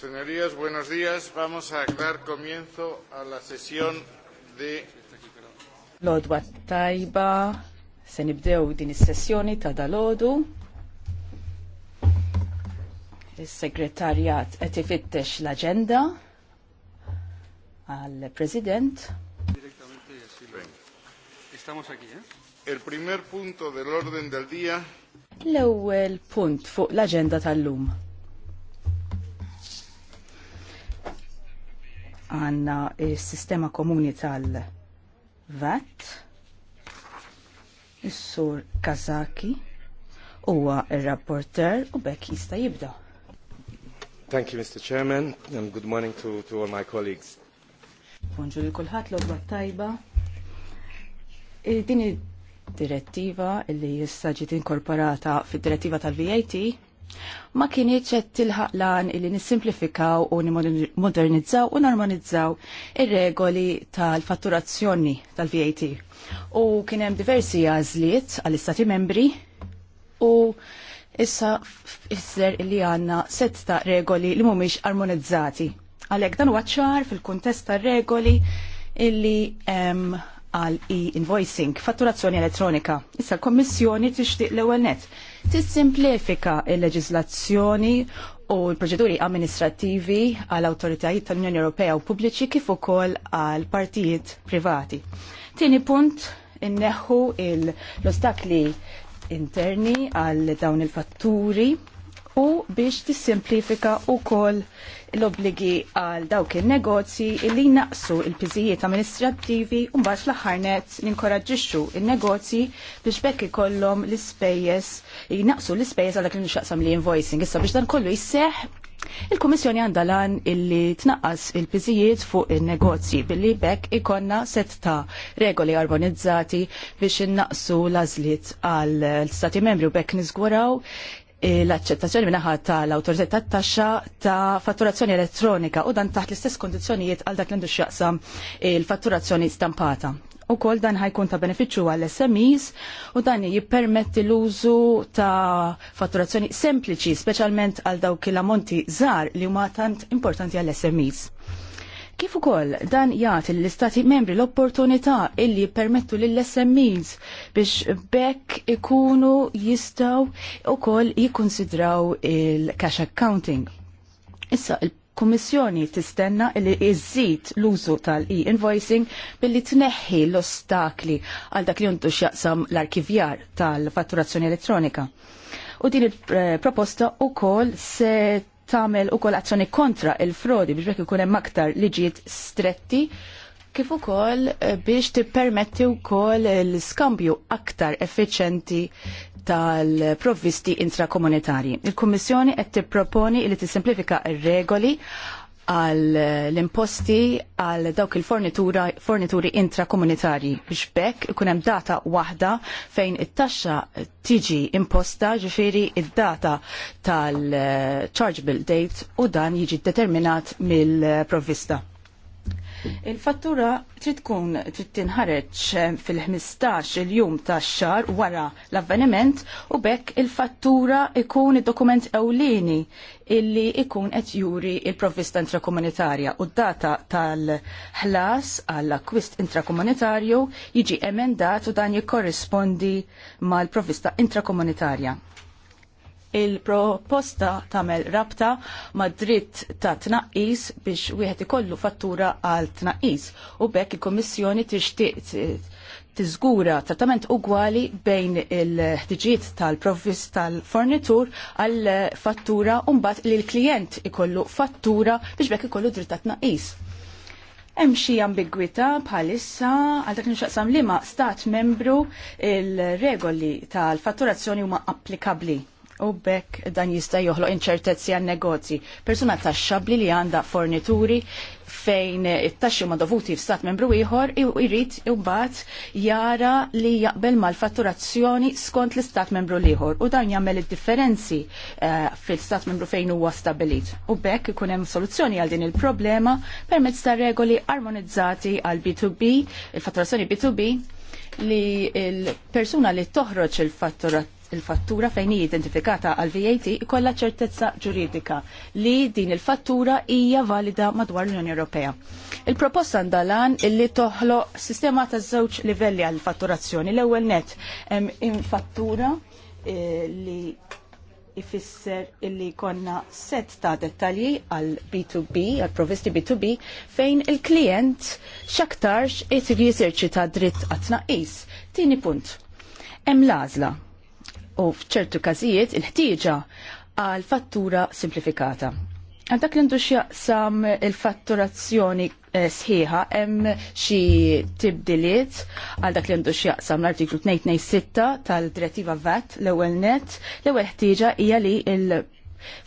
Señorías, buenos días. Vamos a dar comienzo a la sesión de... Lodwa Taiba, se nibdew din is-sessjoni ta' dalodu. Is-segretarjat qed ifittex l-aġenda għal president Estamos aquí, eh? Il primer punto dell'orden del dia. L-ewwel punt fuq l-aġenda tal-lum s-sistema komuni tal-VAT, Is-sur Kazaki, huwa ir-rapporter u bekk jista' jibda. Thank you, Mr. Chairman, and good morning to, to all my colleagues. Bonġu li kullħat l-obba tajba. Din id-direttiva li jissa ġiet inkorporata fid-direttiva tal-VAT ma kienieċ qed tilħaq lan illi nissimplifikaw u nimodernizzaw u normalizzaw ir-regoli tal-fatturazzjoni tal-VAT. U kien hemm diversi għażliet għall-Istati membri u issa fisser illi għandna set ta' regoli li mhumiex armonizzati. Għalhekk dan huwa ċar fil-kuntest tar-regoli illi għal e-invoicing, fatturazzjoni elettronika. Issa l-Kommissjoni tixtieq l-ewwel net tissimplifika il-leġislazzjoni u l-proċeduri amministrativi għal awtoritajiet tal-Unjoni Ewropea u pubbliċi kif ukoll għal partijiet privati. Tieni punt inneħħu l-ostakli interni għal dawn il-fatturi u biex tissimplifika wkoll l obbligi għal dawk il-negozji li naqsu il pizijiet amministrattivi u mbagħad fl-aħħar nett ninkoraġġixxu il-negozji biex bekk ikollhom l-ispejjeż jnaqsu l-ispejjeż għal dak li nixtaqsam li invoicing. Issa biex dan kollu jisseħ Il-Komissjoni għandha lan illi tnaqqas il-piżijiet fuq il-negozji billi bekk ikonna set ta' regoli armonizzati biex innaqsu l-azliet għal stati membri u bekk nizguraw l-accettazzjoni minnaħa tal-autorità tat-taxxa ta' fatturazzjoni elettronika u dan taħt l-istess kondizjonijiet għal dak l-indu xjaqsam il-fatturazzjoni stampata. U kol dan ħajkun ta' beneficju għall smes u dan jippermetti l-użu ta' fatturazzjoni sempliċi, specialment għal dawk il-ammonti żgħar li huma tant importanti għall smes Kif ukoll dan jagħti l-istati membri l-opportunità illi jippermettu lill-SMEs biex bekk ikunu jistgħu ukoll jikkonsidraw il-cash accounting. Issa il kummissjoni tistenna li iżżid l-użu tal-e-invoicing billi tneħħi l-ostakli għal dak li juntu xjaqsam l-arkivjar tal-fatturazzjoni elettronika. U din il-proposta eh, ukoll se Tamel ukoll azzjoni kontra il-frodi biex bekk ikun hemm aktar liġijiet stretti kif ukoll eh, biex tippermetti wkoll l-skambju aktar effiċenti tal-provvisti intrakomunitarji. Il-Kummissjoni qed tipproponi li tissimplifika r-regoli għal eh, l-imposti għal dawk il-fornituri intrakomunitari biex bekk ikun hemm data waħda fejn it-taxxa tiġi imposta ġifieri id-data tal-chargeable eh, date u dan jiġi determinat mill-provvista. Il-fattura trid tkun trid tinħareġ eh, fil-15 il-jum tax-xar wara l-avveniment u bekk il-fattura ikun id-dokument ewlieni illi ikun qed juri il-provvista intrakomunitarja u d-data tal-ħlas għall-akwist intrakomunitarju jiġi emendat u dan jikkorrispondi mal-provvista intrakomunitarja. Il-proposta tagħmel rabta ma' dritt ta' tnaqqis biex wieħed ikollu fattura għal tnaqqis u bekk il komissjoni tixtieq tiżgura trattament ugwali bejn il-ħtiġijiet tal-provvis tal-fornitur għall fattura u mbagħad li l-klijent ikollu fattura biex bekk ikollu dritt ta' tnaqqis. Hemm xi ambigwità bħalissa għal dak nixaqsam liema stat membru il-regoli tal-fatturazzjoni huma applikabbli. U bekk dan jista' joħloq inċertezzi għan negozji. Persuna taxxabli li għandha fornituri fejn it-taxxi ma dovuti f'stat membru ieħor jrid imbagħad jara li jaqbel mal-fatturazzjoni skont l-istat membru ieħor u dan jagħmel id-differenzi eh, fil-stat membru fejn huwa stabilit. U bekk ikun hemm soluzzjoni għal din il-problema permezz ta' regoli armonizzati għal B2B, il-fatturazzjoni B2B li il-persuna li toħroġ il fattura il-fattura fejn hi identifikata għal VAT ikollha ċertezza ġuridika li din il-fattura hija valida madwar l-Unjoni Ewropea. Il-proposta ndalan illi toħloq sistema ta' żewġ livelli għal fatturazzjoni. L-ewwel net hemm fattura eh, li ifisser illi konna set ta' dettalji għal B2B, għal provisti B2B, fejn il-klient xaktarx it-riserċi ta' dritt għat tnaqqis. Tini punt. Em lazla u fċertu każijiet il-ħtieġa għal fattura simplifikata. Għal dak l-induxja jaqsam il-fatturazzjoni eh, sħiħa hemm xi tibdiliet għal dak l għandux jaqsam l-artiklu 226 tal-direttiva VAT l-ewwel net, l-ewwel ħtieġa hija li il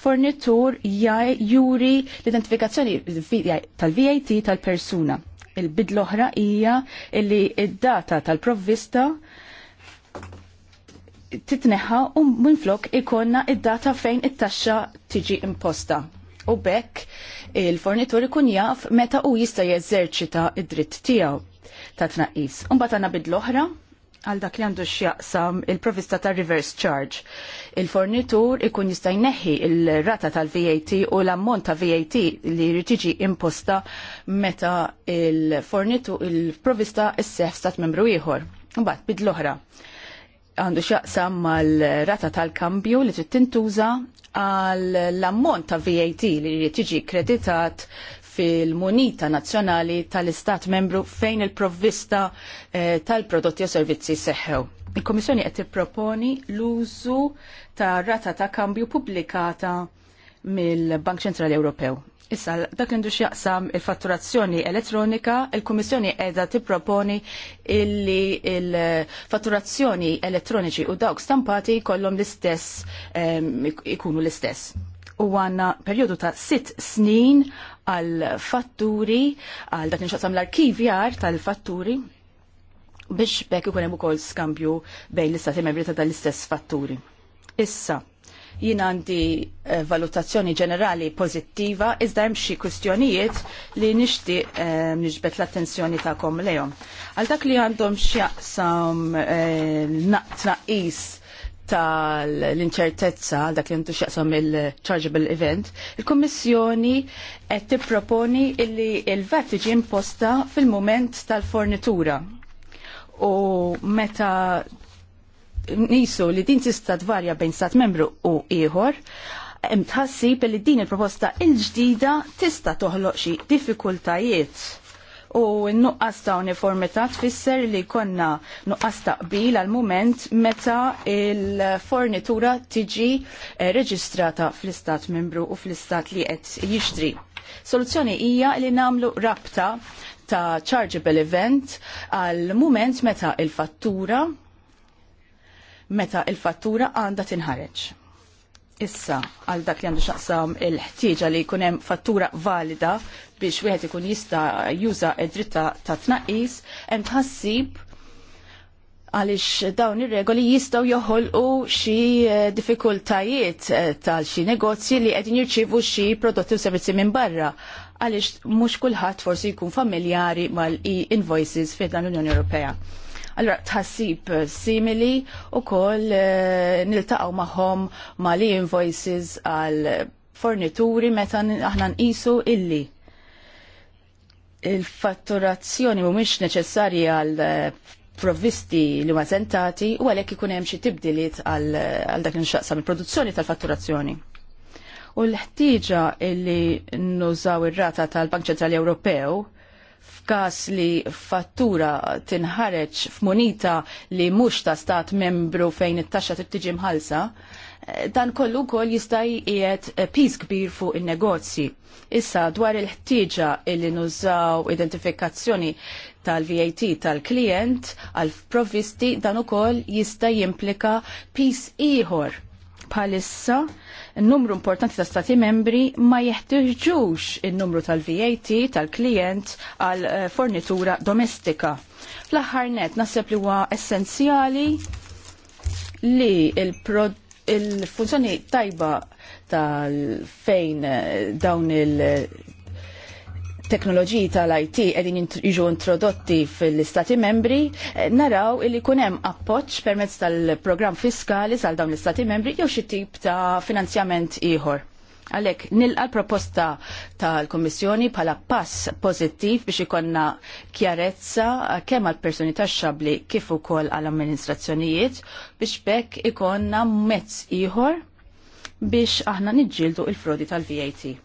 fornitur jaj juri l-identifikazzjoni tal-VAT tal-persuna. il bidloħra oħra hija li id-data tal-provvista tal provvista titneħħa u minflok ikonna id-data fejn it-taxxa tiġi imposta. U bekk il-fornitur ikun jaf meta u jista' jeżerċita id-dritt tiegħu ta' tnaqqis. Imbagħad għandna bidl-oħra għal dak li għandu x'jaqsam il-provista ta' reverse charge. Il-fornitur ikun jista' jneħħi il-rata tal-VAT u l-ammont ta' VAT li jrid tiġi imposta meta il-fornitur il-provista s-seħf stat membru ieħor. Imbagħad bidl-oħra għandu xaqsam mal-rata tal-kambju li trid tintuża għal l-ammont ta' VAT li jrid jiġi kreditat fil-munita nazzjonali tal-istat membru fejn il-provvista eh, tal-prodotti u servizzi seħħew. Il-Komissjoni qed tipproponi l-użu ta' rata ta' kambju pubblikata mill-Bank Ċentrali Ewropew Issa, dak l-indux jaqsam il-fatturazzjoni elettronika, il-Kummissjoni edha tipproponi illi il-fatturazzjoni elettroniċi u dawk stampati kollom l-istess, ehm, ikunu l-istess. U għanna periodu ta' sitt snin għal fatturi, għal dak nxaqsam l-arkivjar tal-fatturi, biex bekk ikun hemm ukoll skambju bejn l-istati membri ta' dal-istess fatturi. Issa, Jien għandi eh, valutazzjoni ġenerali pozittiva, iżda hemm xi kwistjonijiet li nixtieq eh, niġbet l-attenzjoni tagħkom lejhom. Għal dak li għandhom x'jaqsam eh, tnaqqis tal-inċertezza dak li jentu xaqsam il-chargeable event, il-Kommissjoni qed tipproponi illi il-VAT tiġi imposta fil-moment tal-fornitura. U meta nisu li din tista' tvarja bejn stat membru u ieħor, hemm tħassib li din il-proposta il-ġdida tista' toħloq xi diffikultajiet u n-nuqqas ta' uniformità tfisser li konna nuqqas ta' qbil għal mument meta il-fornitura tiġi eh, reġistrata fl-istat membru u fl-istat li qed jixtri. Soluzzjoni hija li namlu rabta ta' chargeable event għal mument meta il-fattura meta il-fattura għandha tinħareġ. Issa, għal dak li għandu xaqsam il-ħtieġa li jkun hemm fattura valida biex wieħed ikun jista' juża id-dritta ta' tnaqqis, hemm tħassib għaliex dawn ir-regoli jistgħu joħolqu xi eh, diffikultajiet eh, tal xi negozji li qegħdin jirċievu xi prodotti u servizzi minn barra għaliex mhux kulħadd forsi jkun familjari mal-e-invoices fih dan l-Unjoni Ewropea. Allora tħassib eh, simili u koll eh, niltaqaw maħom ma li invoices għal fornituri meta aħna nqisu illi il-fatturazzjoni mhumiex neċessarji għal eh, provvisti li ma sentati u għalhekk ikun hemm xi tibdiliet għal dak inxaqsam il-produzzjoni tal-fatturazzjoni. U l-ħtieġa illi nużaw ir-rata tal-Bank Ċentrali Ewropew f'każ li fattura tinħareġ f'munita li mhux ta' stat membru fejn it-taxxa trid tiġi mħalsa, eh, dan kollu kol jista' jqiegħed eh, pis kbir fuq in-negozji. Issa dwar il-ħtieġa li nużaw identifikazzjoni tal-VAT tal-klient għal provvisti dan ukoll jista' jimplika pis ieħor. Palissa numru importanti ta' stati membri ma jeħtieġux il-numru tal-VAT tal-klient għal eh, fornitura domestika. Fl-aħħar net naħseb li huwa essenzjali li il-funzjoni tajba tal-fejn eh, dawn il- teknoloġiji tal-IT edin jiġu introdotti fil-istati membri, eh, naraw illi kunem appoċ permezz tal-program fiskali sal dawn l-istati membri jew xi tip ta' finanzjament ieħor. Għalek, nilqa l-proposta tal-Kommissjoni pala pass pozittiv biex ikonna kjarezza kemm għal personi tax xabli kif ukoll għal amministrazzjonijiet biex bekk ikonna mezz ieħor biex aħna niġġieldu il-frodi tal-VAT.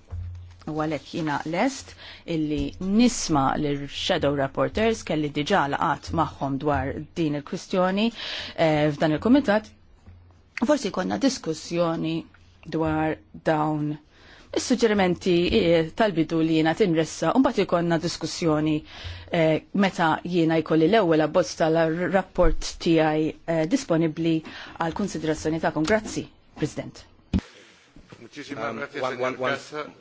U għalek jina lest illi nisma l-Shadow Reporters kelli diġa laqat maħħom dwar din il-kwistjoni eh, f'dan il-komitat. Forsi konna diskussjoni dwar dawn Is-suġġerimenti eh, tal-bidu li jiena tinressa, un bat ikonna diskussjoni eh, meta jiena jkolli l-ewwel abbozz tal-rapport tiegħi disponibli disponibbli għal konsiderazzjoni ta' Grazzi, President. Um,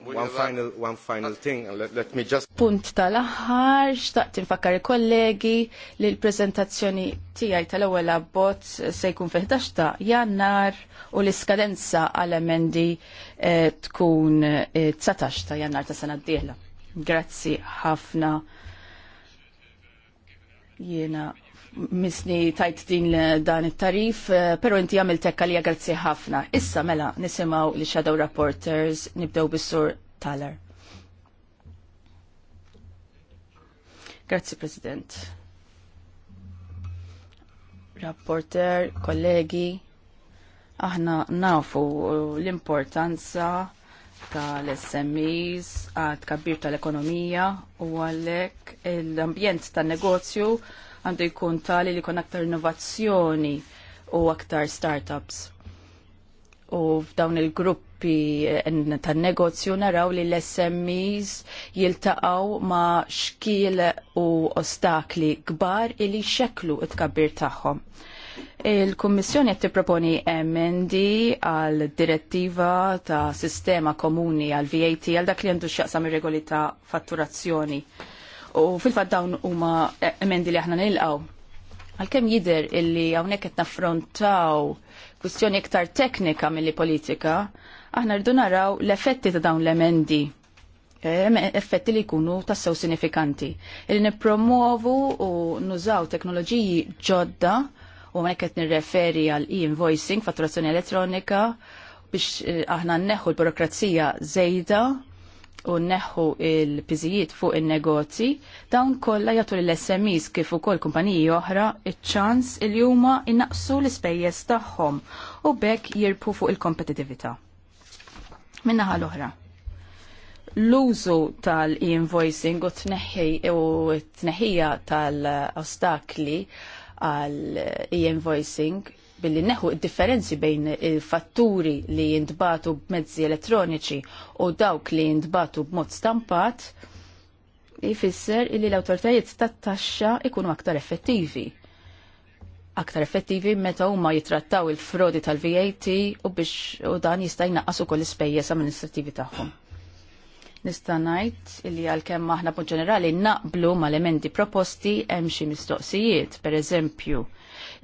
one, final, thing, let, let me just... Punt tal-ħar, xtaqt nfakkar kollegi li l-prezentazzjoni tijaj tal-ewel abbot se jkun fi 11 ta' jannar u l-iskadenza għal-emendi eh, tkun 19 eh, ta' jannar ta' sena d-dihla. Grazzi ħafna misni tajt din dan it-tarif, eh, pero inti għamil tekka li għagrazzi ħafna. Issa mela nisimaw li Shadow Reporters nibdew bis-sur Taler. Grazzi President. Rapporter, kollegi, aħna nafu l-importanza tal-SMEs, għad kabbir tal-ekonomija u għallek l-ambjent tal-negozju għandu jkun tali li kon aktar innovazzjoni u aktar startups. U f'dawn il-gruppi eh, tan negozju naraw li l-SMEs jiltaqaw ma xkiel u ostakli kbar illi xeklu it-kabbir tagħhom. Il-Kummissjoni qed tipproponi emendi għal direttiva ta' sistema komuni għal VAT għal dak li għandu xaqsam ir-regoli ta' fatturazzjoni. U fil-fat dawn huma e- emendi li aħna nilqaw. Għalkemm jider illi hawnhekk qed naffrontaw kwistjoni iktar teknika milli politika, aħna rridu naraw l-effetti ta' dawn l-emendi e, effetti li jkunu tassew sinifikanti. Illi nippromovu u nużaw teknoloġiji ġodda u għonek qed nirreferi għal e-invoicing, fatturazzjoni elettronika, biex e, aħna neħu l-burokrazija zejda u neħu il-piżijiet fuq il-negozji, dawn kollha jagħtu l-SMEs kif ukoll kumpaniji oħra iċ-ċans il huma innaqsu l-ispejjeż tagħhom u bekk jirpu fuq il-kompetitività. Minna l-oħra. L-użu tal-invoicing u u t tneħħija tal-ostakli għal invoicing billi neħu differenzi bejn il-fatturi li jintbatu b'mezzi elettroniċi u dawk li jintbatu b'mod stampat, jifisser illi l-autoritajiet tat-taxxa ikunu aktar effettivi. Aktar effettivi meta huma jitrattaw il-frodi tal-VAT u biex u dan jista' jnaqqas ukoll l-ispejjeż amministrativi tagħhom. Nista' ngħid illi għalkemm aħna b'mod ġenerali naqblu mal-elementi proposti hemm xi mistoqsijiet, pereżempju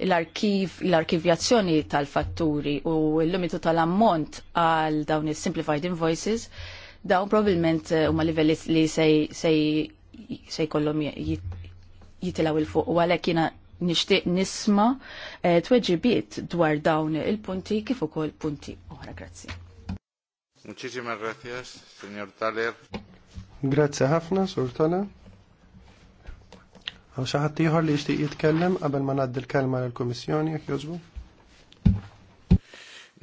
l-arkiv, l-arkivjazzjoni tal-fatturi u l-limitu tal-ammont għal dawn il-simplified invoices, dawn u eh, huma livelli li se jkollhom jitilaw il-fuq u għalhekk jina nixtieq nisma eh, tweġibiet dwar dawn il-punti kif ukoll punti oħra. Grazzi. Muchísimas gracias, señor Taler. Grazie ħafna, Sur Taler. Għaw xaħat ieħor li jixtieq jitkellem qabel ma ngħaddi l-kelma lill-Kummissjoni jekk jogħġbu?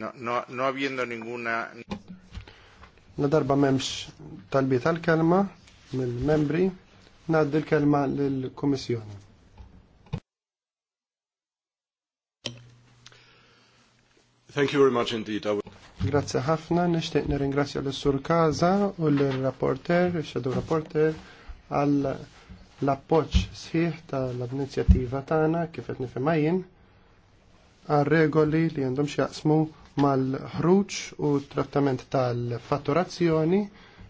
No, no, ninguna. La darba m'hemmx talbi tal-kelma mill-membri, ngħaddi l-kelma lill-Kummissjoni. Thank you very much indeed. Grazie ħafna, nishtiq nirringrazzja l-Sur Kaza u l-rapporter, il-Shadow Rapporter, għal l-appoġġ sħiħ tal-inizjattiva tagħna kif qed nifhem għal-regoli li għandhom xjaqsmu mal-ħruġ u trattament tal-fatturazzjoni.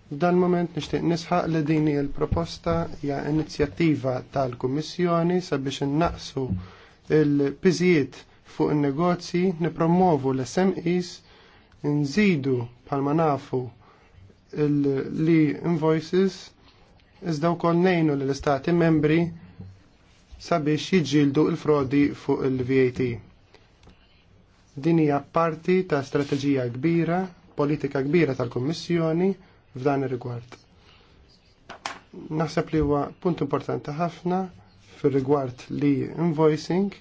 F'dan moment nixtieq nisħaq li dini l-proposta ja inizjattiva tal-Kummissjoni sabiex innaqsu il-piżijiet fuq in-negozji, nipromovu l-SMEs, nżidu bħalma nafu l-li invoices iżda wkoll nejnu lill istati membri sabiex jiġġieldu l frodi fuq il-VAT. Din hija parti ta' strateġija kbira, politika kbira tal-Kummissjoni f'dan ir-rigward. Naħseb li huwa punt importanti ħafna fir-rigward li invoicing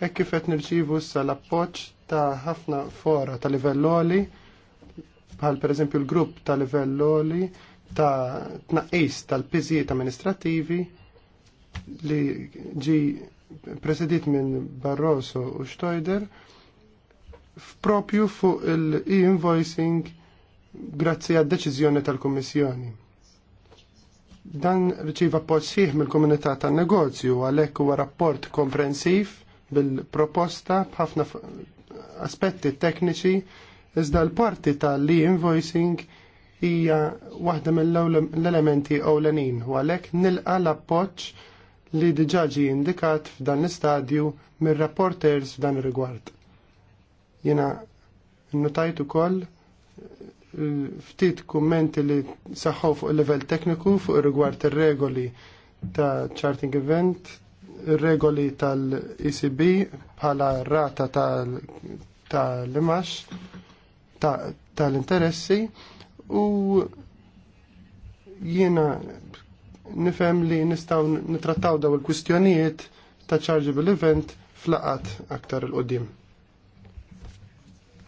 e kif qed nirċievu issa l-appoġġ ta' ħafna fora ta' livell oli bħal pereżempju l-grupp ta' livell oli ta' tnaqqis tal-piżijiet amministrativi li ġi presedit minn Barroso u Stoider propju fuq il-e-invoicing grazzi għad deċiżjoni tal-Kommissjoni. Dan riċiva appoġġ sieħ mill-komunità tan-negozju għalhekk huwa rapport komprensiv bil-proposta b'ħafna aspetti tekniċi iżda l-parti tal-e-invoicing hija waħda mill-elementi ewlenin u għalhekk nilqa l-appoġġ li diġà ġie indikat f'dan l-istadju mir-rapporters f'dan ir-rigward. Jiena notajt ukoll eh, ftit kummenti li saħħu fuq il-level tekniku fuq rigward ir-regoli ta' charting event, ir-regoli tal-ECB bħala rata tal-imax tal-interessi. Ta u jiena nifhem li nistgħu nitrattaw daw il-kwistjonijiet ta' chargeable event flaqat aktar il-qoddim.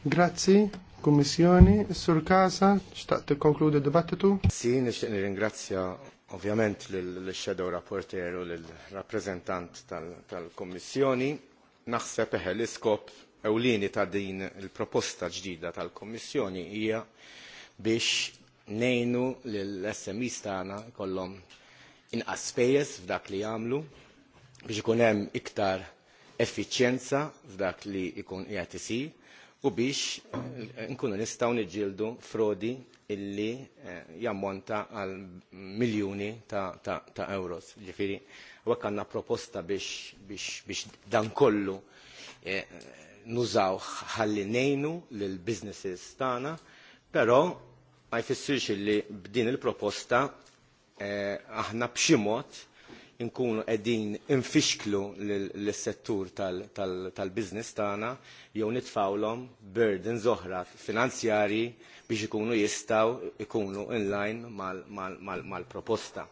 Grazzi, Kummissjoni, Sur Kasa, xtaqt konkludi dibattitu? Si, nixtieq nirringrazzja ovvjament l-Shadow Rapporter u l-rappreżentant tal-Kummissjoni. Naħseb eħe l-iskop ewlieni ta' din il-proposta ġdida tal kummissjoni hija biex nejnu l smi tagħna kollhom inqas spejjeż f'dak li jagħmlu biex ikun hemm iktar effiċjenza f'dak li jkun qiegħed isir u biex eh, nkunu nistgħu niġġieldu frodi illi eh, jammonta għal miljuni ta', ta, ta euros. Ġifiri, għek għanna proposta biex, biex, biex dan kollu eh, nużaw ħalli nejnu l-businesses tana, pero ma jfissirx li b'din il-proposta eh, aħna b'xi mod inkunu qegħdin infixklu l-settur tal-biznis tagħna jew nitfawlom burdens oħra finanzjarji biex ikunu jistgħu ikunu in-line mal-proposta.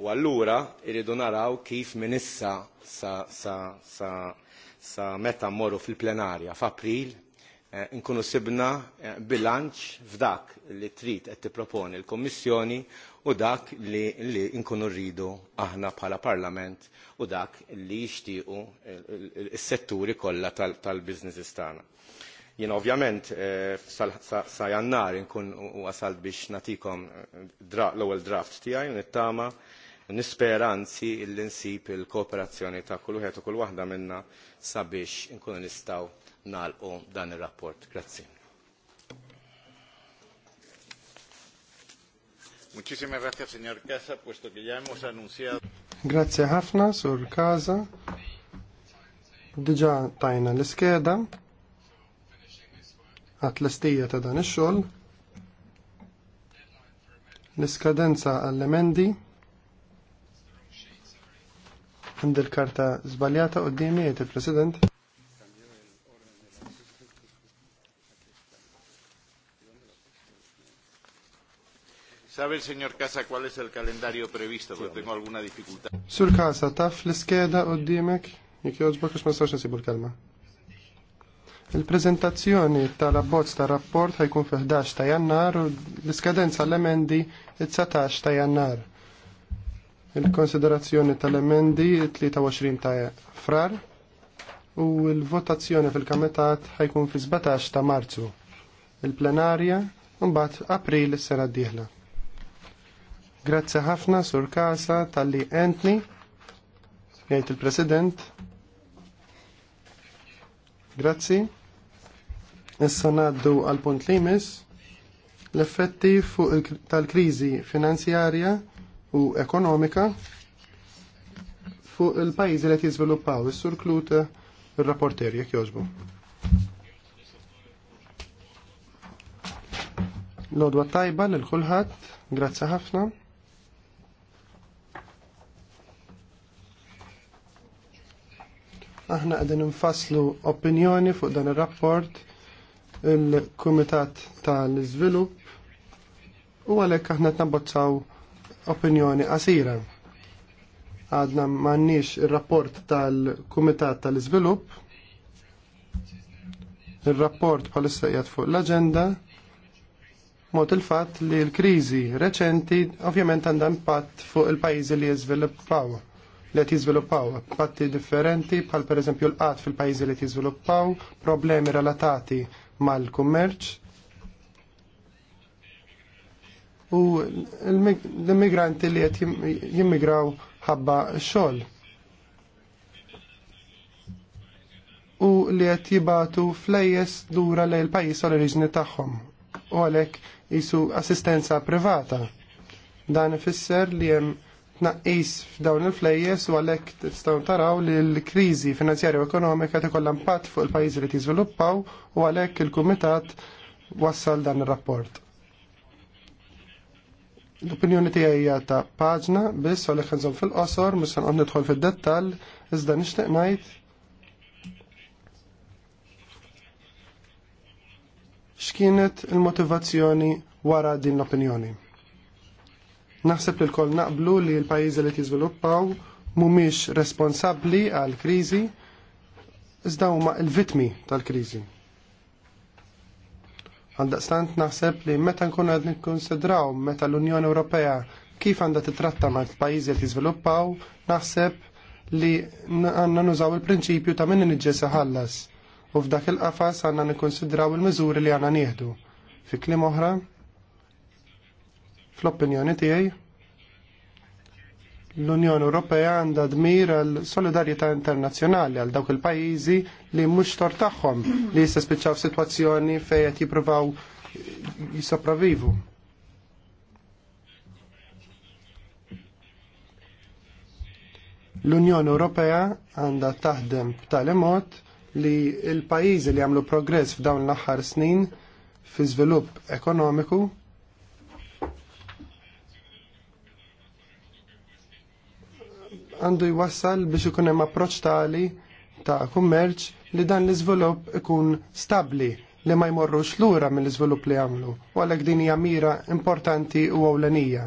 U allura irridu naraw kif minn issa sa meta mmorru fil-plenarja f'April Eh, nkunu sibna eh, bilanċ f'dak li trid qed tipproponi l-Kommissjoni u dak li, li nkunu rridu aħna bħala Parlament u dak li jixtiequ is-setturi kollha tal-businesses tal tagħna. Jien ovvjament eh, sa jannar nkun wasalt biex natikom l-ewwel draft tiegħi u nittama nispera anzi li nsib il-kooperazzjoni ta' kull wieħed u kull waħda minnha sabiex inkunu nistgħu nalqu dan ir-rapport. Grazzi. Muchísimas gracias, señor Casa, puesto que ya hemos anunciado. Grazie ħafna, sur Casa. Diġa tajna l-iskeda. Għat l-istija ta' dan ix-xogħol. L-iskadenza għall-emendi. Għandil karta zbaljata qoddimi jgħid il-President. ¿Sabe il signor Casa qual es el calendario previsto? Porque tengo alguna dificultad. Sur Casa, taf l-iskeda u d-dimek? Jek joġbok ma nistax si l-kelma. Il-prezentazzjoni tal-abbozz ta' rapport ħajkun fi 11 ta' jannar u l-iskadenza l-emendi 19 ta' jannar. Il-konsiderazzjoni tal-emendi 23 ta' frar u l-votazzjoni fil-kametat ħajkun fi 17 ta' marzu. Il-plenarja mbagħad april is-sena d-dieħla. Grazzi ħafna sur kasa tal-li entni, jgħajt il-President. Grazzi. Issa naddu għal punt li limis l-effetti tal-krizi finanzjarja u ekonomika fuq il-pajzi li jizviluppaw is-sur Kluta il rapporteri jek joġbu. Lodwa tajba lil kulħadd, grazzi ħafna. Aħna qegħdin nfasslu opinjoni fuq dan ir-rapport il-Kumitat tal-Iżvilupp u għalhekk aħna nabbozzaw opinjoni qasira. Għadna m'għandniex ir-rapport tal-Kumitat tal-Iżvilupp. Ir-rapport bħalissa qiegħed fuq l-aġenda mod il-fatt li l-kriżi reċenti ovvjament għandha impatt fuq il-pajjiżi li jiżviluppaw li tiżviluppaw patti differenti bħal pereżempju l-qat fil-pajjiżi li jiżviluppaw, problemi relatati mal-kummerċ u l-immigranti li qed jimmigraw ħabba xogħol. u li qed jibatu flejjes dura lejn il-pajjiż tal-oriġini tagħhom u għalhekk jisu assistenza privata. Dan ifisser li hemm tnaqqis f'dawn il-flejjes u għalhekk tistgħu taraw li l-kriżi finanzjarja u ekonomika tikollha impatt fuq il-pajjiżi li tiżviluppaw u għalhekk il-kumitat wassal dan ir-rapport. L-opinjoni tiegħi hija ta' paġna biss għalhekk nżomm fil-qosor mhux se nidħol fid-dettall iżda nixtieq ngħid x'kienet il-motivazzjoni wara din l-opinjoni. Naħseb li l-koll naqblu li l-pajjiżi li tiżviluppaw mhumiex responsabbli għal kriżi iżda huma l-vitmi tal-kriżi. Għaldaqstant naħseb li meta nkunu għad nikkonsidraw meta l-Unjoni Ewropea kif għandha titratta mal pajjiżi li t-izviluppaw, naħseb li għandna nużaw il-prinċipju ta' minn niġġes ħallas u f'dak il-qafas għandna nikkonsidraw il-miżuri li għandna nieħdu. Fi klim oħra, Fl-opinjoni tiegħi l-Unjoni Ewropea għandha dmir għal solidarjetà internazzjonali għal dawk il-pajjiżi li mhux tor tagħhom li jissespiċċaw f'sitwazzjoni fejn qed jippruvaw jissopravivu. l-Unjoni Ewropea għandha taħdem b'tali mod li l-pajjiżi li għamlu progress f'dawn l-aħħar snin fi żvilupp ekonomiku għandu jwassal biex ikun hemm approċċ tali ta' kummerċ li dan l-iżvilupp ikun stabbli li ma jmorrux lura mill-iżvilupp li għamlu. U għalhekk din hija mira importanti u ewlenija.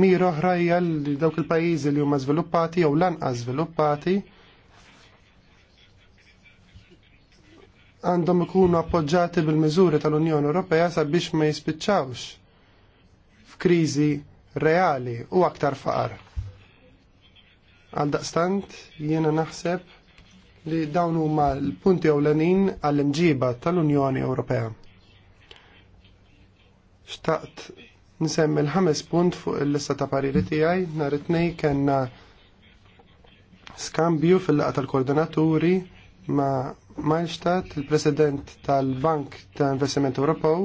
Mira oħra hija li dawk il-pajjiżi li huma żviluppati jew lanqas żviluppati għandhom ikunu appoġġati bil-miżuri tal-Unjoni Ewropea sabiex ma jispiċċawx f'kriżi reali u aktar faqar. Għaldaqstant jiena naħseb li dawn huma l-punti ewlenin għall-imġiba tal-Unjoni Ewropea. Xtaqt nsemmi l-ħames punt fuq il-lista ta' pariri tiegħi nhar it-tnejn kellna skambju fil-laqgħa tal-koordinaturi ma' Malstadt, il-President tal-Bank ta' Investiment Ewropew,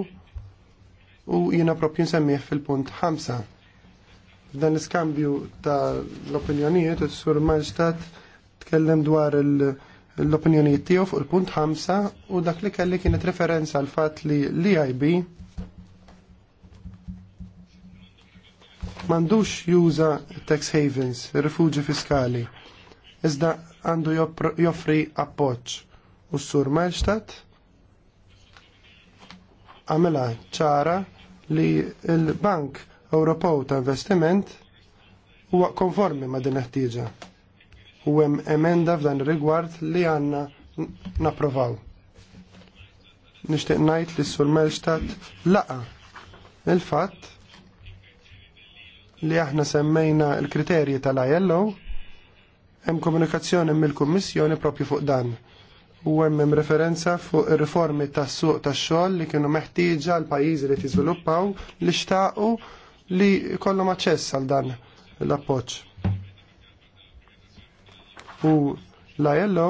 u jiena proprju nsemmih fil-punt 5 Dan l-iskambju ta' l-opinjonijiet, il-sur Maġtat tkellem dwar l-opinjonijiet tiegħu fuq il-punt 5 u dak li kelli kienet referenza għal fatt li l ib mandux juża tax havens, rifugi fiskali, iżda għandu joffri appoġġ. U s-sur Maġtat għamela ċara li l-bank Ewropew ta' investiment huwa konformi ma' din ħtieġa. U hemm emenda f'dan ir-rigward li għandna napprovaw. Nixtieq ngħid li sur Melstat laqa il-fatt li aħna semmejna l-kriterji tal-ILO hemm komunikazzjoni mill-Kummissjoni propju fuq dan. U hemm referenza fuq ir-riformi tas-suq tax-xogħol li kienu meħtieġa l pajjiżi li tiżviluppaw li xtaqu li kollhom aċċess għal dan l-appoġġ. U l-ILO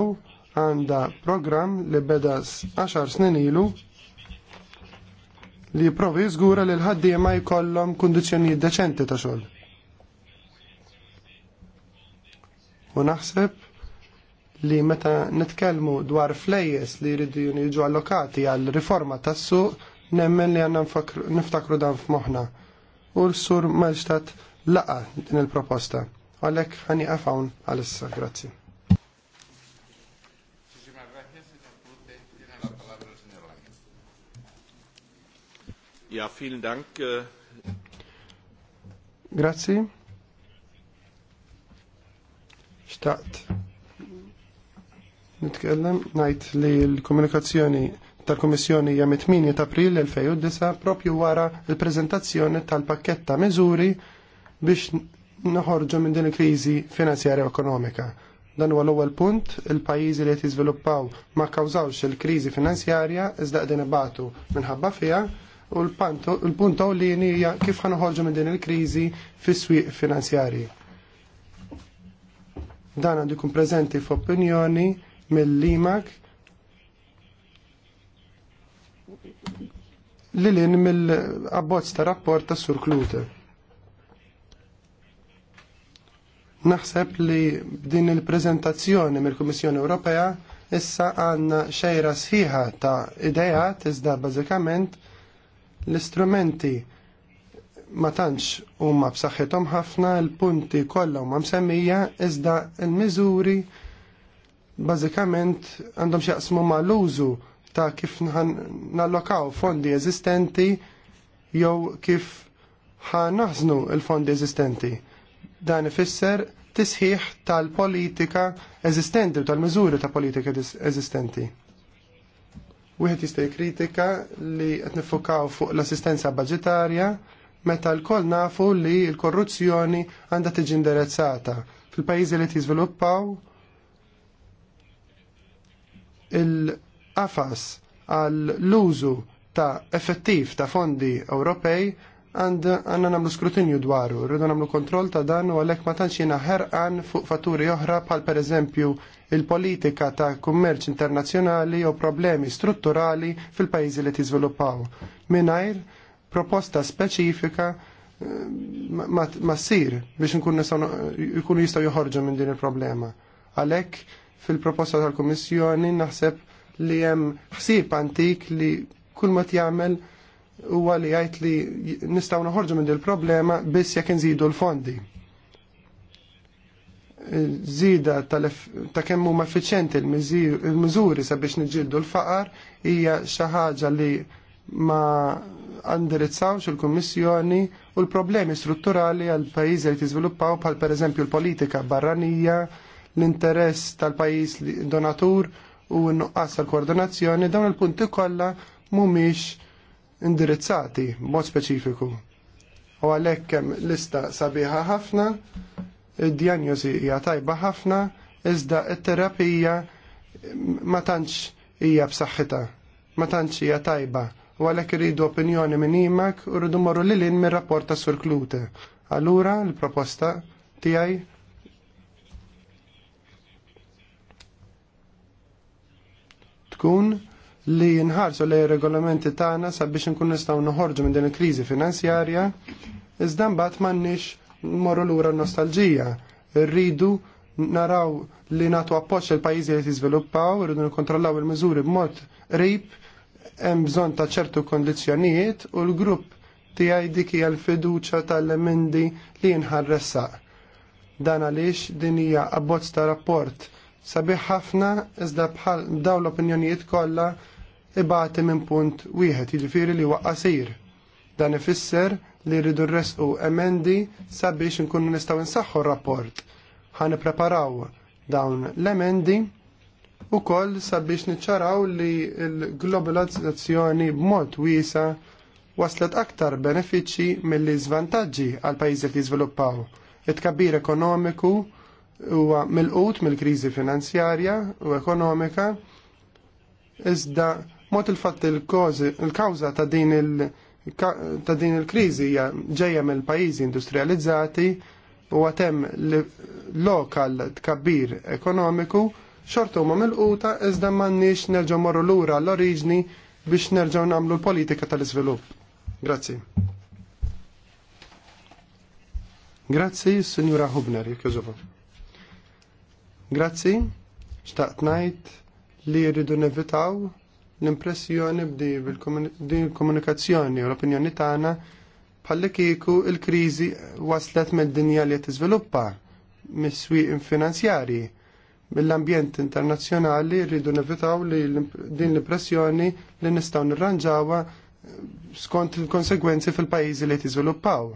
għanda program li beda 10 snin ilu li jiprovi jizgura li l-ħaddiema jkollhom kundizzjonijiet deċenti ta' xogħol. U naħseb li meta nitkellmu dwar flejjes li jridu jiġu allokati għal riforma tas-suq nemmen li għanna niftakru dan f'moħħna u l-sur Malstat laqa din il-proposta. Għalek ħani għafawn għal-issa, grazzi. Ja, vielen Dank. Äh, grazzi. Stat. Nitkellem, najt li l-komunikazzjoni tal-Kummissjoni hija mit-8 ta' April 2009 propju wara l prezentazzjoni tal pakketta ta' miżuri biex noħorġu minn din il-kriżi finanzjarja u ekonomika. Dan huwa l-ewwel punt, il-pajjiżi li qed jiżviluppaw ma kkawżawx il-kriżi finanzjarja iżda qegħdin ibatu minħabba fiha u l-punt ewlieni hija kif noħorġu minn din il-kriżi fis-swieq finanzjarji. Dan għandu jkun preżenti f'opinjoni mill-limak li mill-abbozz ta' rapport ta' Sur Klute. Naħseb li din il-prezentazzjoni mill-Kummissjoni Ewropea issa għanna xejra sħiħa ta' idejat iżda bażikament l-istrumenti ma tantx huma b'saħħithom ħafna l-punti kollha huma msemmija iżda l-miżuri bażikament għandhom x'jaqsmu mal-użu ta' kif nallokaw fondi eżistenti jew kif ħanaħznu il-fondi eżistenti. Dan ifisser tisħiħ tal-politika eżistenti u tal-miżuri ta' politika eżistenti. Wieħed jista' kritika li qed nifukaw fuq l-assistenza budgetarja meta lkoll nafu li l-korruzzjoni għandha tiġi indirizzata fil-pajjiżi li tiżviluppaw il- qafas għal l-użu ta' effettiv ta' fondi Ewropej għand għanna namlu skrutinju dwaru, rridu namlu kontroll ta' dan u għalek ma tantx jina ħerqan fuq fatturi oħra bħal per eżempju il-politika ta' kummerċ internazzjonali u problemi strutturali fil-pajjiżi li tiżviluppaw. Minajr proposta speċifika eh, ma ssir biex nkunu jistgħu joħorġu minn din il-problema. Għalhekk fil-proposta tal-Kummissjoni naħseb li hemm ħsieb antik li kull ma jagħmel huwa li jgħid li nistgħu naħorġu minn il problema biss jekk nżidu l-fondi. Zida ta' kemm huma effiċjenti l-miżuri sabiex niġġieldu l-faqar hija xi ħaġa li ma għandirizzawx il-Kummissjoni u l-problemi strutturali għal pajjiżi li tiżviluppaw bħal pereżempju l-politika barranija, l-interess tal-pajjiż donatur u n-nuqqas tal-koordinazzjoni dawn il-punti kollha mhumiex indirizzati b'mod speċifiku. U għalhekk hemm lista sabiħa ħafna, id dijanjosi hija tajba ħafna, iżda t-terapija ma tantx hija b'saħħitha, ma tantx hija tajba u għalek rridu opinjoni minn imak u rridu morru li lin minn rapport ta' surklute. Allura, l-proposta tijaj tkun li nħarsu li regolamenti tagħna sabiex nkun nistgħu noħorġu minn din il-kriżi finanzjarja, iżda mbagħad m'għandniex morru lura nostalġija. Rridu naraw li nagħtu appoġġ il pajjiżi li jiżviluppaw, irridu nikkontrollaw il-miżuri b'mod qrib, hemm bżonn ta' ċertu kondizzjonijiet u l-grupp tiegħi dik hija l-fiduċja tal-emendi li nħarressaq. Dan għaliex din hija abbozz ta' rapport sabiħ ħafna iżda bħal dawn l-opinjonijiet kollha ibati minn punt wieħed, jiġifieri li huwa qasir. Dan ifisser li rridu nresqu emendi sabiex inkunu nistgħu nsaħħu r-rapport. Ħa nippreparaw dawn l-emendi ukoll sabiex niċċaraw li l-globalizzazzjoni b'mod wiesa waslet aktar benefiċċji milli żvantaġġi għal pajjiżi li jiżviluppaw. It-kabbir ekonomiku huwa mill-qut mill-kriżi finanzjarja u ekonomika iżda mod il-fatt il-kawża ta' din il- kriżi hija ġejja mill-pajjiżi industrializzati u għatem lokal tkabbir ekonomiku xortu ma mill-quta iżda m'għandniex nerġgħu morru lura l-oriġni biex nerġgħu nagħmlu l-politika tal-iżvilupp. Grazzi. Grazzi, Signora Hubner, jekk Grazzi, xtaqt najt li rridu nevitaw l-impressjoni b'di l-komunikazzjoni u l-opinjoni tagħna bħalli kieku il-kriżi waslet mid-dinja li tiżviluppa mis-swieq finanzjarji. Mill-ambjent internazzjonali rridu nevitaw li din l-impressjoni li nistgħu nirranġawha skont il-konsegwenzi fil-pajjiżi li tiżviluppaw.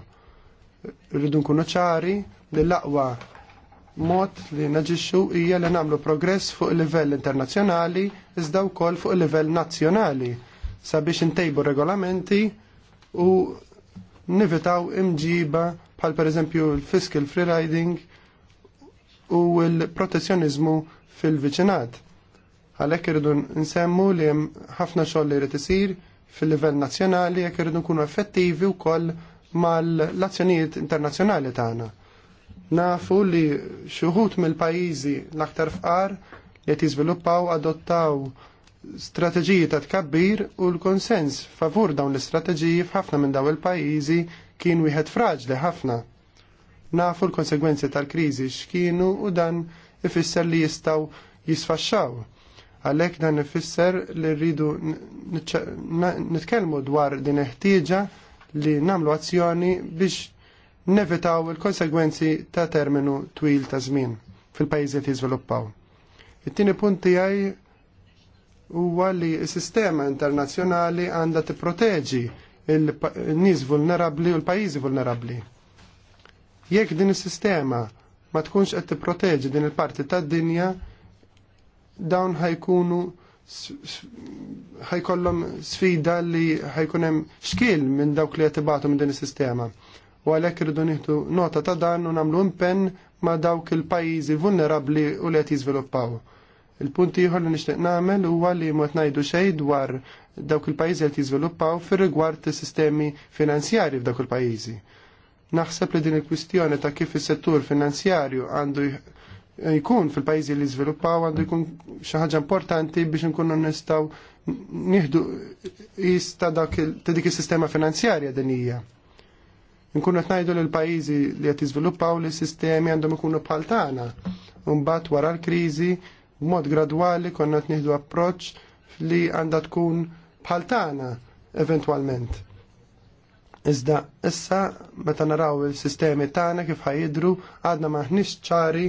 Rridu nkunu ċari li l-aqwa mod li naġixxu hija li nagħmlu progress fuq il-livell internazzjonali iżda wkoll fuq il-livell nazzjonali sabiex intejbu regolamenti u nivitaw imġiba bħal pereżempju l-fiscal free riding u l protezzjoniżmu fil-viċinat. Għalhekk irridu nsemmu li hemm ħafna xogħol li jrid isir fil-livell nazzjonali jekk irridu nkunu effettivi wkoll mal-azzjonijiet internazzjonali tagħna Nafu li xuħut mill-pajizi l-aktar fqar li jiżviluppaw adottaw strateġiji ta' tkabbir u l-konsens favur dawn l-istrateġiji f'ħafna minn daw il-pajizi kien wieħed fraġli ħafna. Nafu l-konsegwenzi tal-kriżi x'kienu u dan ifisser li jistaw jisfaxxaw. Għalhekk dan ifisser li rridu nitkellmu dwar din ħtieġa li namlu azzjoni biex nevitaw il-konsegwenzi ta' terminu twil ta' żmien fil-pajjiżi li jiżviluppaw. It-tieni punt tiegħi huwa li s-sistema internazzjonali għandha tipproteġi il-nies vulnerabbli u l-pajjiżi vulnerabbli. Jekk din is-sistema ma tkunx qed tipproteġi din il-parti tad-dinja, dawn ħajkunu ħajkollhom sfida li ħajkun hemm xkil minn dawk li qed ibatu minn din is-sistema u għalhekk irridu nieħdu nota ta' dan u nagħmlu impenn ma' dawk il-pajjiżi vulnerabbli u li qed jiżviluppaw. Il-punt ieħor li nixtieq nagħmel huwa li mod ngħidu xejn dwar dawk il-pajjiżi li jiżviluppaw fir-rigward is-sistemi finanzjarji f'dawk il-pajjiżi. Naħseb li din il-kwistjoni ta' kif is-settur finanzjarju għandu jkun fil-pajjiżi li żviluppaw għandu jkun xi ħaġa importanti biex nkunu nistgħu nieħdu jista' ta' dik is-sistema finanzjarja din hija. Nkunu qed ngħidu lil pajjiżi li qed jiżviluppaw li sistemi għandhom ikunu bħal tagħna. Mbagħad wara l-kriżi b'mod gradwali konna qed nieħdu approċċ li għandha tkun bħal tagħna eventwalment. Iżda issa meta naraw il-sistemi tagħna kif ħajidru għadna maħniex ċari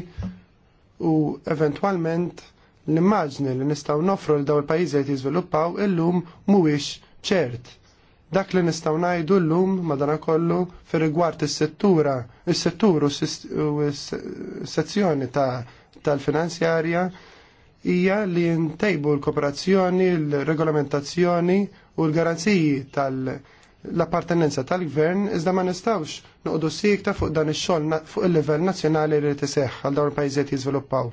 u eventwalment l-immaġni li nistgħu nofru l daw il-pajjiżi li jiżviluppaw illum mhuwiex ċert Dak li nistgħu ngħidu llum madanakollu fir-rigward is-settura, il settur u s-sezzjoni tal-finanzjarja hija li ntejbu l-kooperazzjoni, l-regolamentazzjoni u l-garanziji tal- appartenenza tal-gvern iżda ma nistawx noqdu sikta fuq dan ix-xogħol fuq il-livell nazzjonali li tiseħħ għal dawn il-pajjiżiet jiżviluppaw.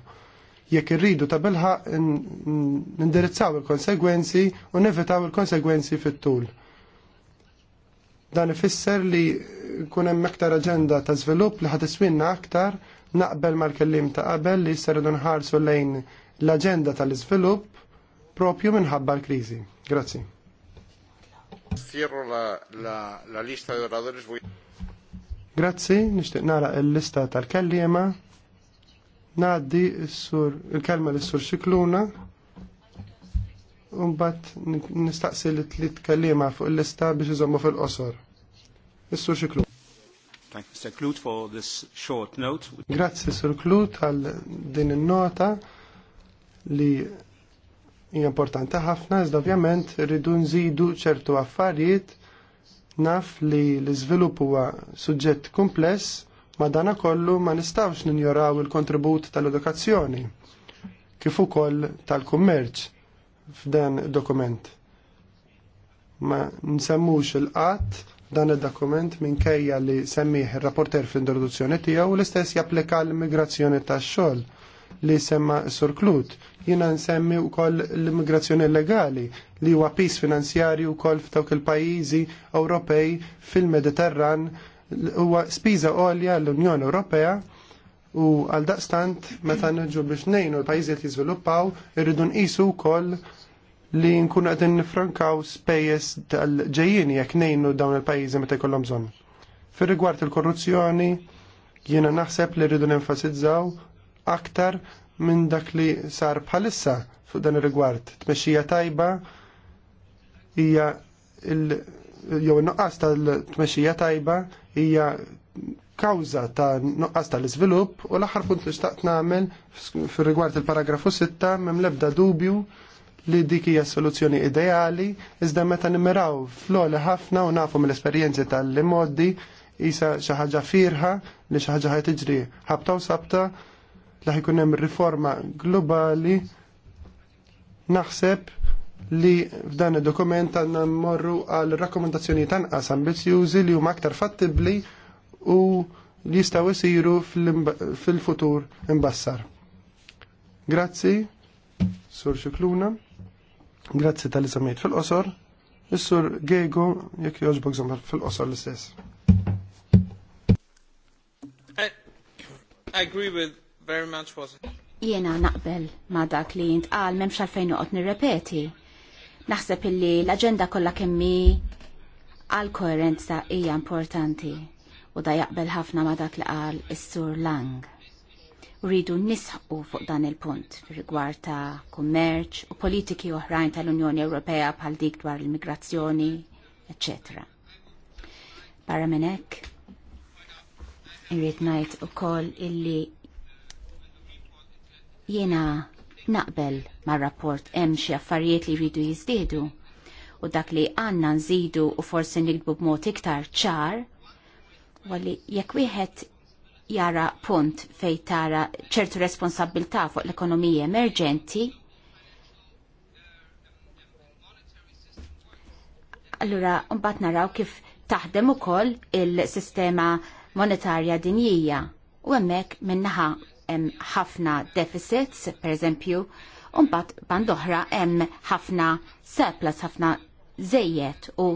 Jekk irridu ta' bilħa nindirizzaw il-konsegwenzi u nevitaw il-konsegwenzi fit-tul. Dan ifisser li kun hemm aktar aġenda ta' żvilupp li ħad iswinna aktar naqbel mal-kellim ta' qabel li jisser nħarsu lejn l-aġenda tal-iżvilupp propju minħabba l-kriżi. Grazzi. la, lista di oradores. Grazzi, nixtieq nara l-lista tal-kellima. Naddi il-kelma l-sur Xikluna Umbat nistaqsi li tlit kalima fuq il-lista biex iżommu fil-qosor. is xiklu. Thank Mr. Klut for this short note. Grazzi Sur Klut għal din il-nota li hija importanti ħafna, iżda ovvjament rridu nżidu ċertu affarijiet naf li l-iżvilupp huwa suġġett kumpless, ma dana kollu ma nistawx ninjoraw il-kontribut tal-edukazzjoni kif ukoll tal-kummerċ f'dan dokument. Ma nsemmux il-qatt dan il-dokument minkejja li semmiħ il-rapporter fl-introduzzjoni tiegħu l-istess japplika l-immigrazzjoni tax-xogħol li semma surklut. Klut. Jiena nsemmi wkoll l-immigrazzjoni legali li huwa pis finanzjarju wkoll f'dawk il-pajjiżi Ewropej fil-Mediterran huwa spiża għolja l-Unjoni Ewropea u għal daqstant meta nġu biex nejnu l-pajjiżi li jiżviluppaw irridu nqisu wkoll li nkun qegħdin nifrankaw spejjeż tal-ġejjin jekk ngħinu dawn il-pajjiżi meta jkollhom bżonn. Fir-rigward il-korruzzjoni, jiena naħseb li rridu nenfasizzaw aktar minn dak li sar bħalissa fuq dan ir-rigward. Tmexxija tajba hija jew in-nuqqas tal-tmexxija tajba hija kawża ta' nuqqas tal-iżvilupp u l-aħħar punt li xtaqt nagħmel fir-rigward il-paragrafu 6 m'hemm l-ebda dubju li dik hija soluzzjoni ideali, iżda meta nimmiraw fl-għoli ħafna u nafu mill esperienzi tal-limoddi jisa xi ħaġa firħa li xi ħaġa ħajtiġri ħabta u sabta li ħajkun hemm riforma globali naħseb li f'dan id-dokument għandna mmorru għal rakkomendazzjoni tanqas ambizjużi li huma aktar fattibbli u li jistgħu jsiru fil-futur imbassar. Grazzi, Sur Xikluna. Grazzi tal-li fil-qosor. Is-sur Gego jekk jogħġbok żommar fil-qosor l-istess. I agree with very much it. Jena naqbel ma dak li jintqal memx għalfejn uqot nirrepeti. Naħseb illi l-agenda kollha kemmi għal koerenza hija importanti u da jaqbel ħafna ma dak li qal is-sur Lang rridu nisħu fuq dan il-punt rigward ta' kummerċ u politiki oħrajn tal-Unjoni Ewropea bħal dik dwar l-immigrazzjoni, etc. Barra minn hekk, irrid ngħid ukoll illi jiena naqbel mar-rapport hemm xi affarijiet li jridu jiżdiedu u dak li għandna nżidu u forsi nikbu b'mod iktar ċar, walli jekk wieħed jara punt fej tara ċertu responsabilta fuq l-ekonomija emerġenti. Allura, mbagħad naraw kif taħdem ukoll il-sistema monetarja dinjija u hemmhekk minnaħa hemm ħafna deficits, pereżempju, eżempju, mbagħad band oħra hemm ħafna surplus, ħafna żejjed u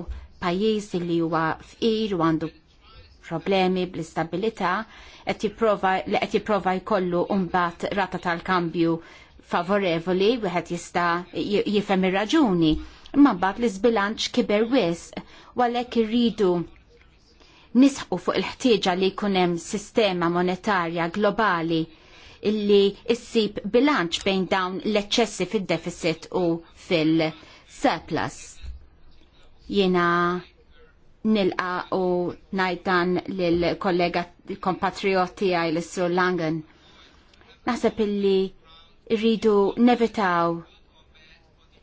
pajjiż li huwa fqir u għandu problemi bl-istabilità qed jipprova jkollu mbagħad rata tal-kambju favorevoli wieħed jista' jifhem ir-raġuni. Imma mbagħad l-iżbilanċ kiber wisq għalhekk irridu nisħu fuq il-ħtieġa li jkun hemm sistema monetarja globali illi issib bilanċ bejn dawn l-eċċessi fid-deficit u fil-surplus. Jena nilqa u najdan lill-kollega kompatrioti għaj l-Sur Langen. Naħseb illi rridu nevitaw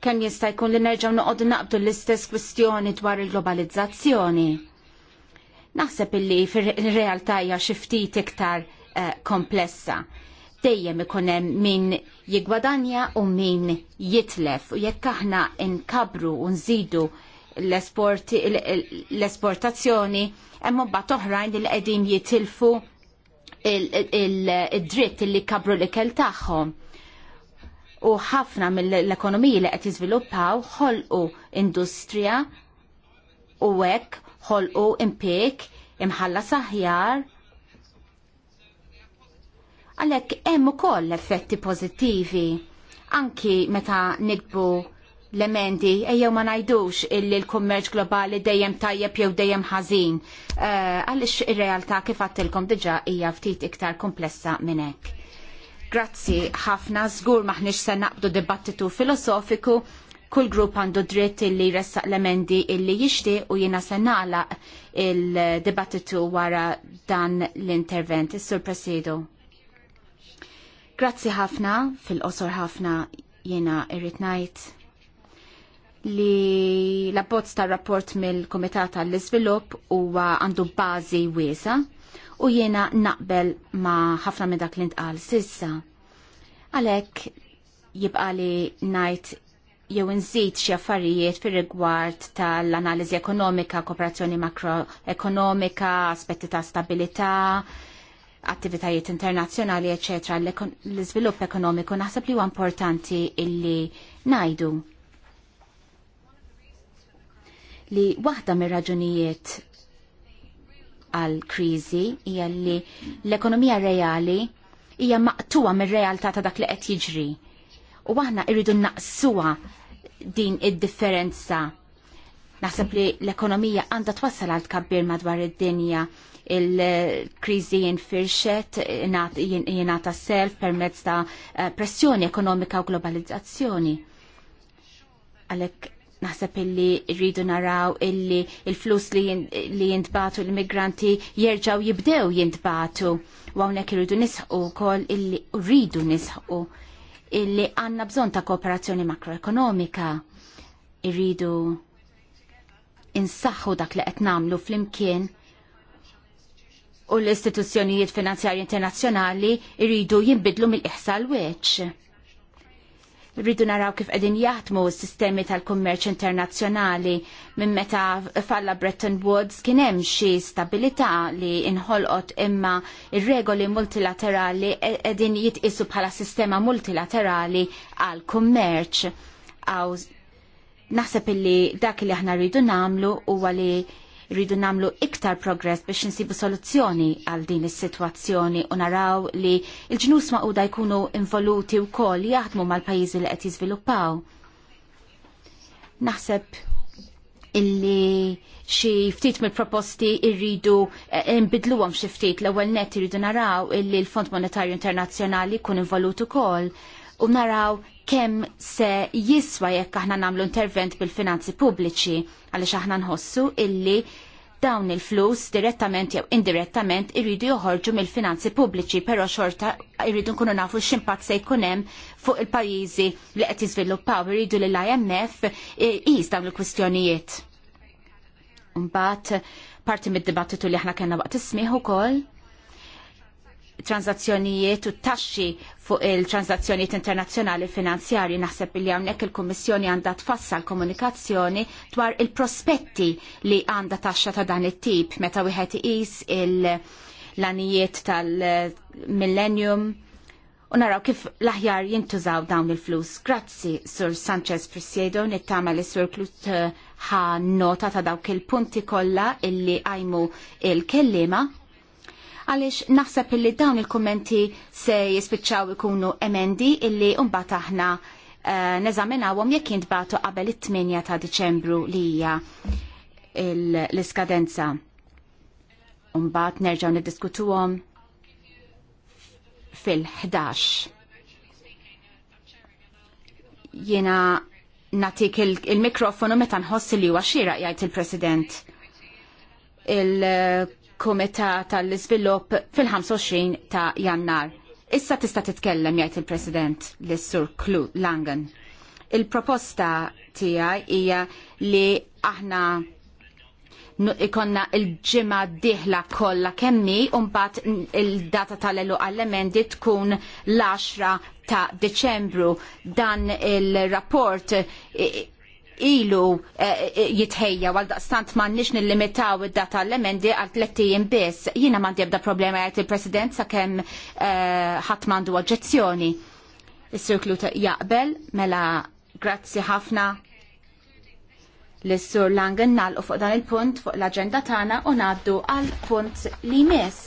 kemm jista' jkun li nerġgħu noqogħdu naqbdu l-istess kwistjoni dwar il-globalizzazzjoni. Naħseb illi fir-realtà hija xi ftit iktar eh, komplessa. Dejjem ikun hemm min jigwadanja u min jitlef u jekk aħna nkabru u nżidu l-esportazzjoni, hemm mbagħad oħrajn li qegħdin jitilfu il-dritt li kabru l-ikel tagħhom. U ħafna mill-ekonomiji li qed jiżviluppaw ħolqu industrija u hekk ħolqu impik imħalla saħjar għalek hemm ukoll effetti pożittivi anki meta nikbu l-emendi, ejjew ma najdux illi l-kummerċ globali dejjem tajjeb jew dejjem ħażin. Eh, għaliex ir-realtà kif għattilkom diġà hija ftit iktar komplessa minn hekk. Grazzi ħafna żgur maħniex se naqbdu dibattitu filosofiku kull grupp għandu dritt illi jressaq l-emendi illi jixti u jina se nagħlaq il-dibattitu wara dan l-intervent, is-Sur Presidu. Grazzi ħafna, fil-qosor ħafna jena irrit ngħid li l-abbozz tar-rapport mill-Kumitat għall-Iżvilupp huwa għandu bażi wiesa u jiena naqbel ma ħafna minn dak li ntqal sissa. Għalhekk jibqa' li ngħid jew nżid xi affarijiet fir-rigward tal-analiżi ekonomika, kooperazzjoni makroekonomika, aspetti ta' stabilità, attivitajiet internazzjonali, eċetera, l-iżvilupp ekonomiku naħseb li huwa importanti illi ngħidu li waħda mir-raġunijiet għal kriżi hija li l-ekonomija reali hija maqtuwa mir-realtà ta' dak li qed jiġri. U aħna rridu naqsuha din id-differenza. Naħseb li l-ekonomija għandha twassal għal tkabbir madwar id-dinja il-krizi jinfirxet, jingħata self permezz ta' eh, pressjoni ekonomika u globalizzazzjoni. Għalhekk Naħseb illi rridu naraw illi il-flus li jintbatu l-immigranti jerġaw jibdew jintbatu. U hawnhekk irridu nisħu wkoll illi rridu nisħu illi għandna bżonn ta' kooperazzjoni makroekonomika. Irridu insaħħu dak li qed nagħmlu flimkien u l-istituzzjonijiet finanzjarji internazzjonali irridu jinbidlu mill-iħsa l-weċ rridu naraw kif qegħdin jaħdmu s-sistemi tal-kummerċ internazzjonali minn meta falla Bretton Woods kien hemm xi stabilità li inħolqot imma ir-regoli multilaterali e- qegħdin jitqisu bħala sistema multilaterali għal kummerċ. naħseb illi dak li aħna rridu nagħmlu huwa li rridu namlu iktar progress biex nsibu soluzzjoni għal din is-sitwazzjoni u naraw li il-ġnus maquda jkunu involuti wkoll jaħdmu mal-pajjiżi li qed jizviluppaw. Naħseb illi xi ftit mill-proposti irridu eh, nbidluhom xi ftit l-ewwel net irridu naraw illi l-Fond Monetarju Internazzjonali jkun involut ukoll u naraw kemm se jiswa jekk aħna nagħmlu intervent bil-finanzi pubbliċi għaliex aħna nħossu illi dawn il-flus direttament jew indirettament irridu joħorġu mill-finanzi pubbliċi, però xorta irridu nkunu nafu x'impatt se jkun hemm fuq il-pajjiżi li qed jiżviluppaw irridu l imf qis dawn il-kwistjonijiet. Mbagħad parti mid-dibattitu li aħna kellna waqt ismieħ ukoll transazzjonijiet u taxxi fuq il-transazzjonijiet internazzjonali finanzjarji naħseb li hawnhekk il-Kummissjoni għandha tfassal komunikazzjoni dwar il-prospetti li għandha taxxa ta' dan it-tip meta wieħed iqis il-lanijiet tal-millennium u naraw kif l-aħjar jintużaw dawn il-flus. Grazzi, Sur Sanchez Presiedo, nittama li Sur Klut eh, ħa nota ta' dawk il-punti kollha illi għajmu il-kellima. il kellima għaliex naħseb illi dawn il-kommenti se jispiċċaw ikunu emendi illi mbagħad aħna eh, neżaminawhom jekk jintbagħtu qabel it-8 ta' Diċembru li hija l-iskadenza. Mbagħad nerġgħu niddiskutuhom fil-11. Jiena natik il-mikrofonu meta nħoss li huwa xira jgħid il-President. Il kumitat tal-iżvilupp fil-25 ta' Jannar. Issa tista' titkellem jgħid il-President lis sur Klu Langen. Il-proposta tiegħi hija li aħna ikonna il-ġimma diħla kollha kemmi u mbagħad il-data tal-elu għall-emendi tkun l-10 ta' Deċembru dan il-rapport ilu eh, eh, jitħejja għal daqstant m'għandniex nillimitaw id-data l-emendi għal tlettijin biss. Jiena m'għandi ebda problema għajt il-President sakemm eh, ħadd m'għandu oġġezzjoni. Is-sirklu jaqbel mela grazzi ħafna l-sur Langen nalqu fuq dan il-punt fuq l-agenda tagħna u ngħaddu għal punt li mis.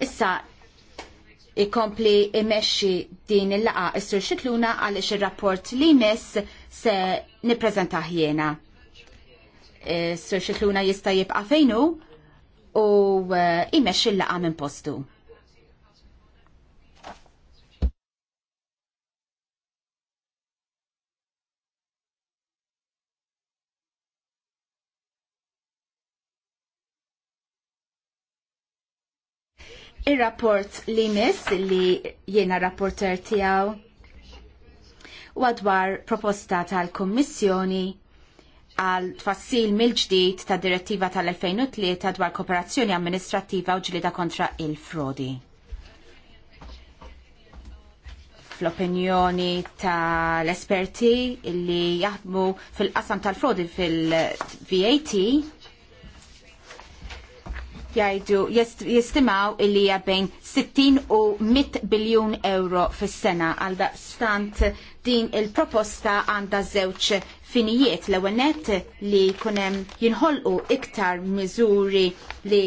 Issa ikompli imexxi din il-laqa Is-Sur Xikluna għaliex ir-rapport li jmiss se nippreżentaħ jiena. Is-Sur eh, Xikluna jista' jibqa' fejnu u eh, imexxi il-laqa minn postu. Il-rapport li mis li jiena rapporter tijaw wadwar proposta tal-Kommissjoni għal tfassil mill-ġdid ta' direttiva tal-2003 dwar kooperazzjoni amministrattiva u ġlida kontra il-frodi. fl-opinjoni tal-esperti li jaħdmu fil-qasam tal-frodi fil-VAT jajdu jistimaw illi bejn 60 u 100 biljun euro fis-sena għal stant din il-proposta għandha żewġ finijiet l ewwelnet li kunem jinħolqu iktar miżuri li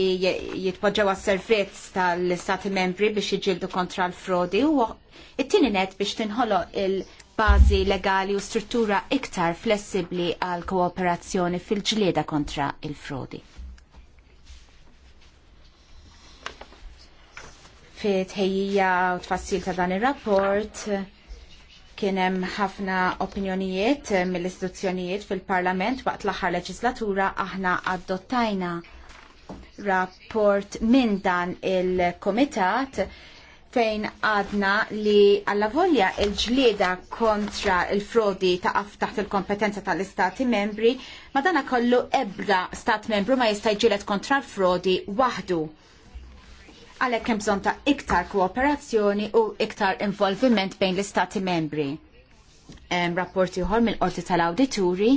jitpoġġaw għas-servizz tal-Stati membri biex jiġildu kontra l-frodi u it-tieni net biex tinħoloq il-bażi legali u struttura iktar flessibbli għal kooperazzjoni fil-ġlieda kontra il-frodi. fit ħejjija u tfassil ta' dan ir-rapport kien hemm ħafna opinjonijiet eh, mill-istituzzjonijiet fil-Parlament waqt l-aħħar leġislatura aħna adottajna rapport minn dan il-komitat fejn għadna li għalla volja il-ġlieda kontra il-frodi ta' taħt il-kompetenza tal-istati membri, ma dana kollu ebda stat membru ma jista' jġilet kontra l-frodi wahdu għalhekk hemm bżonn ta' iktar kooperazzjoni u iktar involviment bejn l-istati membri. Hemm uħor ieħor mill-Qorti tal-Awdituri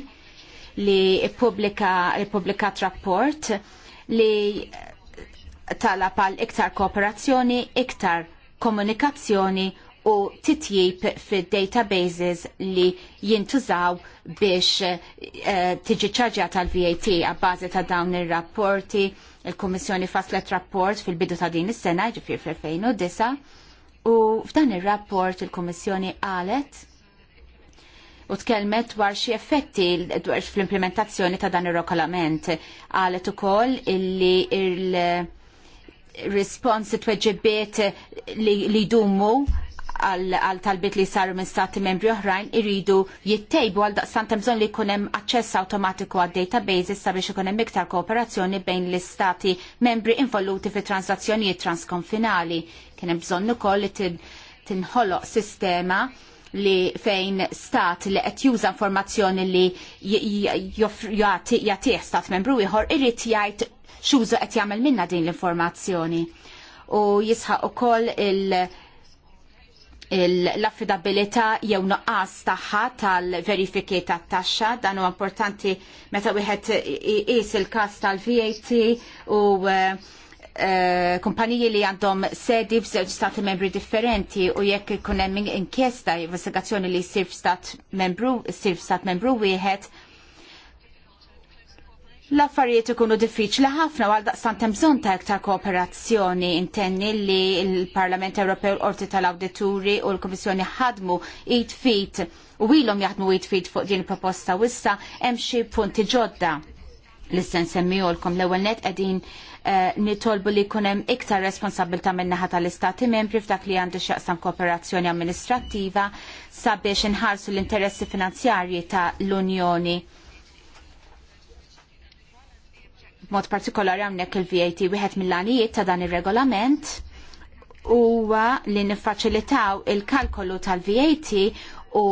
li ippubblikat rapport li talab għal iktar kooperazzjoni, iktar komunikazzjoni u titjib fil-databases li jintużaw biex eh, tiġi ċarġja tal-VAT għabbażi ta' dawn il-rapporti. Il-Kommissjoni faslet rapport fil-bidu ta' din is-sena, ġifir fil-2009, u f'dan il-rapport il-Kommissjoni għalet u tkellmet dwar xi effetti dwar fl-implementazzjoni ta' dan ir-regolament. Għalet ukoll illi il-, il response li, li għal talbit li saru minn stati membri oħrajn iridu jittejbu għal daqsan bżonn li jkun hemm aċċess awtomatiku għad databases sabiex ikun hemm iktar kooperazzjoni bejn l-istati membri involuti fi transazzjonijiet transkonfinali. Kien hemm bżonn ukoll li tinħoloq sistema li fejn stat li qed juża informazzjoni li jagħtih stat membru ieħor irid jgħid x'użu qed jagħmel minna din l-informazzjoni. U jisħaq ukoll il- l-affidabilità jew nuqqas tagħha tal-verifiki tat-taxxa dan huwa importanti meta wieħed iqis il-każ tal-VAT u eh, eh, kumpaniji li għandhom sedi f'żewġ stati membri differenti u jekk ikun hemm inkjesta investigazzjoni li jsir f'stat membru, jsir f'stat membru wieħed L-affarijiet ikunu diffiċli ħafna għal daqstant hemm bżonn ta' iktar kooperazzjoni intenni li l-Parlament Ewropew l-Qorti tal-Awdituri u l-Kummissjoni ħadmu id fit u ilhom jaħdmu id fit fuq din proposta wissa issa hemm xi punti ġodda li semmi nsemmiholkom l-ewwel net qegħdin eh, nitolbu li jkun hemm iktar responsabilta min-naħa tal-istati membri f'dak li għandu xaqsam kooperazzjoni amministrattiva sabiex inħarsu l-interessi finanzjarji ta' l-Unjoni mod partikolari hawnhekk il-VAT wieħed mill-għanijiet ta' dan ir-regolament huwa li niffaċilitaw il-kalkolu tal-VAT u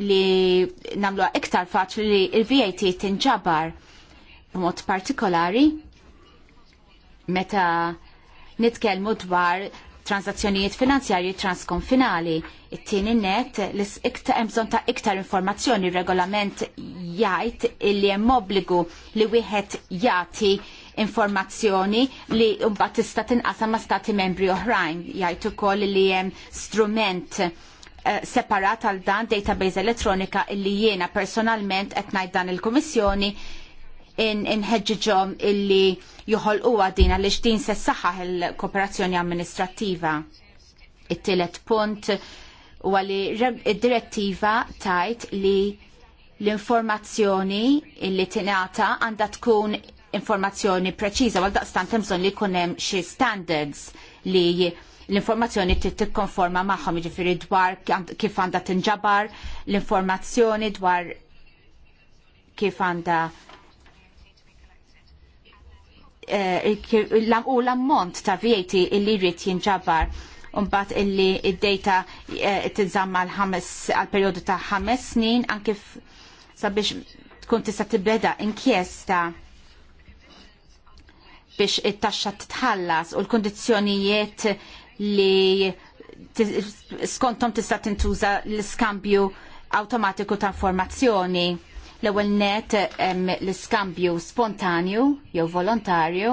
li nagħmluha iktar faċli li il-VAT tinġabar b'mod partikolari meta nitkellmu dwar transazzjonijiet finanzjarji transkonfinali. It-tieni net l-iktar hemm bżonn ta' iktar informazzjoni regolament jgħid illi hemm obbligu li wieħed jagħti informazzjoni li mbagħad tista' tinqasam ma' stati membri oħrajn. Jgħid ukoll li hemm strument eh, separat għal dan database elettronika illi jiena personalment qed ngħid dan il-Kummissjoni inħeġġiġhom in illi u din għaliex din se saħħaħ il-kooperazzjoni amministrattiva. It-tielet punt huwa li id-direttiva tajt li l-informazzjoni illi tingħata għandha tkun informazzjoni preċiża għal daqstant hemm bżonn li jkun hemm xi standards li l-informazzjoni tikkonforma magħhom jiġifieri dwar kif għandha tinġabar, l-informazzjoni dwar kif għandha Eh, u l-ammont ta' VAT illi jrid jinġabar unbat illi id-data eh, tinżamma għal-periodu ta' ħames snin anke sabiex tkun tista' tibbeda inkjesta biex it-taxxa titħallas u l kondizjonijiet li skontom tista' tintuża l-iskambju awtomatiku ta' informazzjoni L-ewwel net hemm l-iskambju spontanju jew volontarju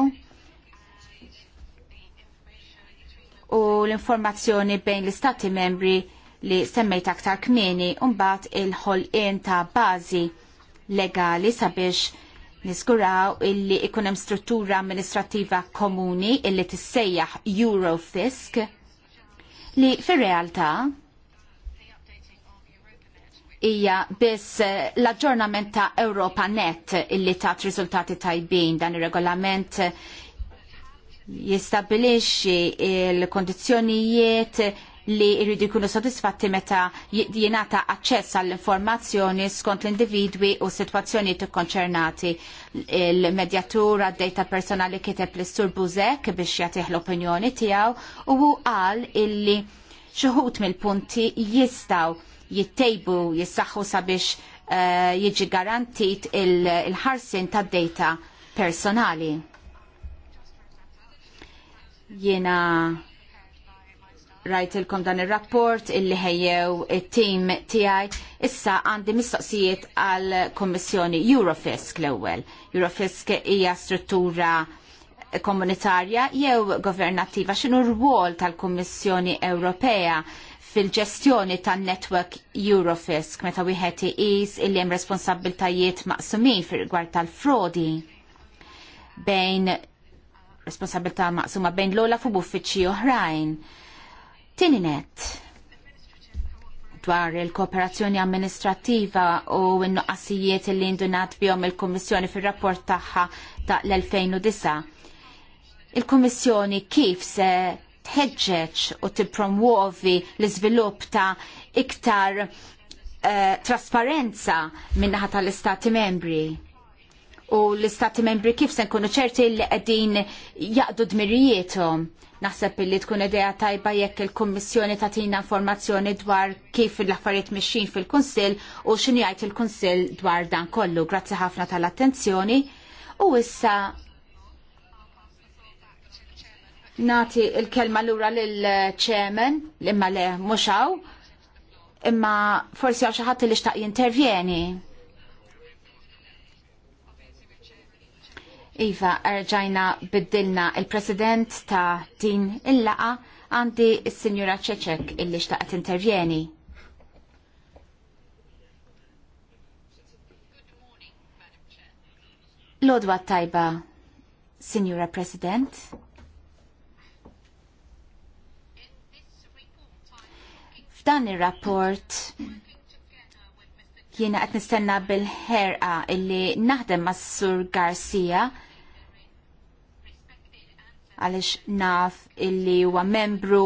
u l-informazzjoni bejn l-istati membri li semmejt aktar kmieni u mbagħad il-ħolqien ta' bażi legali sabiex Niskuraw illi ikunem struttura amministrativa komuni illi tissejjaħ Eurofisk li fir realtà hija biss eh, l-aġġornament ta' Europa Net illi tat riżultati tajbin dan ir-regolament eh, jistabilixxi il-kondizzjonijiet li jridu jkunu sodisfatti meta jingħata aċċess għall informazzjoni skont l-individwi u s-sitwazzjonijiet ikkonċernati. Il-medjatur għaddejta personali kiteb l-istur Buzek biex jagħtih l-opinjoni tiegħu u għal illi xuħut mill-punti jistgħu jittejbu, jissaħħu sabiex uh, jiġi garantit il-ħarsin il tad data personali. Jiena rajt dan il-rapport illi ħejjew it-tim il tiegħi. Issa għandi mistoqsijiet għal Kommissjoni Eurofisk l-ewwel. Eurofisk hija struttura komunitarja jew governattiva x'inhu r-rwol tal-Kummissjoni Ewropea fil-ġestjoni tan network Eurofisk meta wieħed iqis illi hemm responsabbiltajiet maqsumin fir-rigward tal-frodi bejn responsabilità maqsuma bejn l-ola fuq uffiċċji oħrajn. Tieni net dwar il-kooperazzjoni amministrattiva u n-nuqqasijiet li indunat bihom il-Kummissjoni fir-rapport tagħha ta' l-2009. Il-Kummissjoni kif se tħeġġeġ u tippromuovi l-iżvilupp ta' iktar uh, trasparenza minnaħa tal-Istati membri u l-istati membri kif se nkunu ċerti li qegħdin jaqdu dmirijietom. Naħseb li tkun idea tajba jekk il-Kummissjoni tagħtina informazzjoni dwar kif l-affarijiet mixin fil-Kunsill u x'inhi jgħid il-Kunsill dwar dan kollu. Grazzi ħafna tal-attenzjoni. U issa nati il-kelma l-ura l-ċemen, imma le muxaw, imma forsi għaw xaħat li xtaq jintervjeni. Iva, rġajna biddilna il-president ta' din il-laqa għandi il-Sinjura ċeċek illi xtaq intervjeni. Lodwa tajba, Sinjura President. F'dan ir-rapport jiena qed nistenna bil-ħerqa illi naħdem mas Sur Garcia għaliex naf illi huwa membru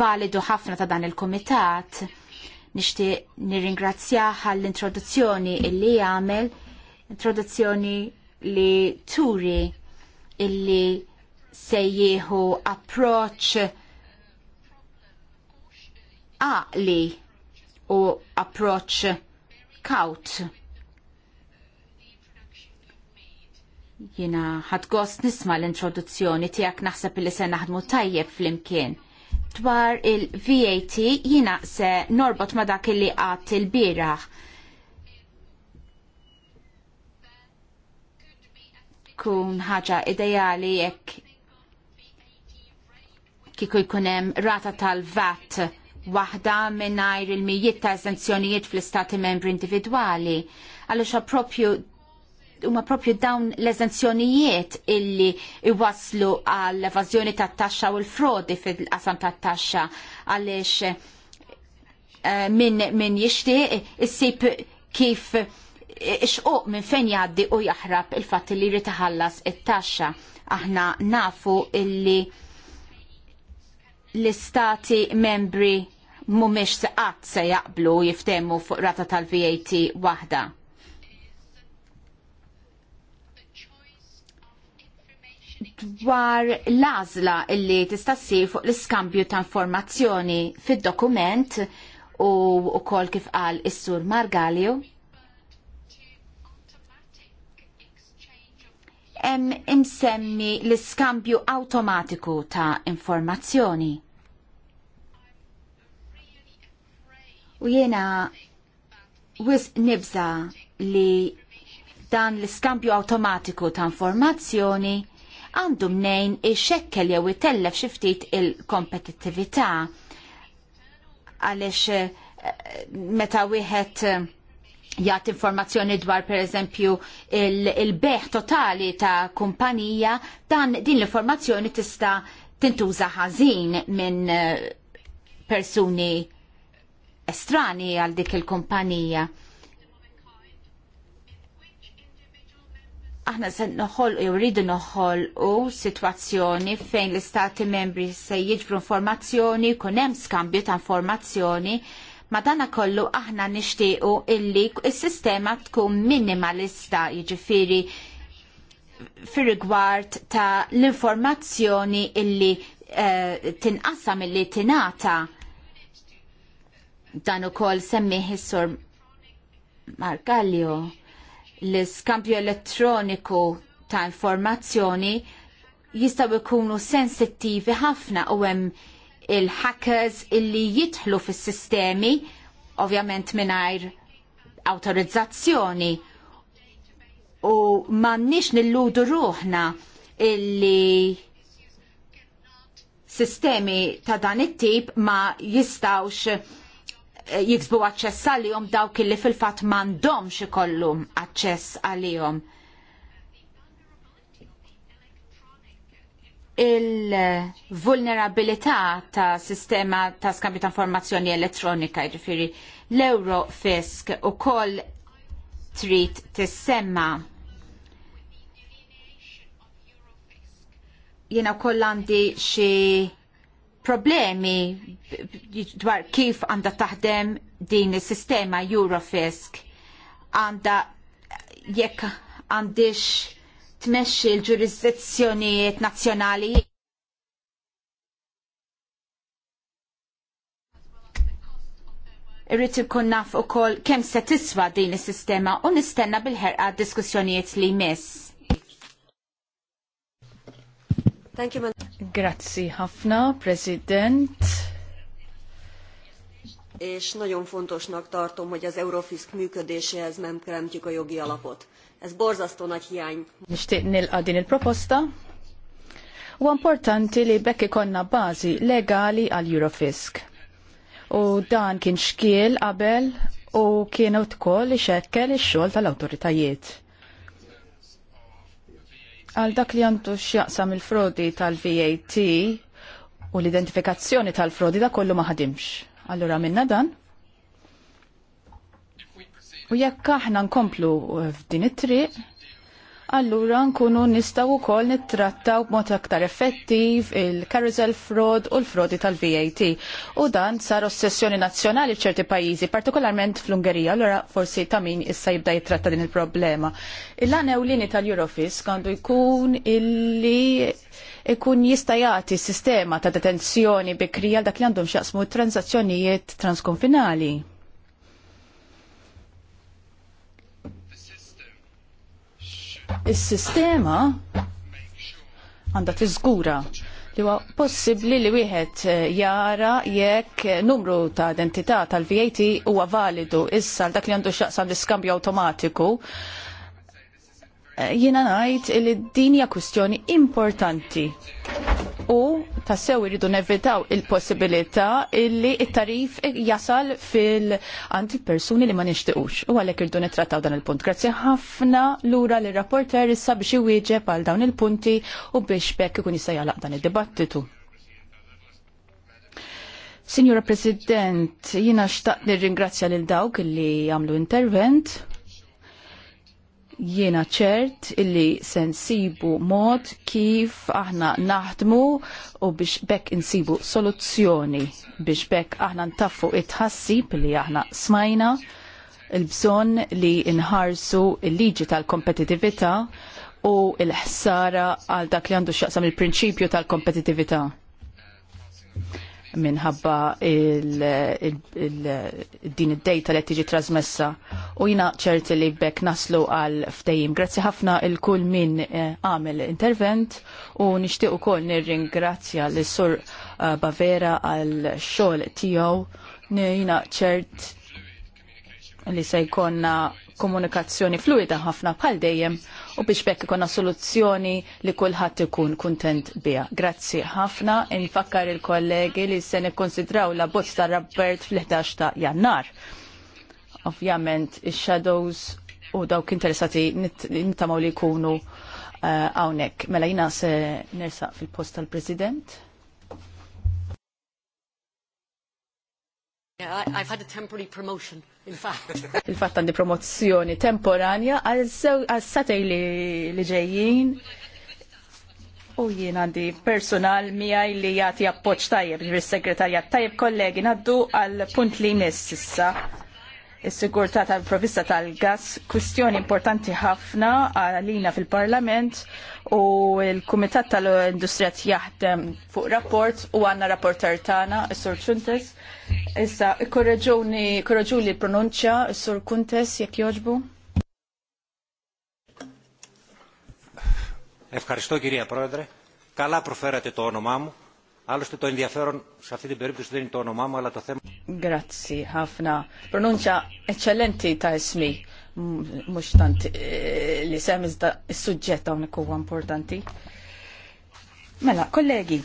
validu ħafna ta' dan il-kumitat. Nixtieq nirringrazzjah għall-introduzzjoni illi jagħmel, introduzzjoni li turi illi se jieħu approċċ għaqli u approċ kaut. Jina gost nisma l-introduzzjoni tijak naħseb li se naħdmu tajjeb fl-imkien. Dwar il-VAT jina se norbot ma dak li għat il-biraħ. Kun ħaġa ideali jekk kiku jkunem rata tal-VAT waħda mingħajr il-mijiet ta' eżenzjonijiet fl-istati membri individwali. Għaliex propju huma propju dawn l-eżenzjonijiet illi iwaslu għall evażjoni tat-taxxa u l-frodi fil-qasam tat-taxxa għaliex eh, min, jixtieq issib kif xquq minn fejn jgħaddi u jaħrab il-fatt li jrid iħallas it-taxxa. Aħna nafu illi l-istati membri mumiex saqat qatt se jaqblu jiftemu fuq rata tal-VAT waħda. dwar l-azla illi tista' ssir fuq l-iskambju ta' informazzjoni fid-dokument u wkoll kif qal is-sur Margalju. Hemm imsemmi l-iskambju awtomatiku ta' informazzjoni. U jiena wis nibza li dan l-iskampju automatiku ta' informazzjoni għandu mnejn ixekkel jew itellef xi ftit il-kompetittività għaliex eh, meta wieħed eh, jgħat informazzjoni dwar per eżempju il-beħ totali ta' kumpanija, dan din l-informazzjoni tista' tintuża ħażin minn eh, persuni estrani għal dik il-kumpanija. aħna se noħol u jridu noħol u situazzjoni fejn l-istati membri se jiġbru informazzjoni, kun hemm skambju ta' informazzjoni, ma dana kollu aħna nixtiequ illi s-sistema tkun minimalista jiġifieri fir-rigward ta' l-informazzjoni illi uh, tinqassam illi tingħata dan ukoll semmiħ is-sur Markallio l-iskampju elettroniku ta' informazzjoni jistgħu jkunu sensittivi ħafna u hemm il-hackers illi jidħlu fis-sistemi ovvjament mingħajr awtorizzazzjoni u m'għandniex nilludu ruħna illi sistemi ta' dan it-tip ma jistawx jiksbu aċċess għalihom dawk li fil-fatt m'għandhomx ikollhom aċċess għalihom. Il-vulnerabilità ta' sistema ta' skambju ta' informazzjoni elettronika, ġifiri l-Eurofisk u koll trid tissemma. Jena koll għandi xi problemi dwar kif għandha taħdem din is-sistema Eurofisk għanda jekk għandix tmexxi l-ġurisdizzjonijiet nazzjonali irrid ikun naf ukoll kemm se tiswa din is-sistema u nistenna bil-ħerqa diskussjonijiet li jmiss. Thank you, Grazzi ħafna, President. És nagyon fontosnak tartom, hogy az Eurofisk működéséhez nem teremtjük a jogi alapot. Ez borzasztó nagy hiány. Nishtiq nilqa din il-proposta. U importanti li bekki konna bazi legali għal Eurofisk. U dan kien xkiel qabel u kienu tkoll ixekkel ix-xogħol tal-awtoritajiet. Għal dak li għandu x'jaqsam il-frodi tal-VAT u l-identifikazzjoni tal-frodi da kollu ma ħadimx. Allura minna dan? U jekk aħna nkomplu f'din it-triq, allura nkunu nistaw ukoll nittrattaw b'mod aktar effettiv il-carousel fraud u l-frodi tal-VAT. U dan sar ossessjoni nazzjonali f'ċerti pajjiżi, partikolarment fl-Ungerija, allura forsi ta' min issa jibda jitratta din il-problema. Il-lan ewlieni tal eurofis għandu jkun illi ikun jista' jagħti sistema ta' detenzjoni bikrija dak li għandhom x'jaqsmu transazzjonijiet transkonfinali. Is-sistema għandha tiżgura li huwa possibbli li wieħed eh, jara jekk numru ta' identità tal-VAT huwa validu issa dak li għandu x'aqsa l-iskambju awtomatiku. Eh, jiena ngħid li din hija kwistjoni importanti u tassew iridu nevitaw il-possibilità illi il tarif jasal fil-għand il-persuni li ma nishtiqux. U għalek irridu nitrattaw dan il-punt. Grazzi ħafna l-ura li rapporter issa biex iwieġeb għal dawn il-punti u biex bekk ikun jista' jalaq dan id-dibattitu. Signora President, jina xtaqt nirringrazzja lil dawk illi għamlu intervent jiena ċert illi sensibu mod kif aħna naħdmu u biex bekk insibu soluzzjoni biex bekk aħna ntaffu it-ħassib li aħna smajna il-bżon li nħarsu il-liġi tal-kompetitivita u il-ħsara għal dak li għandu xaqsam il-prinċipju tal-kompetitivita minħabba din id-dejta li tiġi trasmessa u jina ċerti li bekk naslu għal ftejim. Grazzi ħafna il-kull min eh, għamil intervent u nishtiq u koll nirringrazzja li sur eh, Bavera għal xol tijaw. Jina ċert li se komunikazzjoni fluida ħafna bħal dejjem u biex bekk ikonna soluzzjoni li kulħadd ikun kuntent biha. Grazzi ħafna, infakkar il-kollegi li se nikkonsidraw la bozz ta' Rabbert fl-11 ta' Jannar. Ovvjament, ix-shadows u dawk interessati nittamaw li jkunu eh, hawnhekk. Mela jina se nersaq fil-post tal-President. Yeah, I've had a temporary promotion, in fact. Il-fatt għandi promozzjoni temporanja għal-satej li ġejjin. U jien għandi personal miegħi li jagħti appoġġ tajjeb lir-segretarjat tajjeb kollegi ngħaddu għal punt li jmiss Is-sigurtà tal-provista tal-gas kwistjoni importanti ħafna għalina fil-Parlament u l-Kumitat tal-Industrija jaħdem fuq rapport u għandna rapporter tagħna sur Ċuntes Issa, korreġuni, korreġuni pronunċja, sur kuntes, jek joġbu? Ευχαριστώ κυρία Πρόεδρε. Καλά προφέρατε το όνομά μου. Άλλωστε το ενδιαφέρον σε αυτή την περίπτωση δεν είναι το όνομά μου, αλλά το θέμα... Grazie, ħafna. Pronuncia eccellenti ta' ismi. Mux tant eh, li sem iżda s-sujġet għonek importanti. Mela, kollegi,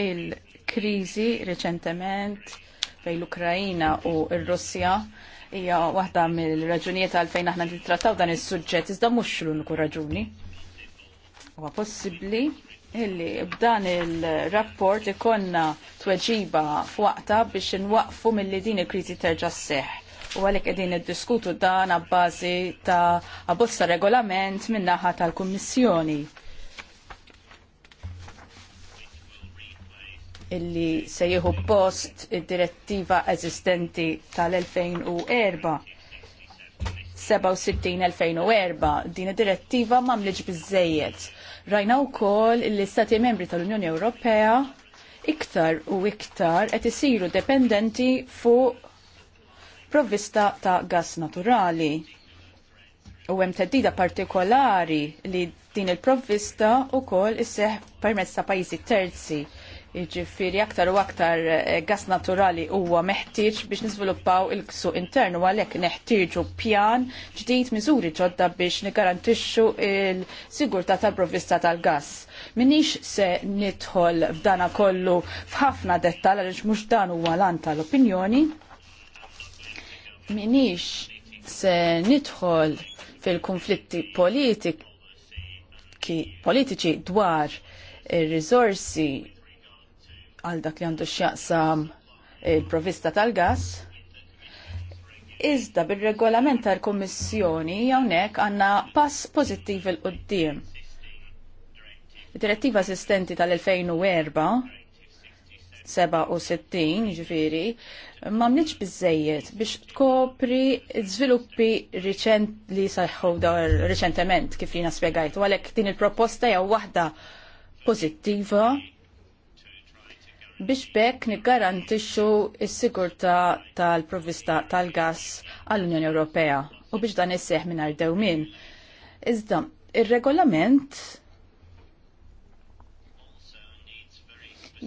il-kriżi reċentement bejn l-Ukrajina u r-Russja hija waħda mill-raġunijiet għalfejn aħna nittrattaw dan is-suġġett iżda mhux l-uniku raġuni. Huwa possibbli illi b'dan il-rapport ikonna tweġiba f'waqta biex inwaqfu milli din il-kriżi terġa' sseħħ. U għalhekk qegħdin diskutu dan abbażi ta' abbozza regolament min-naħa tal-Kummissjoni. illi se jieħu post id-direttiva eżistenti tal-2004. 67-2004 din id-direttiva mamliġ bizzejiet. Rajna u kol l-istati membri tal-Unjoni Ewropea iktar u iktar qed isiru dependenti fuq provvista ta' gas naturali. U hemm teddida partikolari li din il-provvista u kol isseħ permezz ta' pajjiżi terzi Jiġifieri aktar u aktar eh, gas naturali huwa meħtieġ biex niżviluppaw il-ksu internu għalhekk neħtieġu pjan ġdid miżuri ġodda biex nigarantixxu il-sigurtà tal-provvista tal-gass. Minix se nidħol f'dana kollu f'ħafna dettal għaliex mhux dan huwa lan tal-opinjoni. Minix se nidħol fil-konflitti politiki politiċi dwar ir-riżorsi għal dak li għandu x'jaqsam il-provista tal-gas. Iżda bil-regolament tal-Kommissjoni hawnhekk għandna pass pożittiv il qudiem Direttiva assistenti tal-2004 67 ġifiri, ma mniċ bizzejiet biex tkopri zviluppi riċent li saħħu dar riċentement kif li spiegajt. Għalek din il-proposta hija waħda pozittiva biex bekk niggarantixxu s-sigurtà tal-provvista tal-gass għall-Unjoni Ewropea u biex dan isseħ mingħajr dewmien. Iżda, ir-regolament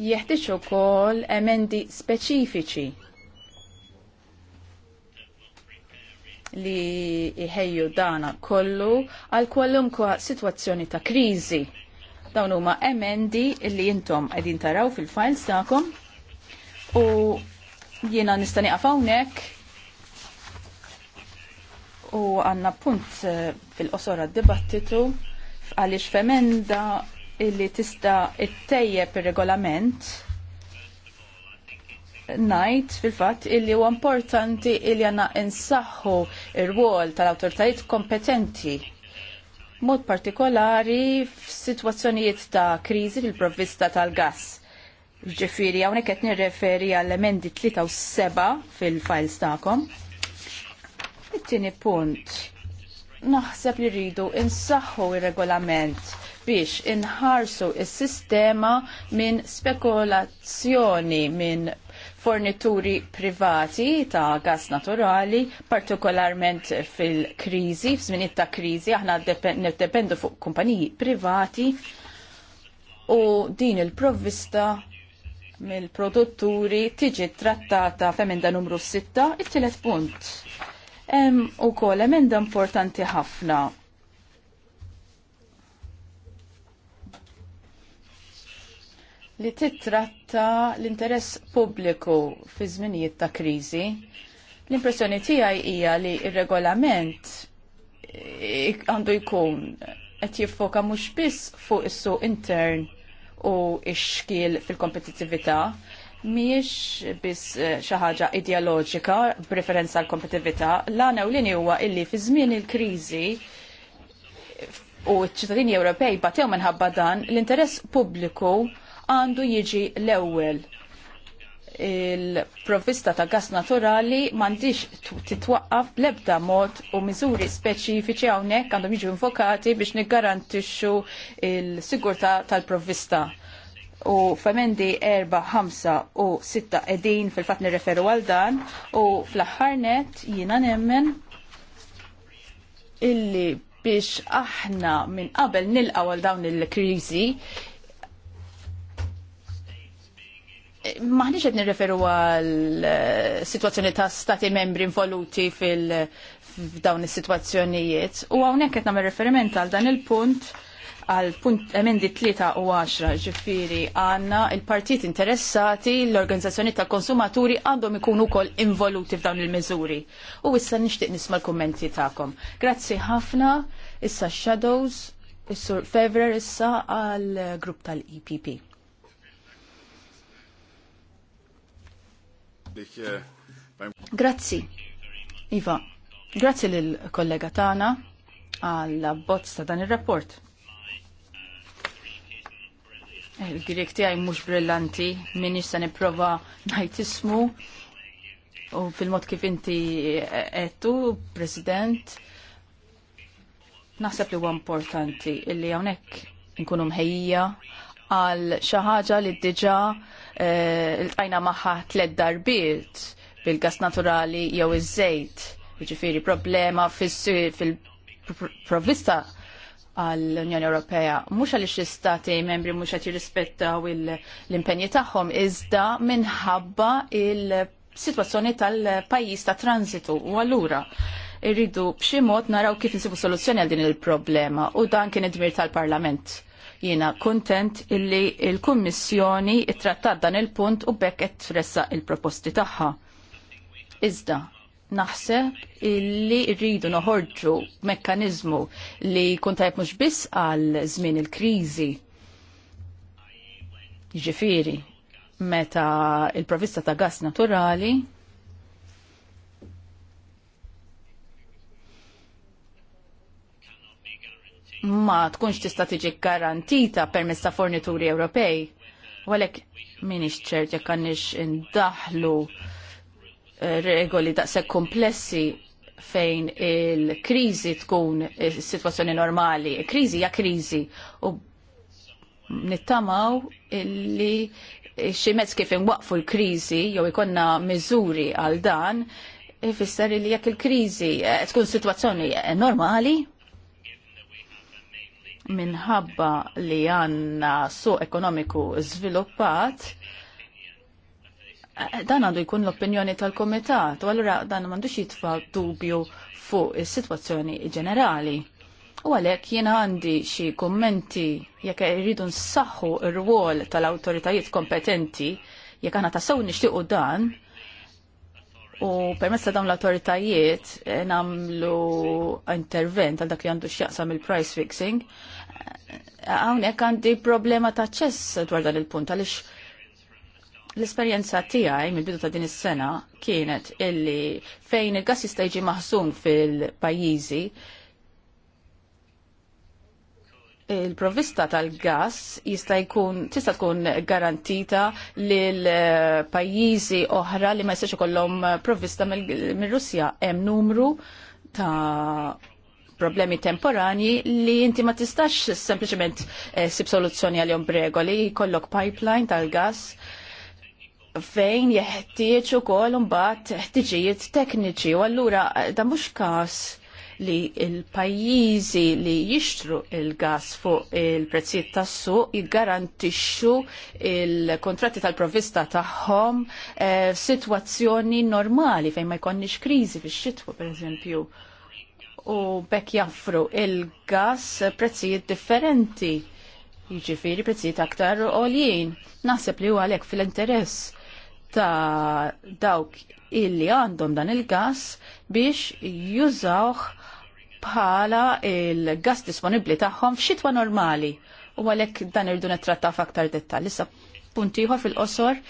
jeħtieġ ukoll emendi speċifiċi li jħejju dana kollu għal kwalunkwa sitwazzjoni ta' kriżi Dawn huma emendi li intom qegħdin taraw fil-files tagħkom u jiena nista' nieqaf hawnhekk u għandna punt eh, fil qosora dibattitu għaliex f'emenda illi tista' ittejjeb ir-regolament najt fil-fat illi huwa importanti illi għanna insaħħu ir wol tal-autoritajiet kompetenti mod partikolari f'sitwazzjonijiet ta' kriżi fil-provvista tal-gass. Ġifiri, hawnhekk qed nirreferi għall emendi 3 fil-files tagħkom. It-tieni punt. Naħseb li rridu insaħħu il regolament biex inħarsu il sistema minn spekulazzjoni minn fornituri privati ta' gas naturali, partikolarment fil-krizi, f'żminiet ta' krizi, aħna niddependu fuq kumpaniji privati u din il-provvista mill-produtturi tiġi trattata f'emenda numru 6, it-tielet punt. Hemm ukoll emenda importanti ħafna li titratta l-interess pubbliku fi żminijiet ta' kriżi. L-impressjoni tiegħi hija li r-regolament eh, għandu jkun qed jiffoka mhux biss fuq is-suq intern u x-xkiel fil-kompetittività mhijiex biss eh, xi ħaġa ideoloġika b'referenza għall kompetittività l-għana u huwa illi fi żmien il-kriżi u ċ-ċittadini Ewropej batew minħabba dan l-interess pubbliku għandu jiġi l-ewwel il-provvista ta' gas naturali mandiċ titwaqqaf lebda mod u miżuri speċifiċi hawnhekk għandhom jiġu infokati biex niggarantixxu il-sigurtà tal-provvista. U femendi 4, 5 u 6 edin fil-fat nirreferu għal dan u fl-aħħar jina jiena nemmen illi biex aħna minn qabel nilqaw għal dawn il-kriżi maħniċ qed nirreferu għal eh, situazzjoni ta' stati membri involuti fil-dawn is-sitwazzjonijiet u hawnhekk qed nagħmel referiment għal dan il-punt għal punt emendi 3 u 10 ġifiri għanna il-partit interessati l-organizzazzjoni ta' konsumaturi għandhom ikunu kol involuti f'dawn il mezuri U issa nixtieq nisma' l-kummenti tagħkom. Grazzi ħafna, issa Shadows, is-Sur Fevrer issa għal grupp tal-EPP. Eh, grazzi, Iva. Grazzi lill-kollega tagħna għall bozz ta' dan ir-rapport. Eh, Il-Grek tiegħi mhux brillanti, min se nipprova ngħid ismu u fil-mod kif inti eh, qedtu, President, naħseb li huwa importanti illi hawnhekk nkunu mħejja għal xi ħaġa li diġà Eh, l-tajna maħħa tled darbiet bil-gas naturali jew iż-żejt. Jiġifieri problema fil-provvista għall-Unjoni Ewropea. Mhux għaliex l-istati membri mhux qed jirrispettaw l-impenji tagħhom iżda minħabba il-sitwazzjoni tal-pajjiż ta' transitu u allura irridu b'xi mod naraw kif insibu soluzzjoni għal din il-problema u dan kien id-dmir tal-Parlament Jiena kuntent illi il-Kummissjoni trattat dan il-punt u bekk qed tressa il-proposti tagħha. Iżda, naħseb illi rridu noħorġu mekkaniżmu li jkun tajb mhux biss għal żmien il-kriżi. Jiġifieri, meta il-provista ta' gas naturali ma tkunx tista' tiġi garantita permezz ta' fornituri Ewropej. Walek minix ċert jekk għandix indaħlu eh, regoli daqshekk komplessi fejn il-kriżi tkun is-sitwazzjoni normali. Kriżi ja kriżi u nittamaw illi xi mezz kif inwaqfu l-kriżi jew ikonna miżuri għal dan ifisser li jekk il-kriżi eh, tkun sitwazzjoni normali minħabba li għanna suq ekonomiku sviluppat, dan għandu jkun l-opinjoni tal-komitat, u għallura dan għandu xitfa dubju fuq is-sitwazzjoni ġenerali. U għalek jena għandi xie kommenti jekk irridu nsaħħu r wol tal-autoritajiet kompetenti, jekk għana tassew nixtiqu dan, U permessa dawn l-autoritajiet eh, namlu intervent għal dak li għandu xjaqsam il-price fixing hawnhekk għandi problema ta' ċess dwar dan il-punt għaliex l-esperjenza tiegħi mill-bidu ta' din is-sena kienet illi fejn il-gas jista' jiġi maħsum fil-pajjiżi il-provvista tal-gas jista' jkun tista' tkun garantita lil eh, pajjiżi oħra li ma jistax ikollhom provvista mil russja hemm numru ta' problemi temporani li inti ma tistax sempliciment eh, sib soluzzjoni għal-jom bregoli, kollok pipeline tal-gas fejn jeħtieġ ukoll bat ħtiġijiet tekniċi u allura eh, da mhux każ li l-pajjiżi li jixtru il-gas fuq il-prezzijiet tas-suq jiggarantixxu il-kontratti tal provista tagħhom eh, situazzjoni normali fejn ma jkollniex kriżi fix-xitwa pereżempju. Per u bekk jaffru il-gas prezzijiet differenti. Jiġifieri prezzijiet aktar għoljien. Naħseb li huwa għalhekk fil-interess ta' dawk illi għandhom dan il-gas biex jużawh bħala il-gas disponibli tagħhom f'xitwa normali. U għalhekk dan irdu nettrattaf aktar dettal. Issa puntiħor fil-qosor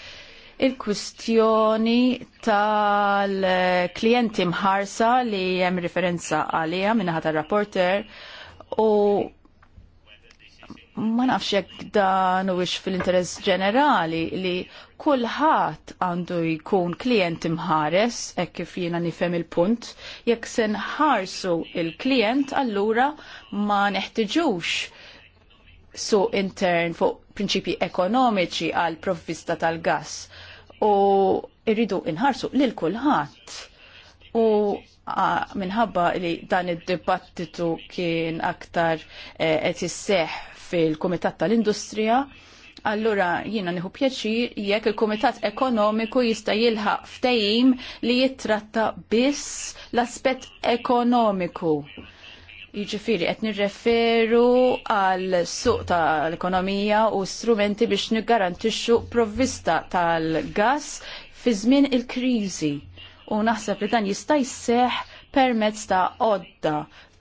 il-kwistjoni tal-klienti mħarsa li hemm referenza għalija minna ħata rapporter u ma nafx jekk dan huwiex fil-interess ġenerali li kulħadd għandu jkun klient imħares hekk kif jiena nifhem il-punt jekk se nħarsu il-klient allura ma neħtiġux su intern fuq prinċipji ekonomiċi għal provvista tal-gas u irridu inħarsu lil kulħadd. U minħabba li dan id-dibattitu kien aktar eh, qed isseħ fil-Kumitat tal-Industrija, allura jiena nieħu pjaċir jekk il-Kumitat Ekonomiku jista' jilħaq ftehim li jittratta biss l-aspett ekonomiku Jiġifieri qed nirreferu għal suq tal-ekonomija u strumenti biex niggarantixxu provvista tal-gass fi żmien il-kriżi. U naħseb li dan jista' jseħħ permezz ta' odda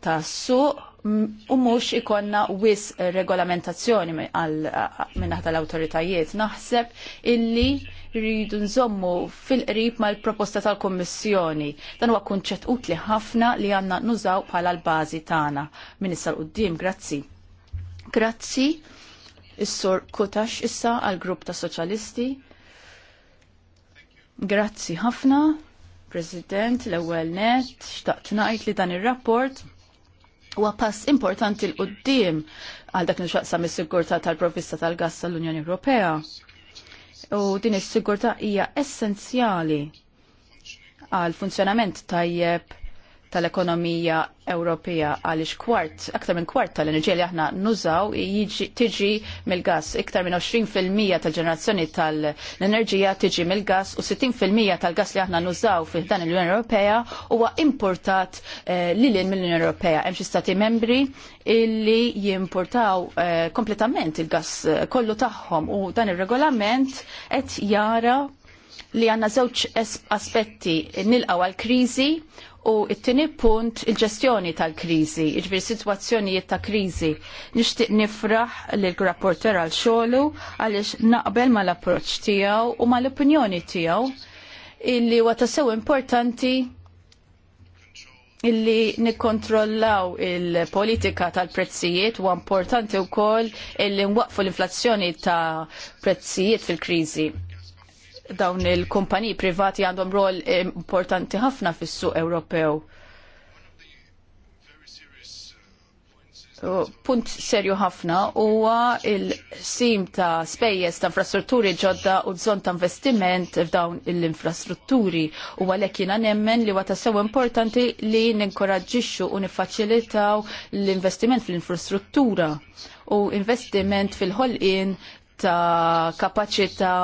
ta' suq u mhux ikonna wis regolamentazzjoni minnaħ tal-awtoritajiet. Naħseb illi rridu nżommu fil-qrib mal-proposta tal-Kommissjoni. Dan huwa kunċett utli ħafna li għandna nużaw bħala l-bażi tagħna. Min issa l-qudiem, grazzi. Grazzi, is-sur Kutax issa għall-grupp ta' Soċjalisti. Grazzi ħafna, President, l-ewwel net, xtaqt ngħid li dan ir-rapport huwa pass importanti l qudiem għal dak nixaqsam is-sigurtà tal-provvista tal-gass tal-Unjoni Ewropea u din is-sigurtà hija essenzjali għal funzjonament tajjeb tal-ekonomija Ewropea għaliex kwart, aktar minn kwart tal-enerġija li aħna nużaw tiġi mill-gas. Iktar minn 20% tal-ġenerazzjoni tal-enerġija tiġi mill-gas u 60% tal-gas li aħna nużaw fi dan l-Unjoni Ewropea huwa importat eh, lilin mill-Unjoni Ewropea. Hemm xi stati membri illi jimportaw eh, kompletament il-gas eh, kollu tagħhom u dan ir-regolament qed jara li għanna żewġ aspetti nilqaw għal kriżi U it-tini punt il-ġestjoni tal-krizi, iġbir jiġifieri situazzjonijiet ta' krizi. Nishtiq nifraħ l-rapporter għal xolu għalix naqbel ma l-approċ tijaw u ma l-opinjoni tijaw illi għata sew importanti illi nikkontrollaw il-politika tal-prezzijiet u importanti u koll illi nwaqfu l-inflazzjoni ta' prezzijiet fil-krizi dawn il-kumpaniji privati għandhom rol importanti ħafna fis-suq Ewropew. Punt serju ħafna huwa il-sim ta' spejjeż ta' infrastrutturi ġodda u bżonn ta' investiment f'dawn l-infrastrutturi u għalhekk jiena nemmen li huwa ta' sew importanti li ninkoraġġixxu u niffaċilitaw l-investiment fl-infrastruttura u investiment fil-ħolqien ta' kapaċità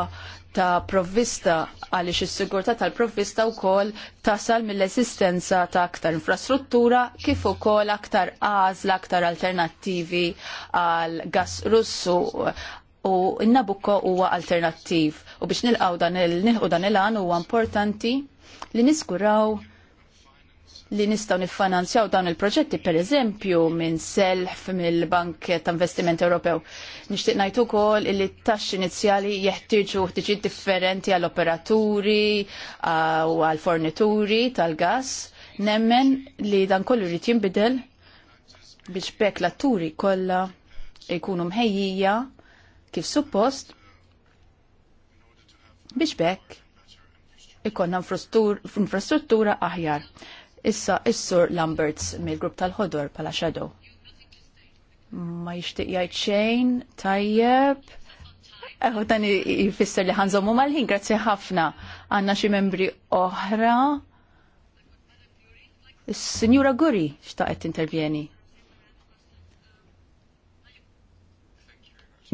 ta' provvista għaliex is-sigurtà tal-provvista wkoll tasal mill-esistenza ta' aktar infrastruttura kif ukoll aktar għażla aktar alternattivi għal gas Russu u n-Nabucco huwa alternattiv u biex nilqgħu dan il-nieħu dan il-għan huwa importanti li niskuraw li nistaw nifinanzjaw dawn il-proġetti, per eżempju, minn self mill-Bank ta' Investiment Ewropew. Nixtieq ngħid ukoll li t-taxxi inizjali jeħtieġu ħtiġijiet differenti għall operaturi u għall fornituri tal-gas. Nemmen li dan kollu jrid jinbidel biex bekk l-atturi kollha jkunu mħejjija kif suppost biex bekk ikonna infrastruttura aħjar. Issa is-Sur Lamberts mill-grupp tal-ħodor pala Shadow. Ma jixtieq jgħid xejn, tajjeb. Eħu tani jfisser li ħanżommu mal-ħin, grazzi ħafna. Għandna xi membri oħra. Is-Sinjura Guri xtaqet intervjeni.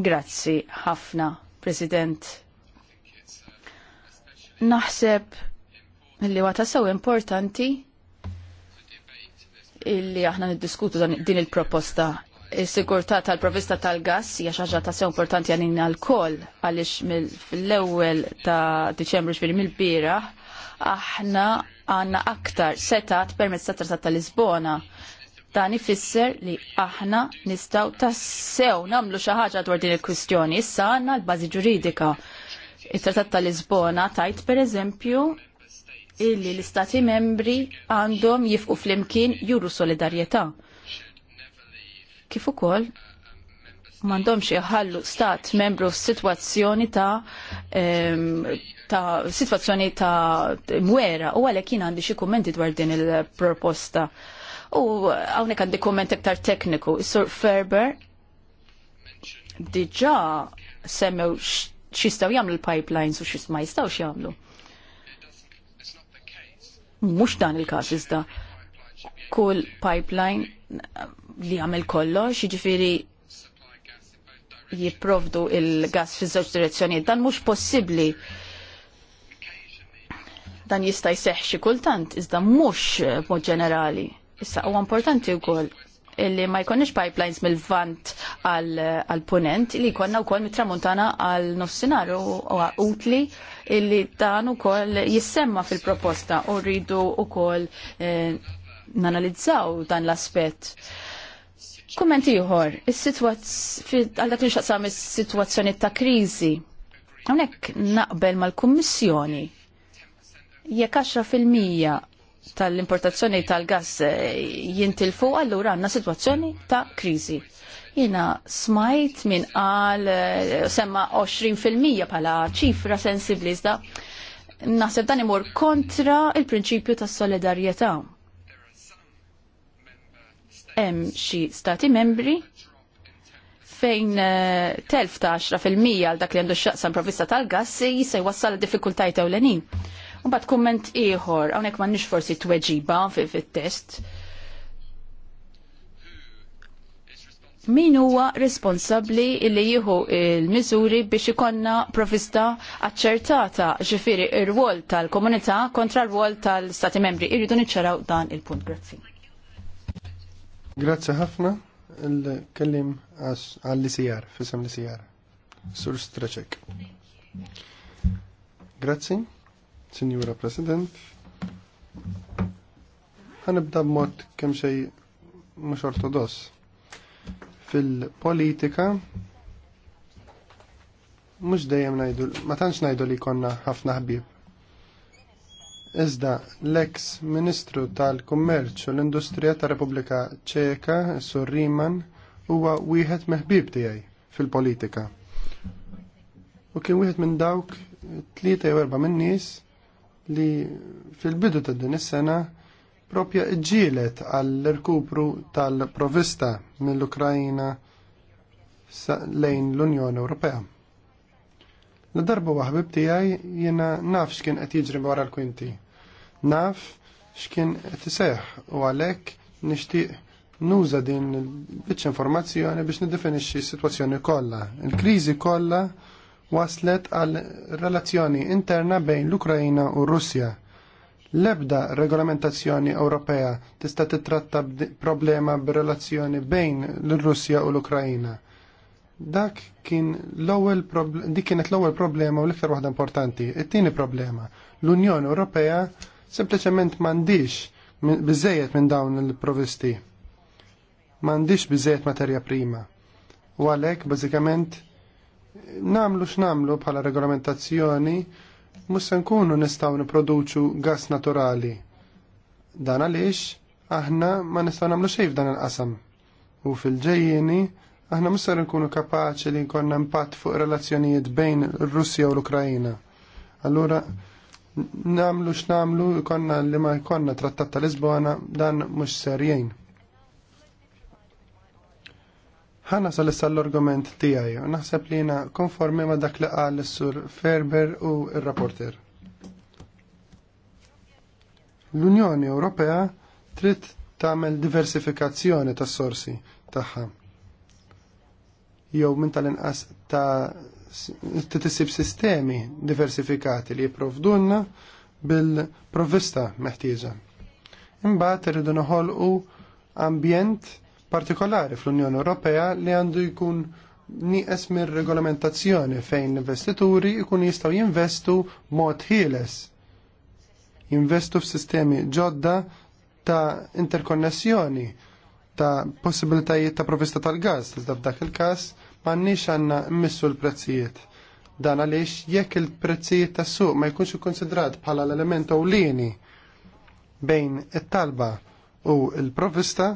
Grazzi ħafna, President. Naħseb li għata sew importanti illi aħna niddiskutu din il-proposta. Is-sigurtà tal-provista tal-gas hija xi ħaġa tassew importanti għalina l għaliex fl ewwel ta' Diċembru xfiri mill-bieraħ aħna għandna aktar setat permezz ta' trasat tal-Lisbona. Dan ifisser li aħna nistgħu tassew nagħmlu xi ħaġa dwar din il-kwistjoni. Issa għandna l-bażi ġuridika. it-Trattat tal-Lisbona tajt pereżempju illi l-istati membri għandhom jifqu flimkien juru solidarjetà. Kif ukoll m'għandhomx jħallu stat membru f'sitwazzjoni ta' ta' situazzjoni ta' mwera u għalhekk jien għandi xi kummenti dwar din il-proposta. U hawnhekk għandi kumment iktar tekniku. Sur Ferber diġà semmew xistaw jagħmlu l-pipelines u xis ma jistgħux jagħmlu mhux dan il-każ iżda kull pipeline li għamil kollox, jiġifieri jipprovdu il-gas fi żewġ direzzjonijiet. Dan mhux possibbli. Dan jista' jseħħ xi kultant, iżda mhux mod ġenerali. Issa huwa importanti wkoll illi ma jkonniex pipelines mill-vant għal-punent li jkollna wkoll mit-tramuntana għal-nofsinhar u utli illi dan ukoll jissemma fil-proposta u rridu wkoll eh, nanalizzaw dan l-aspett. Kumment ieħor, għal dak li xaqsam is-sitwazzjoni ta' kriżi. Hawnhekk naqbel mal-Kummissjoni jekk 10 fil-mija tal-importazzjoni tal-gas eh, jintilfu, allura għanna situazzjoni ta' krizi. Jina smajt minn għal eh, semma 20% pala ċifra sensibli iżda. Naħseb dan imur kontra il-prinċipju ta' solidarjetà. Hemm xi stati membri fejn eh, telf ta' 10% għal dak li għandu xaqsan provvista tal-gas jisaj jwassal diffikultajiet ewlenin. Mbagħad kumment ieħor, hawnhekk m'għandniex forsi t-weġiba fit-test. Min huwa responsabbli li jieħu il-miżuri biex ikonna provista aċċertata ġifieri ir-rwol tal-komunità kontra r-rwol tal-Stati membri. Irridu niċċaraw dan il-punt. Grazzi. Grazzi ħafna il-kellim għall lisijar fissam lisijar. Sur Straċek. Grazzi. Signora President. Ħanibda b'mod kemm xej mhux ortodoss. Fil-politika mhux dejjem ngħidu ma tantx ngħidu li konna ħafna ħbieb. Iżda l-eks Ministru tal-Kummerċ u l-Industrija tar-Repubblika Ċeka, Sur Riemann, huwa wieħed meħbib tiegħi fil-politika. U kien wieħed minn dawk tlieta jew erba' min-nies li fil-bidu ta' din is-sena propja ġielet għall-rkupru tal-provista mill-Ukrajina lejn l-Unjoni Ewropea. L-darba waħbib tiegħi jiena naf x'kien qed jiġri wara l-kwinti. Naf x'kien qed iseħħ u għalhekk nixtieq nuża din biċċ informazzjoni biex niddefinixxi s-sitwazzjoni kollha. Il-kriżi kollha waslet għal relazzjoni interna bejn l-Ukrajina u Russja. L-ebda regolamentazzjoni Ewropea tista' titratta problema b'relazzjoni bejn l-Russja u l-Ukrajina. Dak kien l-ewwel dik kienet l-ewwel problema u l-iktar waħda importanti. It-tieni problema, l-Unjoni Ewropea sempliċement m'għandix biżejjed minn dawn il-provisti. M'għandix biżejjed materja prima. U għalhekk bażikament namlu x'namlu bħala regolamentazzjoni mhux se nkunu nistgħu niproduċu gas naturali. Dan għaliex aħna ma nistgħu nagħmlu xejn f'dan il-qasam. U fil-ġejjieni aħna mhux nkunu kapaċi li jkollna impatt fuq relazzjonijiet bejn ir-Russja u l-Ukrajina. Allura namlu x'namlu jkollna li ma jkollna trattat ta' Lisbona dan mhux ser jgħin ħana sal issa l-argument tiegħi u naħseb li jiena konformi ma' dak li qal sur Ferber u r-rapporter. L-Unjoni Ewropea trid tagħmel diversifikazzjoni tas-sorsi tagħha. Jew minn tal-inqas ta' titisib sistemi diversifikati li jipprovdunna bil-provvista meħtieġa. Imbagħad irridu noħolqu ambjent partikolari fl-Unjoni Ewropea li għandu jkun nieqes mir regolamentazzjoni fejn l-investituri jkun jistgħu jinvestu mod ħieles. Jinvestu f'sistemi ġodda ta' interkonnessjoni ta' possibilitajiet ta' provista tal-gas, iżda f'dak il-każ m'għandniex għandna mmissu l-prezzijiet. Dan għaliex jekk il-prezzijiet tas-suq ma jkunx ikkonsidrat bħala l-element ewlieni bejn it-talba u l-provista,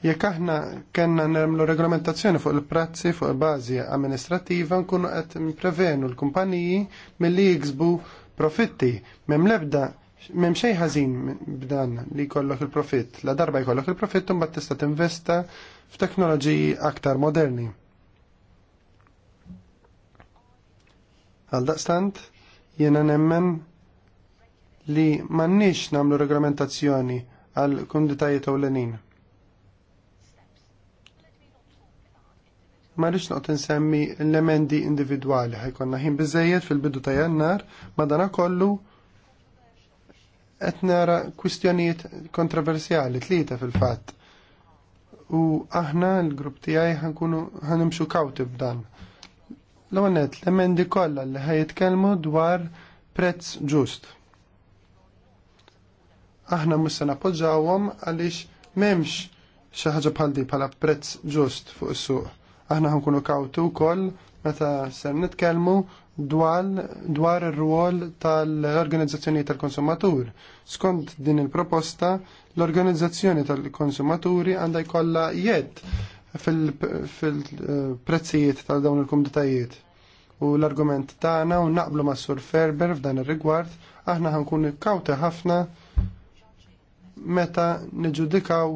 Jekk aħna kellna nagħmlu regolamentazzjoni fuq il-prazzi fuq il bażi amministrattiva nkunu qed nipprevenu l-kumpaniji milli jiksbu profitti m'hemm l-ebda Mem xej ħażin b'dan li jkollok il-profitt, la darba jkollok il-profitt mbagħad tista' tinvesta f'teknoloġiji aktar moderni. Għal daqstant, jiena nemmen li m'għandniex nagħmlu regolamentazzjoni għal kunditajiet ewlenin. ma rridx noqgħod insemmi l-emendi individwali ħajkonna ħin biżejjed fil-bidu ta' jannar madana kollu qed nara kwistjonijiet kontroversjali tlieta fil-fatt. U aħna l-grupp tiegħi ħankunu ħanimxu kawti b'dan. L-ewwel l-emendi kollha li ħajitkellmu dwar prezz ġust. Aħna musa se nappoġġawhom għaliex m'hemmx xi ħaġa bħal bħala prezz ġust fuq s suq Aħna ħankunu kawtu wkoll meta ser nitkellmu dwar ir-rwol tal-organizzazzjoni tal-konsumatur. Skont din il-proposta, l-organizzazzjoni tal-konsumaturi għandha jkollha jed fil-prezzijiet tal dawn il-kumditajiet. U l-argument tagħna u naqblu ma' Sur Ferber f'dan ir-rigward, aħna ħankun kawta ħafna meta niġudikaw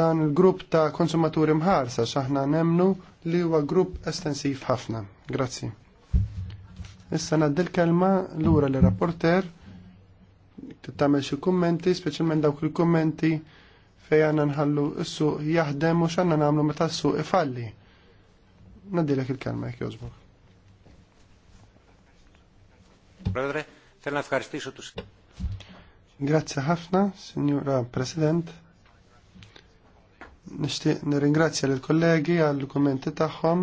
dan il-grupp ta' konsumaturi mħarsa xaħna nemnu li huwa grupp estensiv ħafna. Grazzi. Issa naddil kelma l-ura li rapporter tittamel xi kummenti, speċjalment dawk il-kummenti fejn għandna nħallu s-suq jaħdem u x'għandna nagħmlu meta s-suq ifalli. Nadilek il-kelma jek jogħġbok. Grazie Grazzi ħafna, Signora President. Nishtiq nirringrazzja lill kollegi għall kummenti tagħhom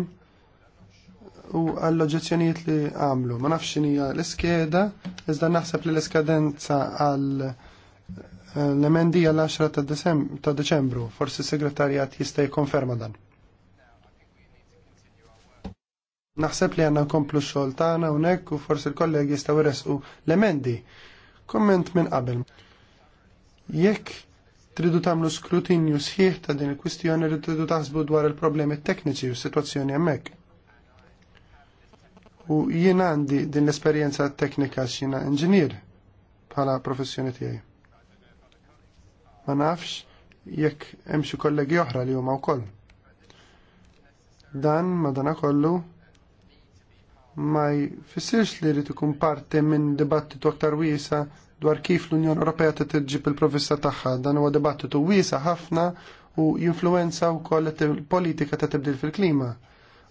u għall oġġezzjonijiet li għamlu. Ma nafx hija l-iskeda, iżda naħseb li l-iskadenza għal eh, l-emendi 10 ta' Deċembru, forsi s-segretarjat jista' jikkonferma dan. Naħseb li għanna nkomplu xogħol tagħna hawnhekk u forsi l-kollegi jistgħu jresqu l-emendi. Komment minn qabel. Jekk Tridu tagħmlu skrutinju sħiħ ta' din il-kwistjoni li tridu taħsbu dwar il-problemi tekniċi u s-sitwazzjoni hemmhekk. U jien għandi din l-esperjenza teknika x'ina inġinier bħala professjoni tiegħi. Ma nafx jekk hemm xi kollegi oħra li huma wkoll. Dan madanakollu ma jfissirx li rrid ikun parti minn dibattitu aktar wiesa dwar kif l-Unjoni Ewropea titġib il-provvista tagħha. Dan huwa dibattitu wiesa ħafna u jinfluwenza wkoll il-politika ta' tibdil fil-klima.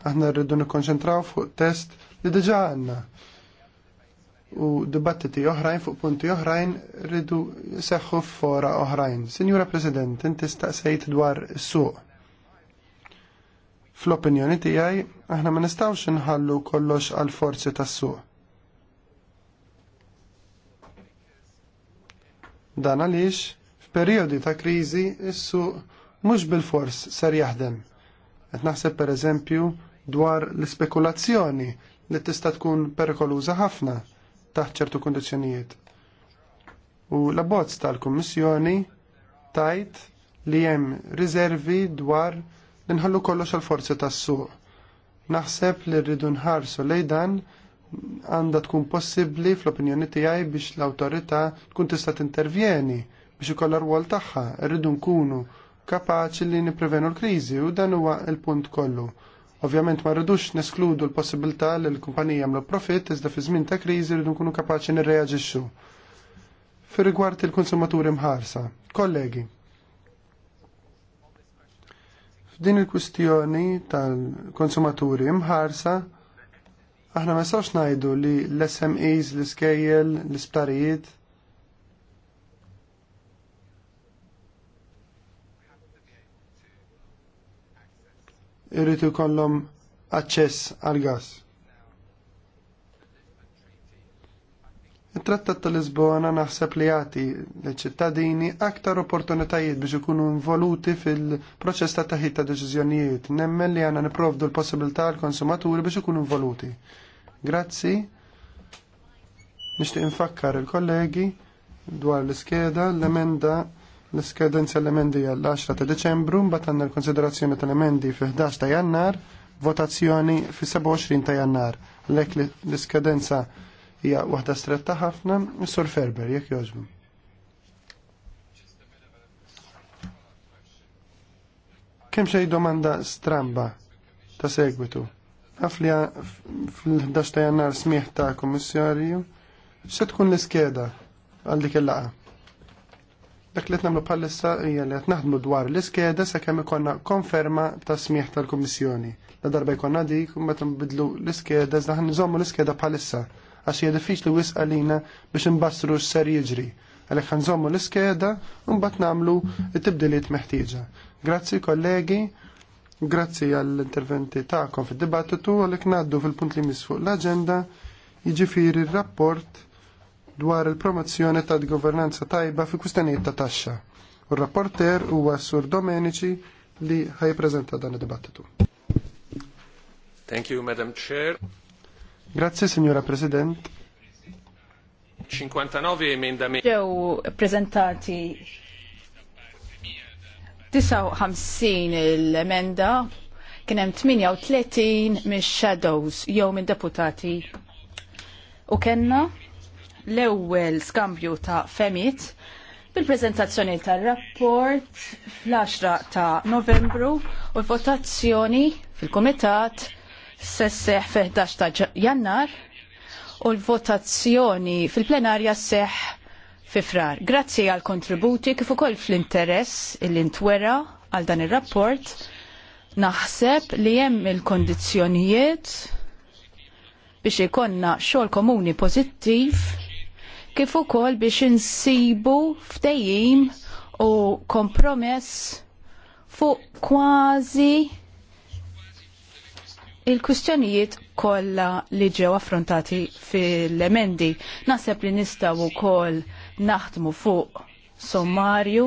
Aħna rridu nikkonċentraw fuq test li diġà għandna u dibattiti oħrajn fuq punti oħrajn rridu seħħu fora oħrajn. Sinjura President, inti staqsejt dwar suq. Fl-opinjoni tiegħi aħna ma nistgħux inħallu kollox għal forzi tas-suq. Dan għaliex f'perjodi ta' kriżi issu suq mhux bil-fors ser jaħdem. Qed naħseb pereżempju dwar l-ispekulazzjoni li tista' tkun perikoluża ħafna taħt ċertu kundizzjonijiet. U l bozz tal-Kummissjoni tajt li hemm riservi dwar li nħallu kollox għal forzi tas-suq. Naħseb li rridu nħarsu lejn dan għandha tkun possibbli fl-opinjoni tiegħi biex l-awtorità tkun tista' tintervjeni biex ikollha rwol tagħha, rridu nkunu kapaċi li nipprevenu l-kriżi u dan huwa l-punt kollu. Ovvjament ma rridux neskludu l-possibilità li l-kumpanija jagħmlu profitt iżda fi żmien ta' kriżi rridu nkunu kapaċi nirreaġixxu. Fi rigward il-konsumaturi mħarsa, kollegi, f'din il-kwistjoni tal-konsumaturi mħarsa Aħna ma sawx ngħidu li l-SMEs, l-iskejjel, l-isptarijiet irrid ikollhom aċċess għal gas. trattat tal-Lisbona naħseb li jagħti l-ċittadini aktar opportunitajiet biex ikunu involuti fil-proċess ta' taħit ta' deċiżjonijiet. Nemmen li għana nipprovdu l-possibilità għall konsumaturi biex ikunu involuti. Grazzi. Nixtieq infakkar il-kollegi dwar l-iskeda l-emenda l-iskedenza l-emendi għall-10 ta' Deċembru, mbagħad għandna l-konsiderazzjoni tal-emendi fi 11 ta' Jannar, votazzjoni fi 27 ta' Jannar. Lek l-iskedenza hija waħda stretta ħafna, Sur Ferber, jekk jogħġbu. Kemm xejn domanda stramba ta' segwitu. Għaf li fl-11 ta' jannar smieħ ta' kommissarju, xe tkun l-iskeda għal dik il-laqa? Dak li qed nagħmlu bħalissa hija li qed naħdmu dwar l-iskeda sakemm kemm konferma ta' smieħ tal kummissjoni La darba jkonna dik, ma bidlu l-iskeda, zdaħn nżommu l-iskeda bħalissa. Għax hija diffiċli wisq għalina biex nbassru x'ser jiġri. Għalhekk nżommu l-iskeda, u mbagħad nagħmlu t-tibdiliet meħtieġa. Grazzi kollegi, Grazzi għall-interventi ta'kom fil-dibattitu għalek naddu fil-punt li misfuq l-agenda jiġifieri il-rapport dwar il-promozzjoni ta' governanza tajba fi kustanijiet ta' taxxa. U rapporter huwa Sur Domenici li ħajprezenta dan id-dibattitu. Thank you, Madam Chair. Grazzi, Signora President. 59 emendamenti. Ġew prezentati 59 l-emenda kien hemm 38 mix-shadows jew minn deputati. U kenna l-ewwel skambju ta' femit bil-preżentazzjoni tar-rapport fl-10 ta' Novembru u l-votazzjoni fil-Kumitat sesseħ fi 11 ta' Jannar u l-votazzjoni fil-plenarja seħ fi frar. Grazzi għal kontributi kif ukoll fl-interess li ntwera għal dan ir-rapport naħseb li hemm il-kondizzjonijiet biex ikonna xogħol komuni pożittiv kif ukoll biex insibu ftehim u kompromess fuq kważi il-kustjonijiet kollha li ġew affrontati fil-emendi. Naħseb li nistgħu wkoll naħdmu fuq sommarju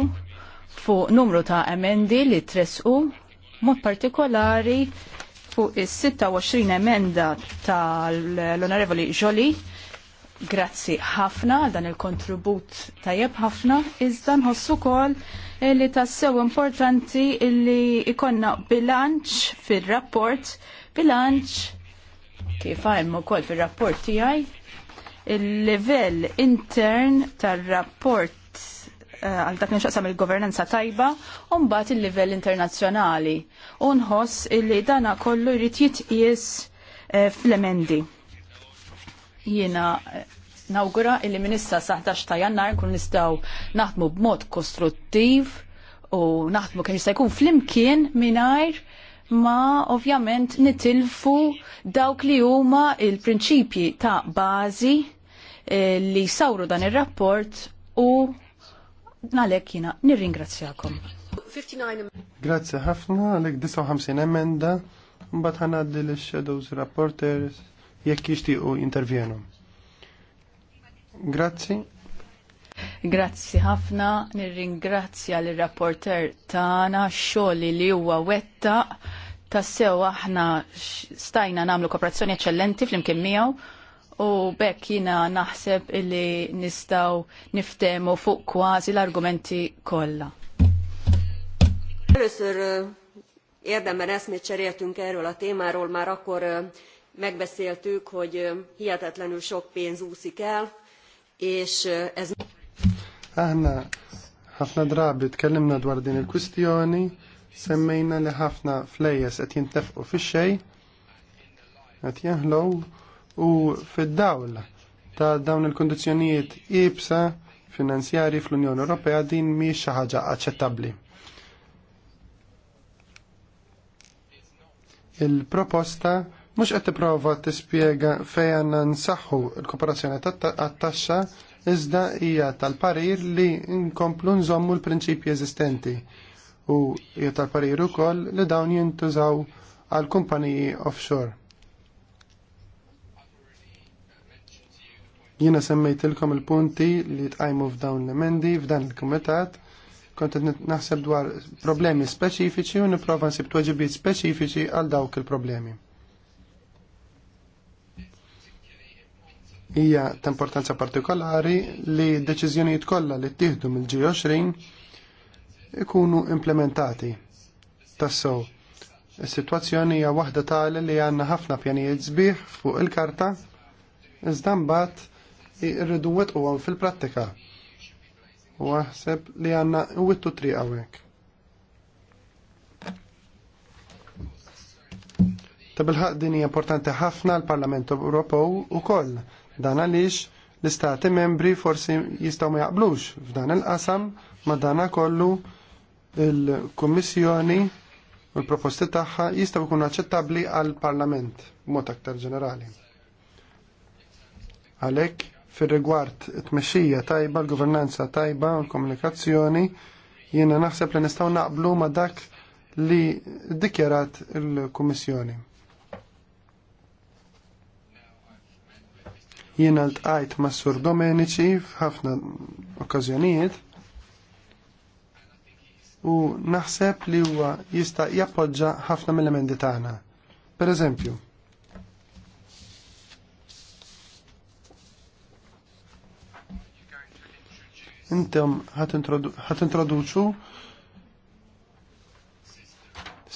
fuq numru ta' emendi li tresqu mod partikolari fuq is-26 emenda tal-Onorevoli Joli. Grazzi ħafna għal dan il-kontribut tajjeb ħafna, iżda nħossu kol li tassew importanti li ikonna bilanċ fil-rapport, bilanċ kif għajmu kol fil-rapport tijaj il-level intern tar-rapport eh, għal dak nxaqsam il-governanza tajba u mbagħad il-livell internazzjonali. U nħoss li dana kollu jrid jitqies eh, fl-emendi. Jiena eh, nawgura illi minissa saħdax ta' jannar kun nistgħu naħdmu b'mod kostruttiv u naħdmu kien jista' jkun flimkien mingħajr ma ovvjament nitilfu dawk li huma il-prinċipji ta' bażi li sawru dan ir-rapport u nalek jina nirringrazzjakom. Grazzi ħafna għalek 59 emenda mbagħad ħanaddi l-shadows rapporters jekk jixtiequ intervjenu. Grazzi. Grazzi ħafna, nirringrazzja l rapporter tagħna xoli li huwa wetta tassew aħna stajna nagħmlu kooperazzjoni eċċellenti fl-imkien miegħu u bekk jina naħseb illi nistaw niftemu fuq kważi l-argumenti kollha. Először érdemben eszmét cseréltünk erről a témáról, már akkor megbeszéltük, hogy hihetetlenül sok pénz úszik el, és ez... Aħna ħafna drabi tkellimna dwar din il-kwistjoni, semmejna li ħafna flejjes qed jintefqu fi xej, et jaħlow U fid-dawl ta' dawn il-kondizjonijiet ibsa finanzjari fl-Unjoni Ewropea din mhix xi ħaġa aċċettabbli. Il-proposta mhux qed tipprova tispjega fejn għandna nsaħħu l-kooperazzjoni tat-taxxa iżda hija tal-parir li nkomplu nżommu l-prinċipji eżistenti u hija tal-parir ukoll li dawn jintużaw għal kumpaniji offshore Jiena semmejtilkom il-punti li tqajmu f'dawn l-emendi f'dan il-kumitat kont naħseb dwar problemi speċifiċi u nipprova nsib tweġibiet speċifiċi għal dawk il-problemi. Hija ta' importanza partikolari li deċiżjonijiet kollha li ttieħdu mill-G20 ikunu implementati tassew. Is-sitwazzjoni hija waħda tali li għandna ħafna pjanijiet sbieħ fuq il-karta iżda mbagħad irridu wet u fil-prattika. U għaxseb li għanna wittu tri għawek. Ta' bilħaq din hija importanti ħafna l-Parlament Ewropew ukoll dan għaliex l-istati membri forsi jistgħu ma jaqblux f'dan il-qasam ma dana kollu il-Kummissjoni u l-proposti tagħha jistgħu jkunu aċċettabbli għall parlament b'mod aktar ġenerali. Għalhekk fil-rigward t mexija tajba, l-governanza tajba, l-komunikazzjoni, jiena naħseb li nistgħu naqblu ma dak li dikjarat il-Kummissjoni. Jiena l-tqajt ma' Sur Domenici f'ħafna okkażjonijiet u naħseb li huwa jista' jappoġġa ħafna mill-emendi tagħna. Per eżempju, intom ħat introduċu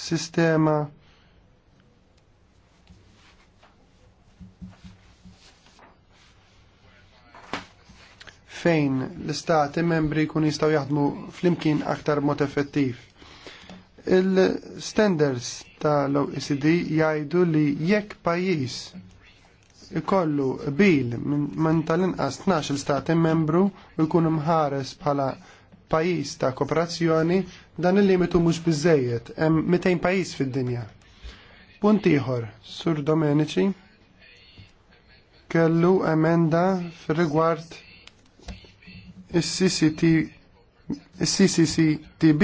sistema fejn l-istati membri kun jistaw jaħdmu flimkien aktar mod effettiv. Il-standards tal-OECD jgħidu li jekk pajis ikollu bil minn tal-inqas 12 stati membru u jkunu mħares bħala pajis ta' kooperazzjoni dan il-limitu mhux biżejjed hemm 200 pajis fid-dinja. Punt ieħor, Sur Domenici kellu emenda fir-rigward is-CCTB.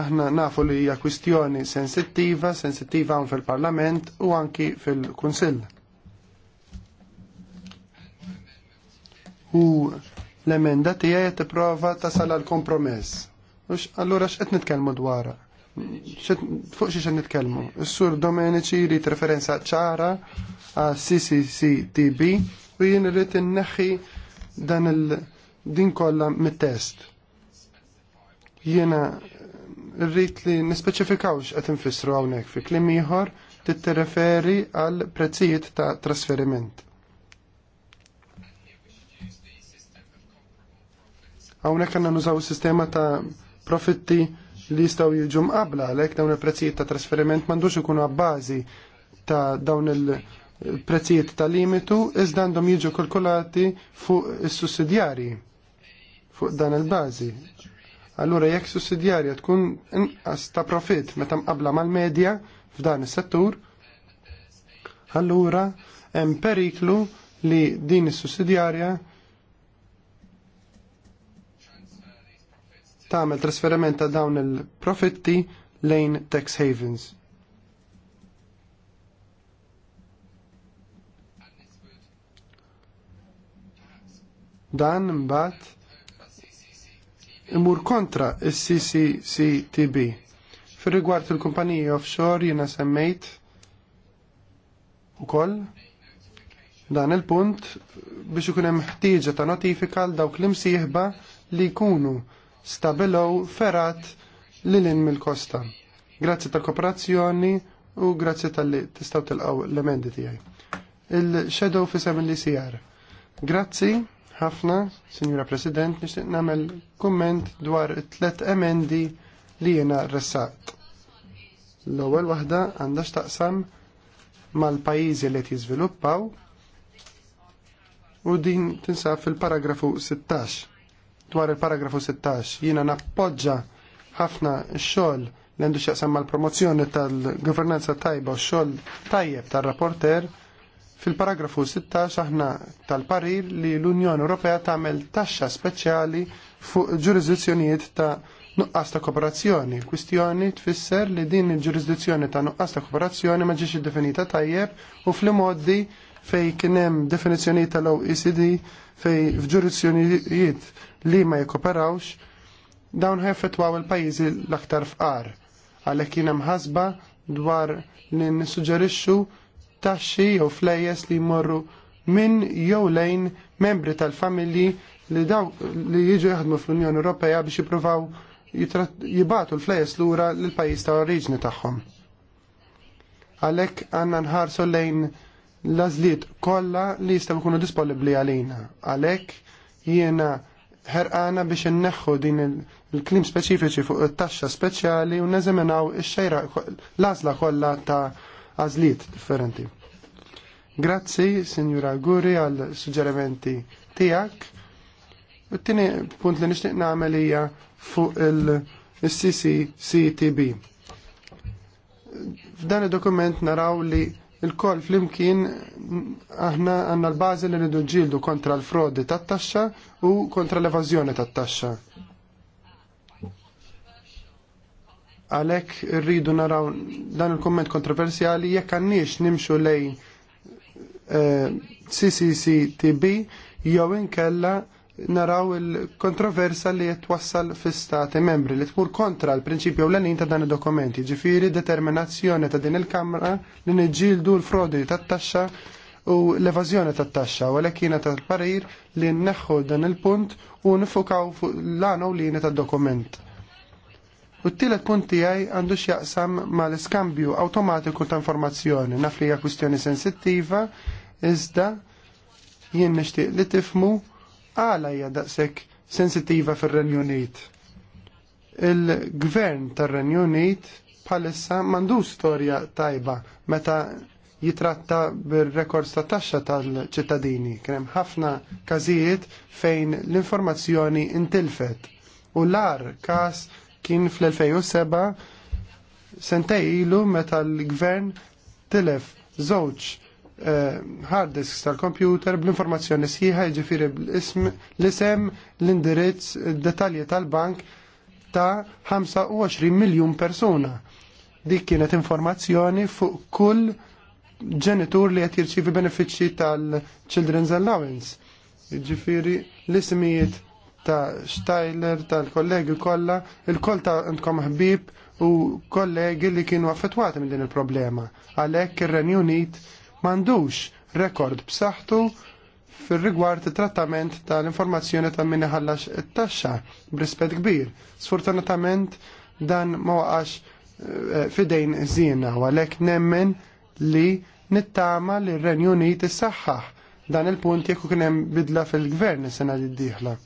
Aħna nafu li hija kwistjoni sensittiva, sensittiva hawn fil-Parlament u anki fil-Kunsill u l-emenda tiegħi prova tipprova tasal għal kompromess. Allura x'qed nitkellmu dwarha? Fuq xi nitkelmu? Is-Sur Domeniċi jrid referenza ċara għal CCCTB u jien irid inneħħi dan il din kollha mit-test. Jiena rrid li nispeċifikawx qed infissru hawnhekk fi kliem ieħor tittereferi għal prezzijiet ta' trasferiment. Hawnhekk għandna nużaw sistema ta' profitti li jistgħu jiġu mqabla għalhekk dawn il-prezzijiet ta' trasferiment m'għandux ikunu għabbażi ta' dawn il-prezzijiet ta' limitu iżda għandhom jiġu kalkulati fuq is-sussidjarji fuq dan il-bażi. Allura jekk sussidjarja tkun inqas ta' profit meta mqabla mal-medja f'dan is-settur, allura hemm periklu li din is-sussidjarja tagħmel trasferiment ta' dawn il-profitti lejn tax havens. Dan mbagħad imur kontra is-CCCTB. Fir-rigward il-kumpaniji offshore jiena semmejt ukoll dan il-punt biex ikun hemm ħtieġa ta' notifika l dawk l-imsieħba li jkunu stabilow ferat li lin mill-kosta. Grazzi tal-kooperazzjoni u grazzi tal-li tistaw tilqaw l-emendi tijaj. Il-shadow fi sem l-ICR. Grazzi ħafna, Signora President, nishtiq namel komment dwar tlet emendi li jena ressaqt. L-ewwel waħda għandha x'taqsam mal-pajjiżi li qed jiżviluppaw u din tinsab fil-paragrafu 16 dwar il-paragrafu 16. Jiena nappoġġa ħafna xogħol li għandu x'jaqsam mal-promozzjoni tal-governanza tajba u xogħol tajjeb tar-rapporter fil-paragrafu 16 aħna tal-parir li l-Unjoni Ewropea tagħmel taxxa speċjali fuq ġurisdizzjonijiet ta' nuqqas ta' kooperazzjoni. Kwistjoni tfisser li din il-ġurisdizzjoni ta' nuqqas ta' kooperazzjoni ma ġiex iddefinita tajjeb u fl-modi fej kienem definizjoni tal ECD fej f'ġurizzjonijiet li ma jikoperawx, dawn ħeffetwaw il-pajizi l-aktar fqar. Għalek kienem ħasba dwar li nissuġerixxu taxxi jew flejjes li jmorru minn jew lejn membri tal-familji li daw li jiġu jaħdmu fl-Unjoni Ewropea biex jippruvaw jibatu l-flejes lura l-pajjiż ta' oriġni tagħhom. Għalhekk għandna nħarsu lejn l-azliet kollha li jistgħu jkunu disponibbli għalina. Għalhekk jiena ħerqana biex inneħħu din il-klim speċifiċi fuq it-taxxa speċjali u neżaminaw ix-xejra l-għażla kollha ta' għażliet differenti. Grazzi, Sinjura Guri, għal suġġerimenti tiegħek. It-tieni punt li nixtieq nagħmel hija fuq il-CCCTB. F'dan id-dokument naraw li il-koll flimkien aħna għanna l-bazi li nidu ġildu kontra l-frodi tat taxxa u kontra l-evazjoni tat taxxa. Għalek rridu naraw dan il-komment kontroversjali jekk għanniex nimxu lej eh, CCCTB jew inkella kella naraw il-kontroversa li jitwassal fi stati membri li tmur kontra l-prinċipju l ta' dan id-dokumenti, ġifiri determinazzjoni ta' din il-Kamra li nġildu l-frodi tat taxxa u l-evazjoni tat taxxa u għalhekk jiena tal-parir li nneħħu dan il-punt u nifukaw l-għana u lini tad-dokument. U t-tielet punt tiegħi għandu x'jaqsam mal-iskambju awtomatiku ta' informazzjoni naf li hija kwistjoni sensittiva iżda jien nixtieq li tifmu għala hija daqshekk sensittiva fir-Renju Unit. Il-gvern tar-Renju Unit bħalissa mandu storja tajba meta jitratta bir rekords ta' taxxa tal-ċittadini. Krem ħafna każijiet fejn l-informazzjoni intilfet. U l-ar kas kien fl-2007 sentej ilu meta l-gvern tilef żewġ Eh, hard disk tal-computer bl-informazzjoni sħiħa jiġifieri l-isem, l-indirizz, dettalji tal-bank ta' 25 miljun persuna. Dik kienet informazzjoni fuq kull ġenitur li qed jirċievi benefiċċji tal-Children's Allowance. Jiġifieri l-ismijiet ta' Steiler, tal-kollegi kollha, il-koll ta' għandkom ħbib u kollegi li kienu affettwati minn din il-problema. Għalhekk ir-Renju Unit m'għandux rekord b'saħħtu fil-rigward trattament tal-informazzjoni ta' min ħallax it-taxxa b'rispett kbir. Sfortunatament dan ma waqax eh, fidejn żiena u għalhekk nemmen li nittama li r-Renju Unit issaħħaħ dan il-punt jekk kien hemm bidla fil-gvern is-sena li ddieħla.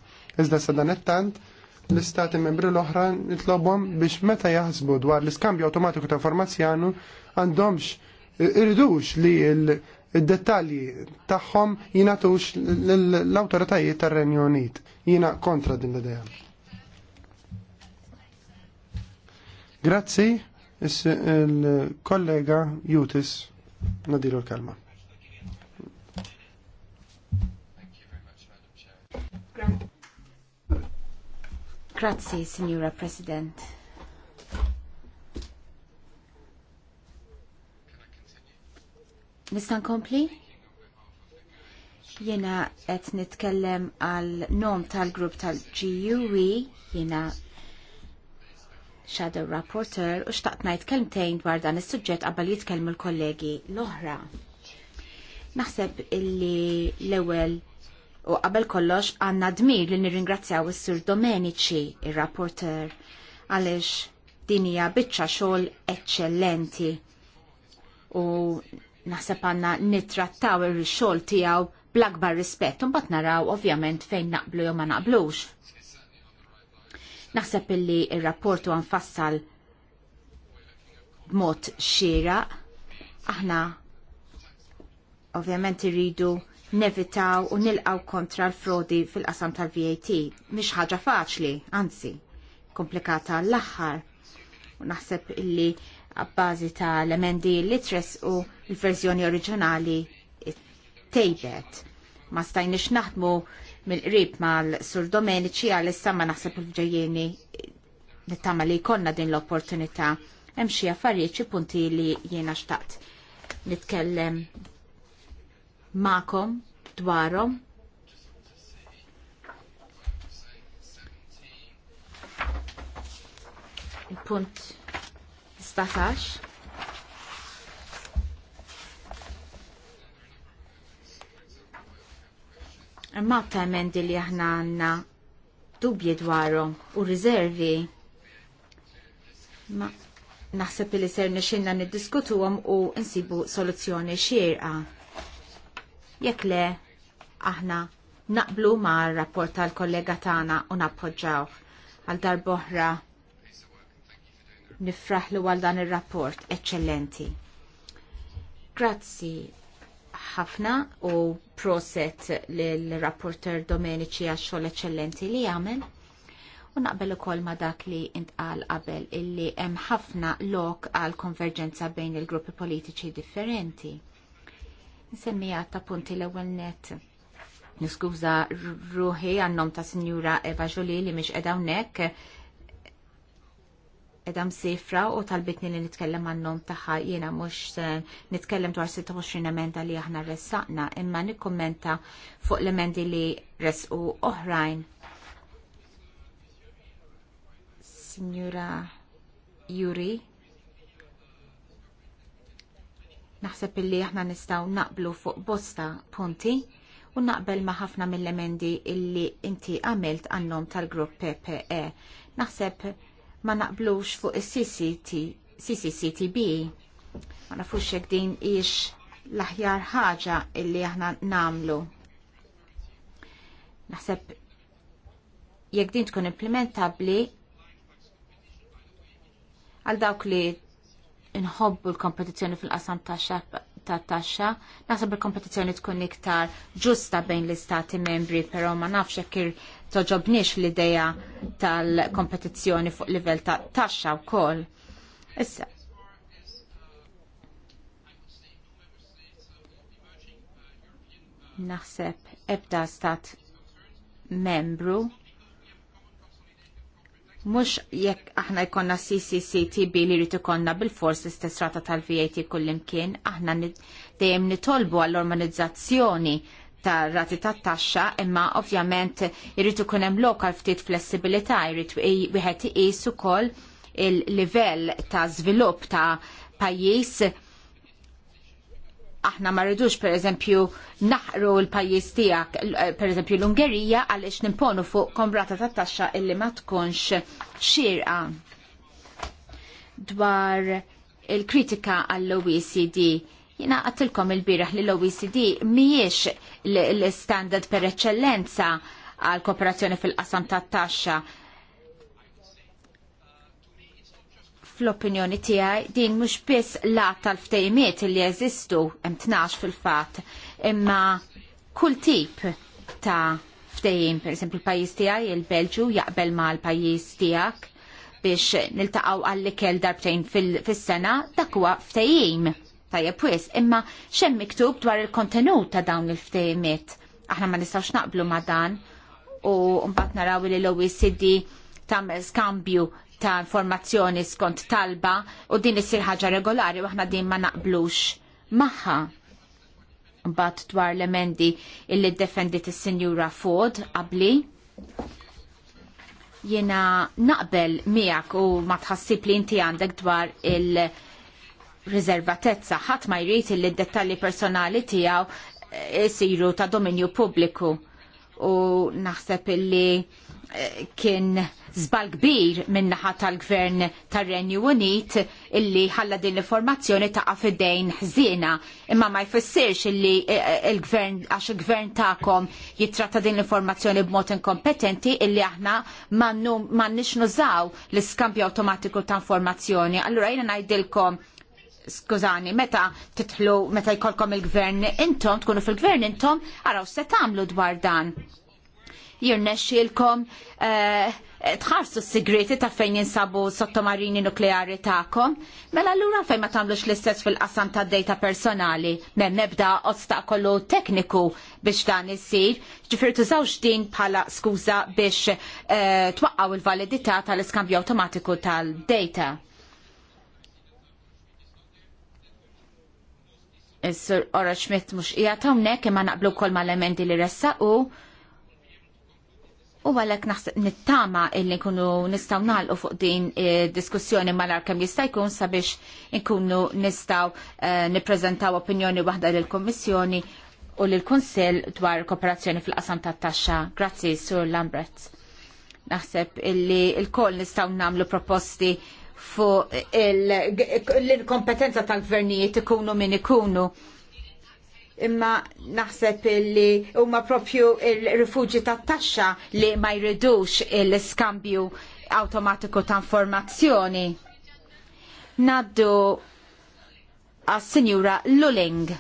Iżda sa dan it-tant l-istati membri l-oħra nitlobhom biex meta jaħsbu dwar l-iskambju awtomatiku ta' informazzjoni għandhomx irridux li il-dettalji tagħhom jingħatux l-awtoritajiet tar renjonit Unit. Jiena kontra din l-idea. Grazzi, il-kollega Jutis nadilu l-kalma. Grazzi, Signora President. Nistan kompli? Jena qed nitkellem għal nom tal-grupp tal-GUE, jena Shadow Rapporteur u xtaqt ngħid kelmtejn dwar dan is-suġġett qabel jitkellmu l-kollegi l-oħra. Naħseb illi l-ewwel u qabel kollox għandna dmir li nirringrazzjaw is-Sur Domenici, ir-rapporteur, għaliex din hija biċċa xogħol eċċellenti u naħseb għanna nittrattaw il-xol tijaw bl-akbar rispett, un bat naraw ovvjament fejn naqblu jew ma naqblux. Naħseb illi il-rapportu fassal b'mod xira, aħna ovvjament irridu nevitaw u nilqaw kontra l-frodi fil-qasam tal-VAT. mish ħaġa faċli, anzi, komplikata l-aħħar. U naħseb illi għabbażi ta' l-emendi li u l-verżjoni oriġinali tejbet. Ma stajniex naħdmu mill-qrib mal-Sur Domenici għal issa ma naħseb l-ġajjeni ġejjeni nittama li jkollna din l-opportunità. Hemm xi affarijiet xi punti li jiena xtaqt nitkellem ma'kom dwarhom il-punt 15. Imma ta' emendi li aħna għanna dubji dwarhom u riservi. Ma naħseb li ser nixinna niddiskutuhom u nsibu soluzzjoni xierqa. Jekk le aħna naqblu ma' rapport tal-kollega tagħna u nappoġġaw għal darboħra li għal dan il-rapport eccellenti. Grazzi ħafna u proset l-rapporter Domenici għax xogħol eccellenti li jagħmel. U naqbel ukoll ma dak li intqal qabel illi hemm ħafna lok għal konverġenza bejn il-gruppi politiċi differenti. Nsemmi ta' punti l-ewwel net. Niskuża ruħi għannom ta' Sinjura Eva Ġoli li mhix qed hawnhekk edam sifra u talbitni li nitkellem għannom taħħa jena mux nitkellem dwar 26 emenda li aħna ressaqna imma nikkommenta fuq l-emendi li resqu oħrajn. Signora Juri, naħseb illi aħna nistaw naqblu fuq bosta punti u naqbel ma ħafna mill-emendi illi inti għamilt għannom tal-grupp PPE. Naħseb ma naqblux fuq il cctb Ma nafux jekk din ix l-aħjar ħaġa illi aħna namlu. Naħseb jekk din tkun implementabbli għal dawk li inħobbu l-kompetizzjoni fil-qasam ta' xarp ta' taxxa. Naħseb il-kompetizzjoni tkun iktar ġusta bejn l-istati membri, però ma nafx jekk toġobniex l-idea tal-kompetizzjoni fuq livell ta' taxxa wkoll. Issa. Naħseb ebda stat membru mux jekk aħna jkonna CCCTB li rritu konna bil-fors l-istess rata tal-VAT kullimkien, aħna dejjem nitolbu għall-organizzazzjoni ta' rati ta' taxxa, imma ovvjament ikun kunem lokal ftit flessibilità, irritu wieħed iqis ukoll il-livell ta' żvilupp ta' pajjiż aħna ma rridux pereżempju naħru l-pajjiż tiegħek eh, pereżempju l-Ungerija għaliex nimponu fuq kombrata ta' taxxa illi ma tkunx xirqa dwar il-kritika għall-OECD. Jina għattilkom il-biraħ li l-OECD miex l-standard per eccellenza għal kooperazzjoni fil-qasam ta' taxxa fl-opinjoni tiegħi din mhux biss lat tal-ftejmiet li jeżistu hemm fil-fatt, imma kull tip ta' ftejim, esempio l-pajjiż tiegħi il-Belġu jaqbel ma' l-pajjiż tiegħek biex niltaqgħu għall-ikel darbtejn fis-sena, dak huwa ftejim tajjeb wis, imma xemm miktub dwar il-kontenut ta' dawn il ftejmiet Aħna ma nistawx naqblu ma' dan u mbagħad naraw li l-OECD tam skambju ta' informazzjoni skont talba u din issir ħaġa regolari u aħna din ma naqblux magħha. Mbagħad dwar l-emendi illi ddefendit is-Sinjura Ford qabli. Jiena naqbel miegħek u ma tħassib li inti għandek dwar il- riservatezza ħadd ma jrid li dettalji personali tiegħu isiru ta' dominju pubbliku u naħseb illi kien żball kbir min-naħa tal-gvern tar renju Unit illi ħalla din l-informazzjoni ta' fidejn ħsiena. imma ma jfissirx illi eh, eh, il-gvern għax il-gvern tagħkom jitratta din l-informazzjoni b'mod inkompetenti illi aħna m'għandniex nużaw l-iskambju awtomatiku ta' informazzjoni. Allura jiena ngħidilkom skużani, meta titħlu, meta jkolkom il-gvern intom, tkunu fil-gvern intom, araw se tagħmlu dwar dan jirnexxielkom eh, tħarsu s-sigreti ta' fejn jinsabu sottomarini nukleari ta'kom, mela allura fejn ma tamlux l-istess fil-qasam ta' data personali, mem nebda ostakolu tekniku biex dan jissir, ġifir tużawx din bħala skuża biex eh, twaqqaw il-validità tal-iskambju awtomatiku tal-data. Is-sur Ora Schmidt mhux qiegħed hawnhekk imma naqblu wkoll mal-elementi li ressaqu U għalek naħseb nittama illi nkunu nistaw nalqu fuq din eh, diskussjoni malar kemm jista' jkun sabiex nkunu nistaw niprezentaw eh, nippreżentaw opinjoni waħda lil kommissjoni u lil kunsill dwar kooperazzjoni fil-qasam tat-taxxa. Grazzi, Sur Lambret. Naħseb illi il koll nistaw namlu proposti fuq l kompetenza tal-gvernijiet ikunu min ikunu imma naħseb li huma propju il-rifuġi tat taxxa li ma jridux l-iskambju awtomatiku ta' informazzjoni. Naddu għas-Sinjura Luling.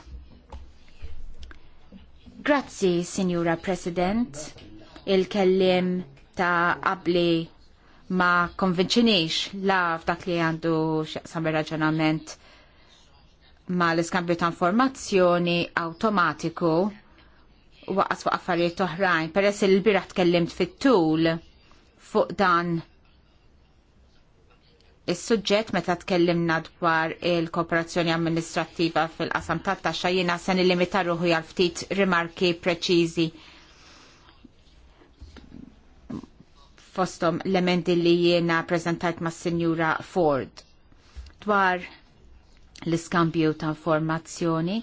Grazzi, Sinjura President, il-kellim ta' qabli ma konvinċiniex la f'dak li għandu xaqsam raġunament ma l-iskambju ta' informazzjoni automatiku waqas fuq affarijiet oħrajn. Peress il birat tkellimt fit-tul fuq dan Is-suġġett meta tkellimna dwar il-kooperazzjoni amministrattiva fil-qasam tat taxxa jiena se nillimita ruħi għal ftit rimarki preċiżi fostom l-emendi li jiena preżentajt mas-Sinjura Ford dwar l-iskambju ta' informazzjoni,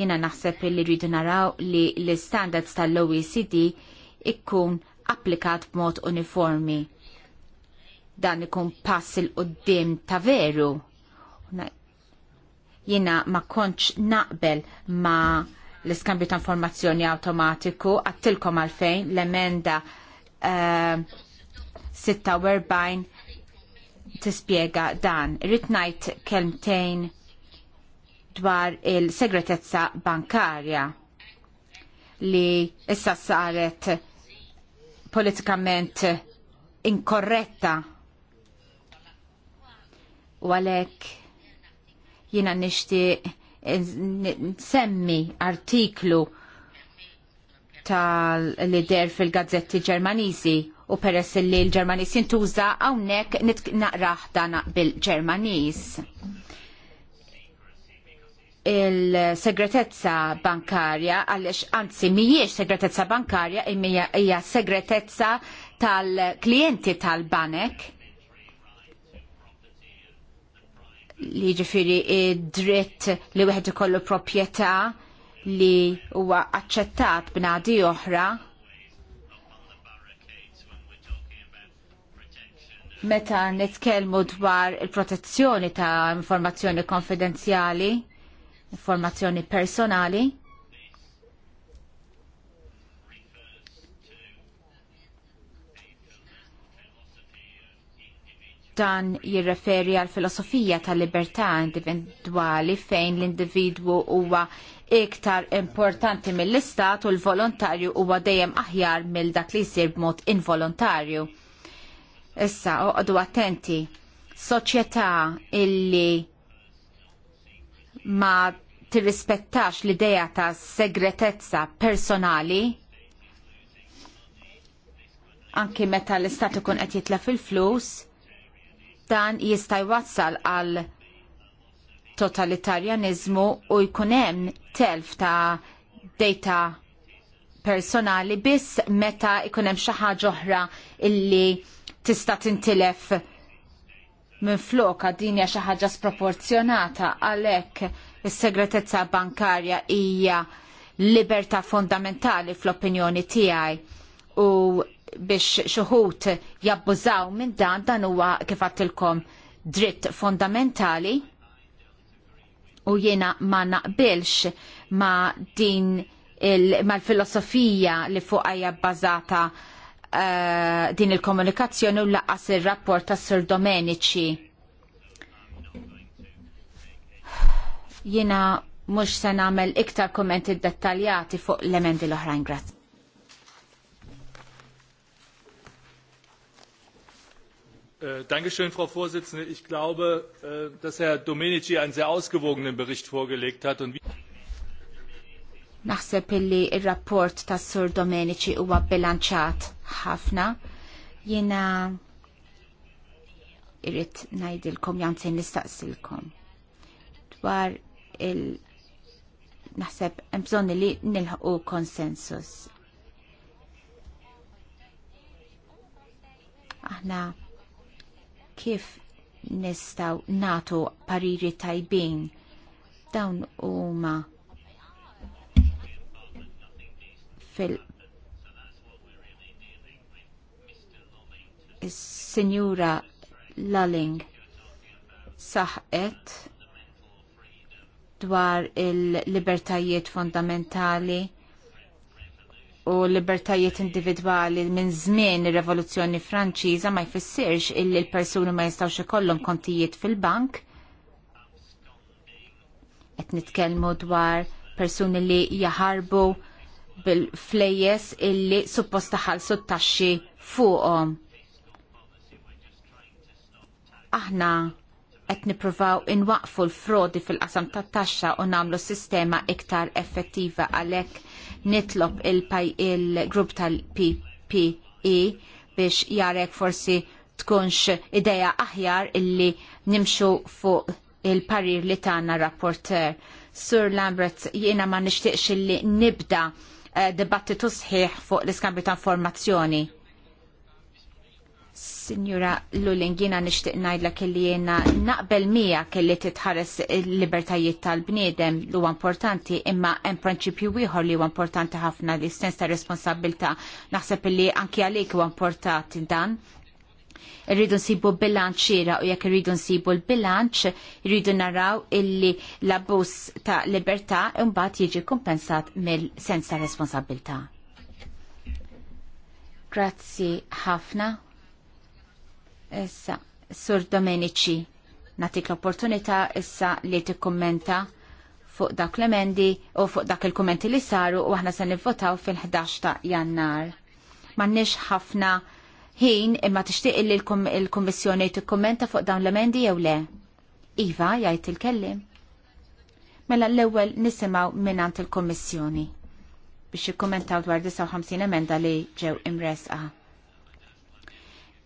jina naħseb li rridu naraw li l-standards tal-OECD ikkun applikat b'mod uniformi. Dan ikun pass il-qoddim ta' veru. Jina ma konċ naqbel ma l-iskambju ta' informazzjoni automatiku għattilkom għalfejn l-emenda uh, eh, 46 tispiega dan. Ritnajt kelmtejn dwar il-segretezza bankarja li issa saret politikament inkorretta u għalek jina nishti nsemmi artiklu tal der fil-gazzetti ġermanisi u peress li l-ġermanis jintuża għawnek naqraħ dana bil-ġermanis il-segretezza bankarja, għaliex anzi mhijiex segretezza bankarja, imma hija segretezza tal-klienti tal-banek. Li ġifiri dritt li wieħed ikollu proprjetà li huwa aċċettat b'nadi oħra meta nitkellmu dwar il-protezzjoni ta' informazzjoni konfidenzjali informazzjoni personali dan jirreferi għal filosofija tal-libertà individwali fejn l-individwu huwa iktar importanti mill-istat u l-volontarju huwa dejjem aħjar mill dak li jsir b'mod involontarju. Issa, oqdu attenti, soċjetà illi ma tirrispettax l-ideja ta' segretezza personali anki meta l-istat ikun qed jitlef il-flus dan jista' jwassal għal totalitarjanizmu u jkun hemm telf ta' data personali biss meta jkun hemm xi ħaġa oħra illi tista' tintilef minn floka din hija xi ħaġa sproporzjonata għalhekk is-segretezza bankarja hija libertà fondamentali fl-opinjoni tiegħi u biex xuħut jabbużaw minn dan dan huwa kif għattilkom dritt fondamentali u jiena ma naqbilx ma din il, ma l-filosofija li fuqajja hija bbażata uh, din il-komunikazzjoni u laqas il rapport ta' Sir Domenici. Jiena mux se nagħmel iktar kommenti dettaljati fuq l-emendi l-oħrajn grazzi. Äh, Dankeschön, Frau Vorsitzende. Ich glaube, äh, dass Herr Domenici einen sehr ausgewogenen Bericht vorgelegt hat. Und Naħseb illi il-rapport tas Sur Domenici huwa bilanċat ħafna. Jena irrit najdilkom jantin nistaqsilkom dwar il- naħseb mbżonni li nilħu konsensus. Aħna kif nistaw natu pariri tajbin dawn huma fil Is-Sinjura Lalling saħqet dwar il-libertajiet fondamentali u libertajiet individwali minn żmien ir-Revoluzzjoni Franċiża ma jfissirx illi l-persuni ma jistgħux ikollhom kontijiet fil-bank. Qed nitkellmu dwar persuni li jaħarbu bil-flejjes illi supposta taħallsu t-taxxi fuqhom aħna qed nippruvaw inwaqfu l-frodi fil-qasam tat-taxxa u nagħmlu sistema iktar effettiva għalhekk nitlob il-grupp il tal-PPE biex jarek forsi tkunx ideja aħjar illi nimxu fuq il-parir li tagħna rapporter. Sur Lambert, jiena ma nixtieqx illi nibda eh, dibattitu sħiħ fuq l-iskambju ta' informazzjoni Signora Lulling, jina nishtiq najdla kelli jena naqbel mija kelli titħares il-libertajiet tal-bniedem li huwa importanti imma hemm prinċipju ieħor li huwa importanti ħafna li sens ta' responsabilta naħseb li anki għalik huwa importanti dan irridu nsibu bilanċ xira u jekk irridu nsibu l-bilanċ, irridu naraw illi l-abbus ta' libertà imbagħad jiġi kompensat mill-sens ta' responsabilità. Grazzi ħafna. Issa, Sur Domenici, natik l-opportunità issa li tikkummenta fuq dak l-emendi u fuq dak il-kommenti li saru u aħna se nivvotaw fil-11 ta' jannar. Mannix ħafna ħin imma tixtieq li l-Kummissjoni tikkummenta fuq dawn l-emendi jew le. Iva jajt il-kellim. Mela l-ewwel nisimgħu minnant il-Kummissjoni biex jikkummentaw dwar 59 emenda li ġew imresqa.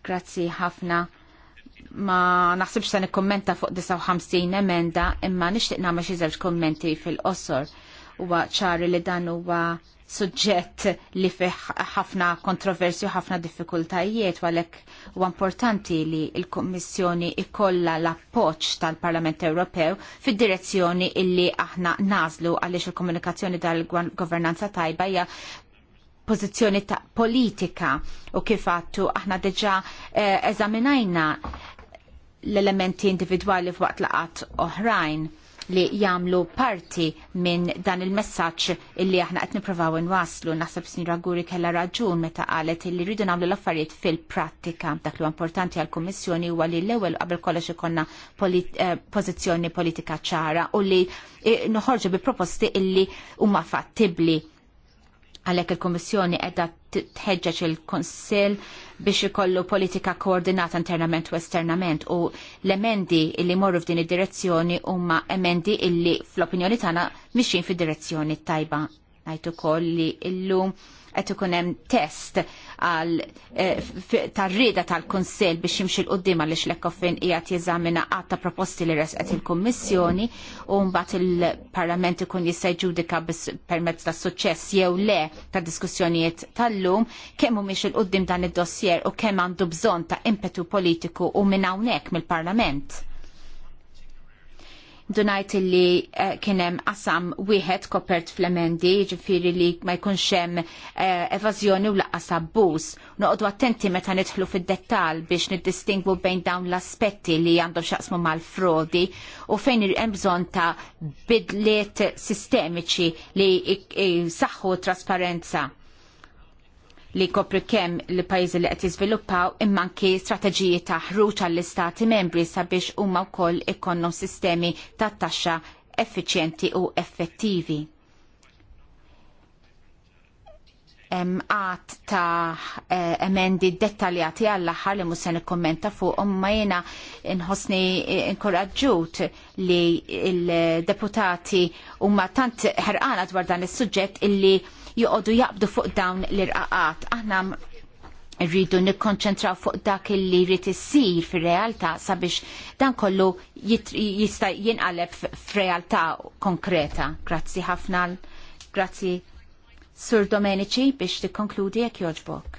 Grazzi ħafna. Ma naħsibx se nikkommenta fuq 59 emenda imma nixtieq nagħmel xi żewġ kommenti fil-qosor huwa ċari li dan huwa suġġett li fih ħafna kontroversju ħafna diffikultajiet għalhekk huwa importanti li l-Kummissjoni ikolla l-appoġġ tal-Parlament Ewropew fid-direzzjoni illi aħna nażlu għaliex il-komunikazzjoni tal-governanza tajba hija pożizzjoni ta' politika u kif għattu aħna diġà eh, eżaminajna l-elementi individwali f'waqt laqat oħrajn li jagħmlu parti minn dan il-messaġġ illi aħna qed nippruvaw inwaslu. Naħseb Sinjura Guri kellha raġun meta qalet illi rridu nagħmlu l-affarijiet fil-prattika. Dak li importanti għall-Kummissjoni huwa li l-ewwel qabel kollox ikonna polit eh, pożizzjoni politika ċara u li eh, noħorġu bi proposti illi huma fattibbli Għalhekk il-Kummissjoni qiegħda tħeġġeġ il-Kunsill biex ikollu politika koordinata internament u esternament u l-emendi illi morru f'din id-direzzjoni huma emendi illi fl-opinjoni tagħna mixin fid-direzzjoni tajba. Najtu koll li llum qed ikun hemm test għal eh, tar-rieda tal-Kunsell biex jimxil qudiem għaliex l-Ekofin qiegħed jeżamina għadd ta' proposti li resqet il-Kummissjoni u mbagħad il-Parlament ikun jista' jġudika permezz ta' suċċess jew le ta' diskussjonijiet tal-lum kemm mhumiex il qudiem dan id-dossier u kemm għandu bżonn ta' impetu politiku u minn hawnhekk mill-Parlament dunajt li uh, eh, kienem qasam wieħed kopert fl-emendi, ġifiri li ma jkunx hemm uh, evażjoni u laqqas abbuż. Noqogħdu attenti meta nidħlu fid-dettall biex niddistingwu bejn dawn l-aspetti li għandhom xaqsmu mal-frodi u fejn hemm bżonn ta' bidliet sistemiċi li saħħu trasparenza li kopri kemm li pajjiżi li qed jiżviluppaw imma anki strateġiji ta' ħruġ għall-istati membri sabiex huma wkoll ikollhom sistemi ta' taxxa effiċjenti u effettivi. għat ta' eh, emendi dettaljati għall aħħar li musen kommenta fuq ma jena nħosni inkoraġġut li il-deputati umma tant ħerqana dwar dan is-suġġett illi joqogħdu jaqbdu fuq dawn l-irqaqat. Aħna rridu nikkonċentraw fuq dak li jrid issir fir-realtà sabiex dan kollu jista' jinqaleb f'realtà konkreta. Grazzi ħafna. Grazzi Sur Domenici biex tikkonkludi jekk jogħġbok.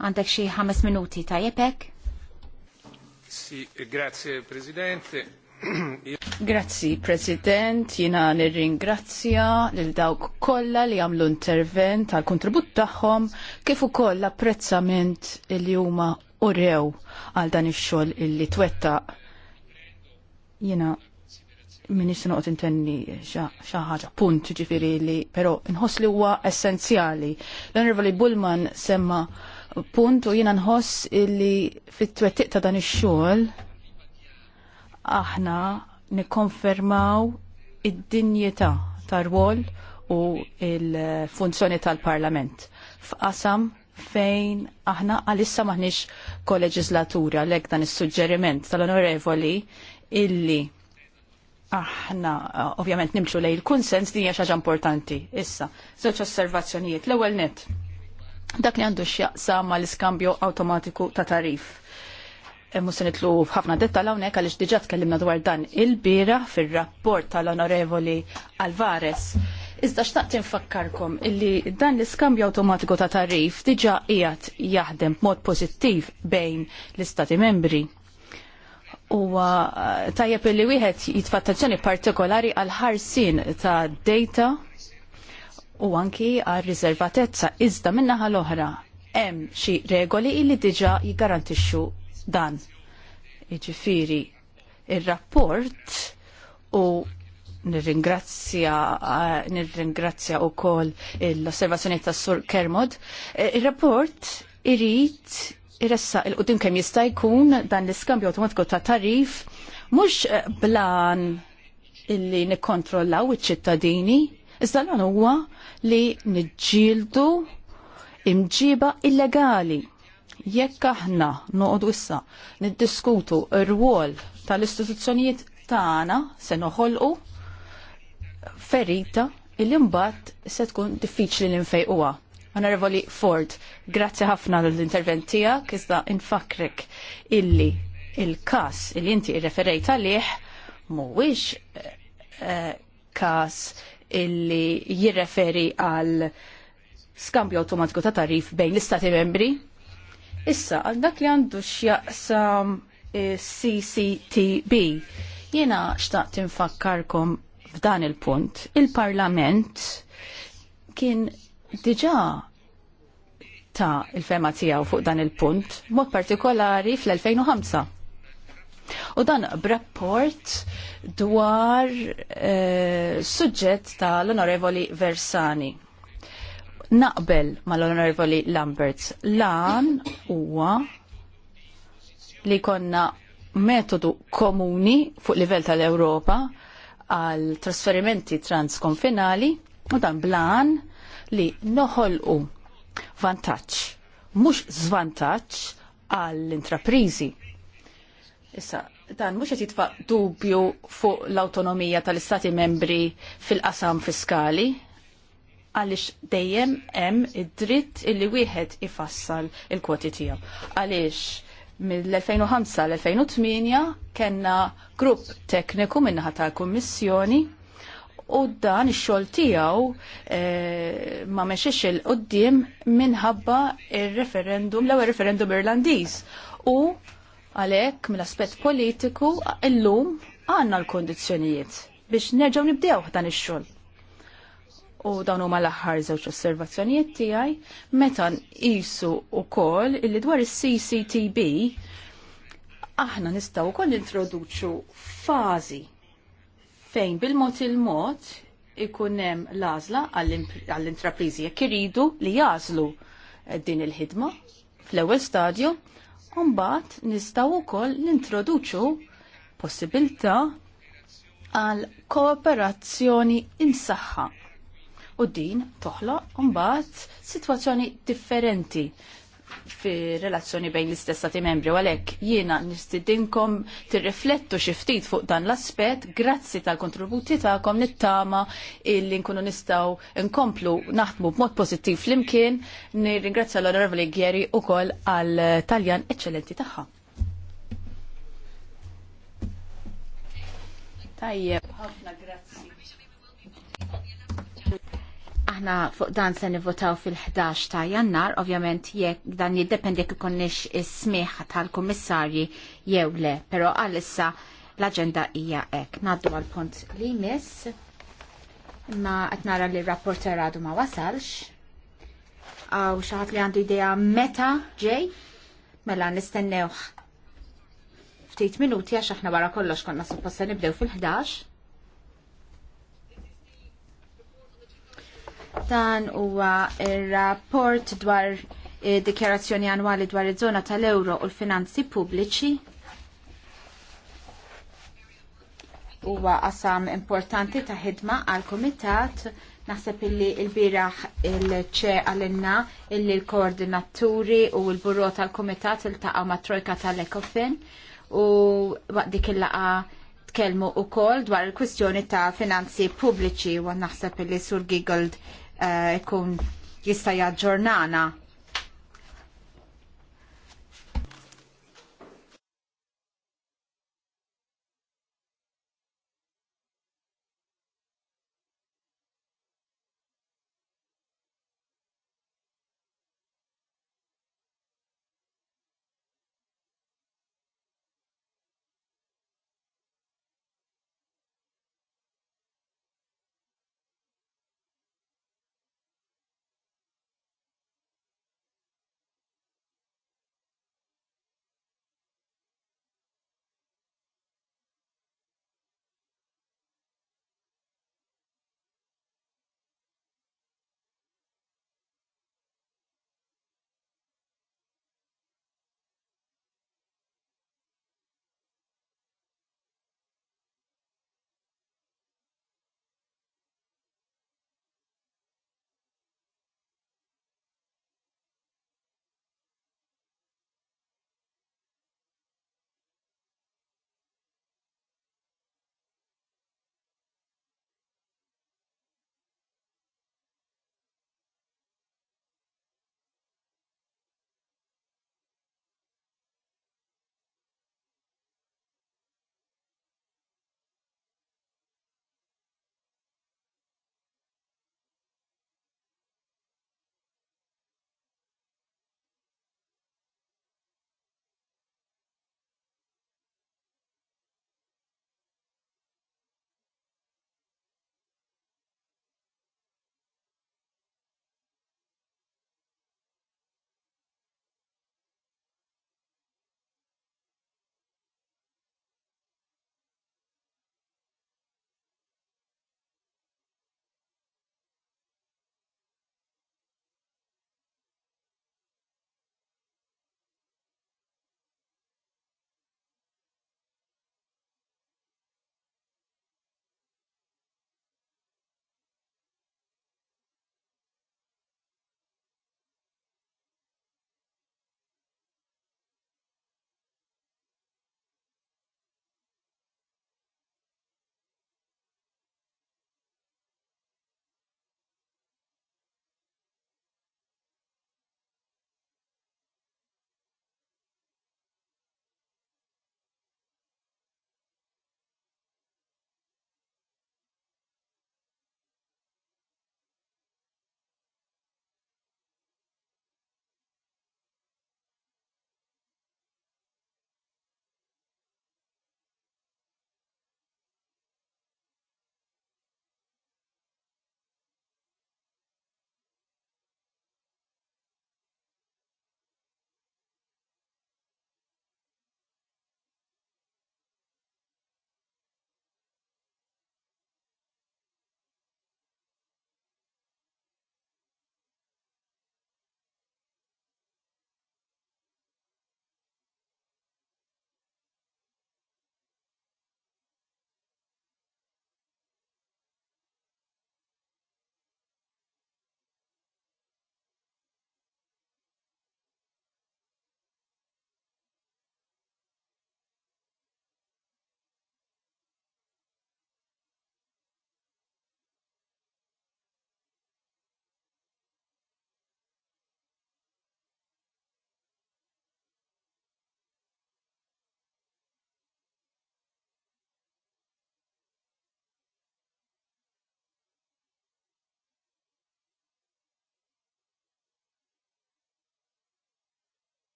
Għandek xi ħames minuti tajjeb hekk? grazie Presidente. Grazzi, President, jina nirringrazzja lil dawk kollha li għamlu intervent għal kontribut tagħhom kif ukoll l-apprezzament li huma urew għal dan ix-xogħol illi twettaq. Jina minix noqgħod intenni xi ħaġa punt ġifieri li però nħoss li huwa essenzjali. L-Onorevoli Bullman semma punt u jiena nħoss illi fit-twettiq ta' dan ix-xogħol aħna nikkonfermaw id-dinjità tar-rwol u il-funzjoni tal-Parlament. F'qasam fejn aħna għalissa maħniex koleġislatura l-ek dan is-suġġeriment tal-onorevoli illi aħna ovvjament nimxu lej il-kunsens din hija xaġa importanti. Issa, żewġ osservazzjonijiet. L-ewwel net. Dak li għandu x'jaqsa l iskambju awtomatiku ta' tarif. Mu se nitlu detta dettal hawnhekk għaliex diġà tkellimna dwar dan il-bira fir-rapport tal-Onorevoli Alvarez. Iżda xtaqt infakkarkom illi dan l-iskambju awtomatiku ta' tarif diġà qiegħed jaħdem b'mod pożittiv bejn l-Istati membri. Huwa eh, tajjeb illi wieħed jitfattazzjoni partikolari għal ħarsin ta' data u anki għal riservatezza iżda minnaħa l-oħra hemm xi regoli illi diġa' jigarantixxu dan. Iġifiri, il-rapport u nirringrazzja eh, ringrazzja u kol l-osservazzjoni ta' Sur Kermod. Eh, il-rapport irrit irressa il-qudim kem jista' jkun dan l-iskambju automatiku ta' tarif mhux eh, blan illi nikkontrollaw iċ-ċittadini, iżda l huwa li niġġieldu imġiba illegali Jekk aħna noqogħdu issa niddiskutu r-rwol tal-istituzzjonijiet tagħna se noħolqu ferita illi mbagħad se tkun diffiċli li nfejquha. Onorevoli Ford, grazzi ħafna l-intervent tiegħek iżda infakrek illi il-każ illi inti irreferejt għalih mhuwiex eh, każ illi jirreferi għal skambju automatiku ta' tarif bejn l-istati membri Issa, għal dak li għandu x'jaqsam eh, CCTB, jiena xtaqt infakkarkom f'dan il-punt. Il-Parlament kien diġa ta' il-fema tijaw fuq dan il-punt, mod partikolari fl-2005. U dan b'rapport dwar eh, suġġett ta' l-Onorevoli Versani naqbel mal-Onorevoli Lamberts. Lan huwa li konna metodu komuni fuq livell tal-Ewropa għal trasferimenti transkonfinali u dan blan li noħolqu vantaġġ mhux zvantaġġ għall-intraprizi. Issa, dan mhux qed jitfa' dubju fuq l-awtonomija tal-Istati membri fil-qasam fiskali, għaliex dejjem hemm id-dritt illi wieħed ifassal il-kwoti tiegħu. Għaliex mill-2005 l-2008 kellna grupp tekniku minnaħa tal-Kummissjoni u dan ix-xogħol tiegħu eh, ma mexiex il qudiem minħabba ir-referendum l-ewwel referendum Irlandiż. U għalhekk mill-aspett politiku illum għandna l-kondizzjonijiet biex nerġgħu nibdew dan ix-xogħol u dawn huma l-aħħar żewġ osservazzjonijiet tiegħi meta nqisu wkoll illi dwar is-CCTB aħna nistgħu wkoll introduċu fażi fejn bil-mod il-mod ikun hemm l-għażla għall-intrapriżi jekk iridu li jażlu eh, din il-ħidma fl-ewwel stadju u mbagħad nistgħu wkoll nintroduċu possibilità għal kooperazzjoni insaħħa u din toħloq mbagħad sitwazzjoni differenti fi relazzjoni bejn l-istess stati membri u għalhekk jiena nistidinkom tirriflettu xi ftit fuq dan l-aspett grazzi tal-kontributi tagħkom nittama illi nkunu nistgħu nkomplu naħdmu b'mod pożittiv flimkien nirringrazzja l-Onorevoli Gjeri ukoll għal Taljan eċċellenti tagħha. Tajjeb, ħafna grazzi. Aħna fuq dan se nivvotaw fil-11 ta' jannar, ovvjament jekk dan jiddependi jekk ikonniex is-smieħ tal-kummissarji jew le, però għalissa l-aġenda hija hekk. Naddu għal punt li miss, imma qed nara li r-rapporter għadu ma wasalx. Għaw xaħat li għandu idea meta ġej, mela nistennewh ftit minuti għax aħna wara kollox konna supposta nibdew fil-11. Dan huwa ir-rapport dwar eh, dikjarazzjoni annwali dwar iż-żona tal-euro u l-finanzi pubbliċi. Huwa qasam importanti ta' ħidma għal kumitat naħseb illi l-biraħ il-ċe għalinna illi l-koordinaturi u l-burro tal-kumitat il-taqaw ma' trojka tal-ekofin u waqt dik il-laqa tkellmu wkoll dwar il-kwistjoni ta' finanzi pubbliċi u naħseb li sur Giggold eh, ikun jista' jaġġornana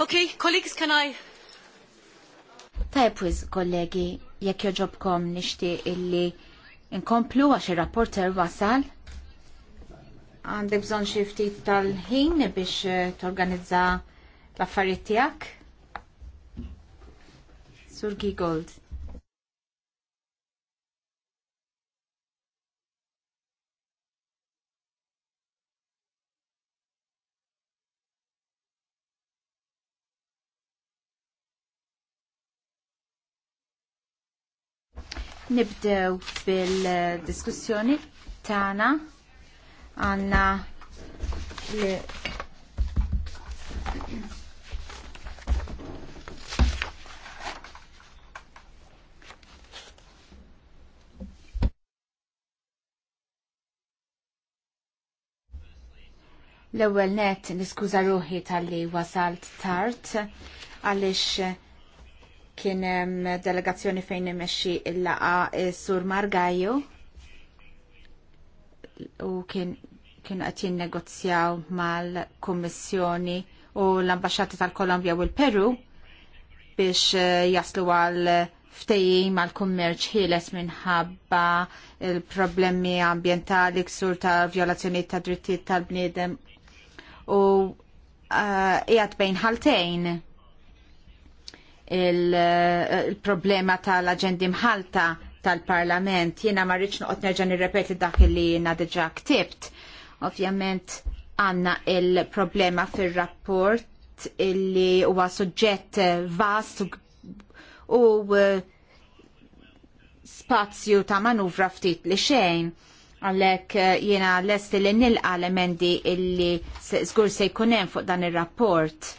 Okay, colleagues, can I? Tajb kollegi, jek joġobkom nishti illi inkomplu għax il rapporter wasal. Għandek bżon xifti tal-ħin biex eh, torganizza l-affarijiet tiegħek. Sur Gold. Nibdew bil-diskussjoni tagħna għandna li L-ewwel net niskuża ruħi tal-li wasalt tard għaliex kien hemm delegazzjoni fejn imexxi il-laqa eh, Sur Margaju u kien kien qed jinnegozjaw mal-Kummissjoni u l-Ambaxxati tal-Kolombja u l-Peru biex eh, jaslu għal ftejjim mal kummerċ ħieles minħabba il-problemi ambientali ksur ta' violazzjoni ta' drittijiet tal-bniedem u eh, qiegħed uh, bejn ħaltejn il-problema eh, il problema tal aġendi mħalta tal-parlament. Jiena ma rridx noqgħod nerġa' nirrepeti dak li jiena diġà ktibt. Ovvjament għandna il-problema fir-rapport illi huwa suġġett vast u eh, spazju ta' manuvra ftit li xejn għalek eh, jena lest li nilqa l-emendi illi zgur se jkunem fuq dan il-rapport.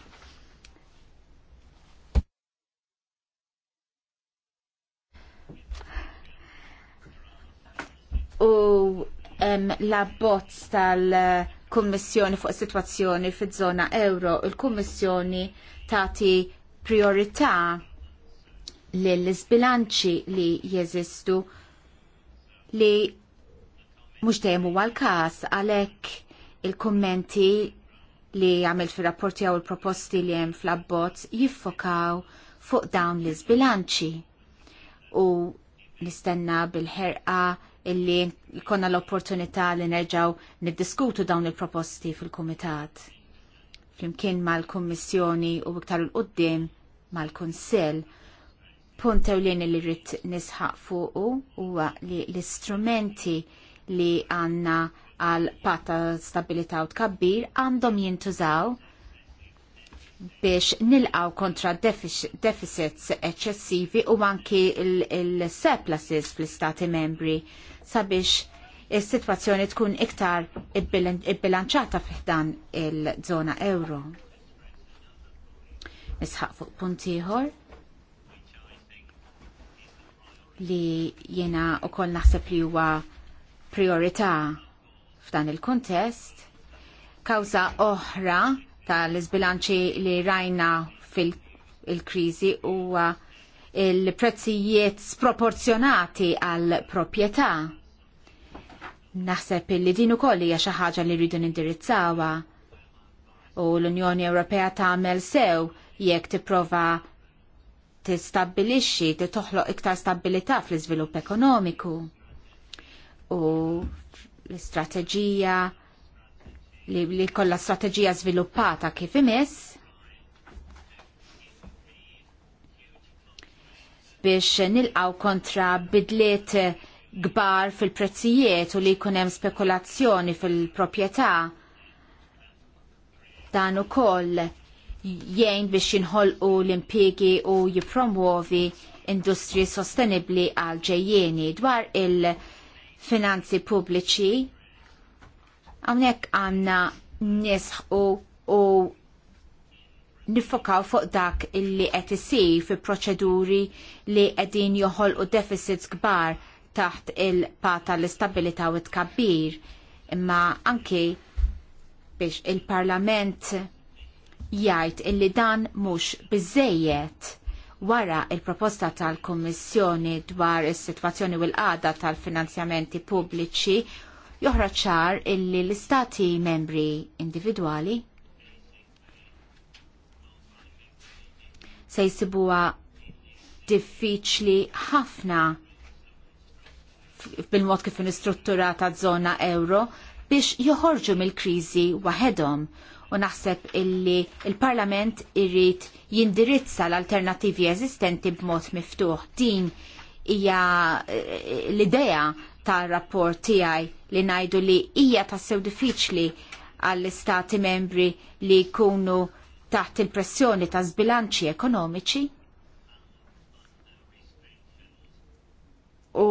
u l-abbozz tal-Kummissjoni fuq is-sitwazzjoni fiż-żona euro, il-Kummissjoni tagħti priorità lill sbilanċi li jeżistu li mhux dejjem huwa l-każ għalhekk il-kummenti li għamil fi rapporti għaw il-proposti li jem fl-abbozz jiffokaw fuq dawn l sbilanċi u nistenna bil-ħerqa illi jkonna l-opportunità li nerġaw niddiskutu dawn il-proposti fil-Kumitat. Flimkien mal-Kummissjoni u iktar l-qoddim mal-Kunsell. Punt ewlien li rrid nisħaq fuqu huwa li l-istrumenti li għanna għal patta stabilita u tkabbir għandhom jintużaw biex nilqaw kontra deficits eċċessivi u anki il-surpluses fl-istati membri sabiex is-sitwazzjoni tkun iktar ibbilanċata fiħdan il zona euro. Nisħaq fuq puntiħor. li li jiena wkoll naħseb li huwa priorità f'dan il-kuntest kawza oħra tal-izbilanċi li rajna fil-krizi huwa il-prezzijiet sproporzjonati għal proprjetà. Naħseb li din ukoll hija xi ħaġa li rridu nindirizzawha u l-Unjoni Ewropea tagħmel sew jekk tipprova tistabbilixxi toħloq iktar stabilità fl-iżvilupp ekonomiku. U l-istrateġija li, li kolla strategija sviluppata kif imess biex nilqaw kontra bidliet gbar fil-prezzijiet u li kunem spekulazzjoni fil-propieta dan u koll jgħin biex jinħolqu l-impiegi u jipromuovi industri sostenibli għal ġejjeni dwar il- finanzi pubbliċi Għamnek għanna nisħu u nifokaw fuq dak illi qed isir fi proċeduri li qegħdin joħolqu deficits kbar taħt il-pata l-istabilità u tkabbir imma anke biex il-Parlament jgħid illi dan mhux biżejjed wara il-proposta tal-Kommissjoni dwar is-sitwazzjoni u l għada tal-finanzjamenti pubbliċi joħroġ ċar illi l-istati membri individwali se jsibuha diffiċli ħafna bil-mod kif struttura ta' zona euro biex joħorġu mill-kriżi waħedhom u naħseb illi il-Parlament irrid jindirizza l-alternativi eżistenti b'mod miftuħ. Din hija eh, l-idea tar rapport tiegħi li ngħidu li hija tassew diffiċli għall-istati membri li jkunu taħt il-pressjoni ta' sbilanċi ekonomiċi u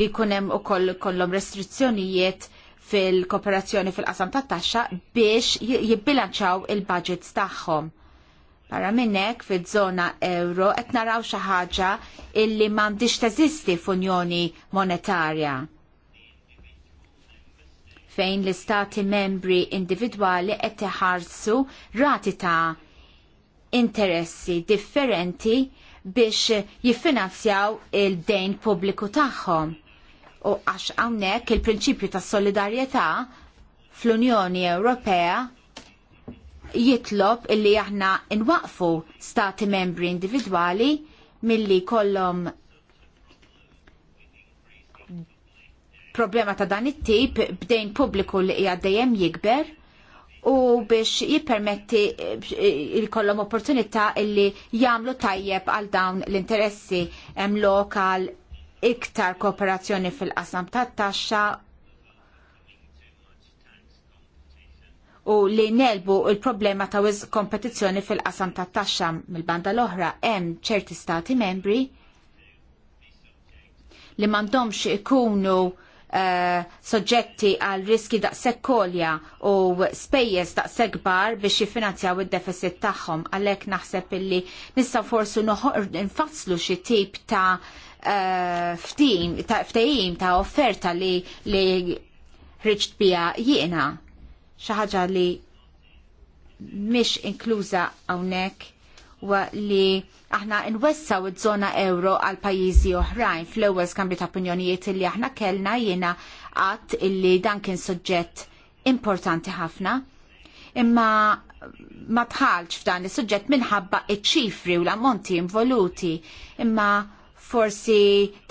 li kunem u koll kollom restrizzjonijiet fil-kooperazzjoni fil-qasam tat taxxa biex jibbilanċaw il-budgets tagħhom. Barra minnek fil-żona euro qed naraw xi ħaġa illi m'għandix teżisti f'Unjoni Monetarja fejn l-istati membri individwali qed iħarsu rati ta' interessi differenti biex jiffinanzjaw il-dejn pubbliku tagħhom. U għax hawnhekk il-prinċipju tas solidarjetà fl-Unjoni Ewropea jitlob illi aħna nwaqfu stati membri individwali milli kollom problema ta' dan it-tip bdejn pubbliku li hija dejjem jikber u biex jippermetti eh, jkollhom opportunità illi jagħmlu tajjeb għal dawn l-interessi lokal iktar kooperazzjoni fil-qasam tat-taxxa u li nelbu il-problema ta' wiz kompetizzjoni fil-qasam ta' taxxa mill-banda l-oħra hemm ċerti stati membri li m'għandhomx ikunu uh, soġġetti għal riski daqshekk kolja u spejjeż daqshekk kbar biex jiffinanzjaw id-deficit tagħhom għalhekk naħseb illi nistgħu forsi nfasslu xi tip ta' eh, ftim ta' ftehim ta' offerta li li riċt bija jiena xi ħaġa li mhix inkluża hawnhekk wa li aħna nwessaw iż-żona euro għal pajjiżi oħrajn fl-ewwel skambju ta' opinjonijiet li aħna kellna jiena qatt illi dan kien suġġett importanti ħafna. Imma ma tħalġ f'dan is-suġġett minħabba iċ-ċifri u l-ammonti involuti, imma forsi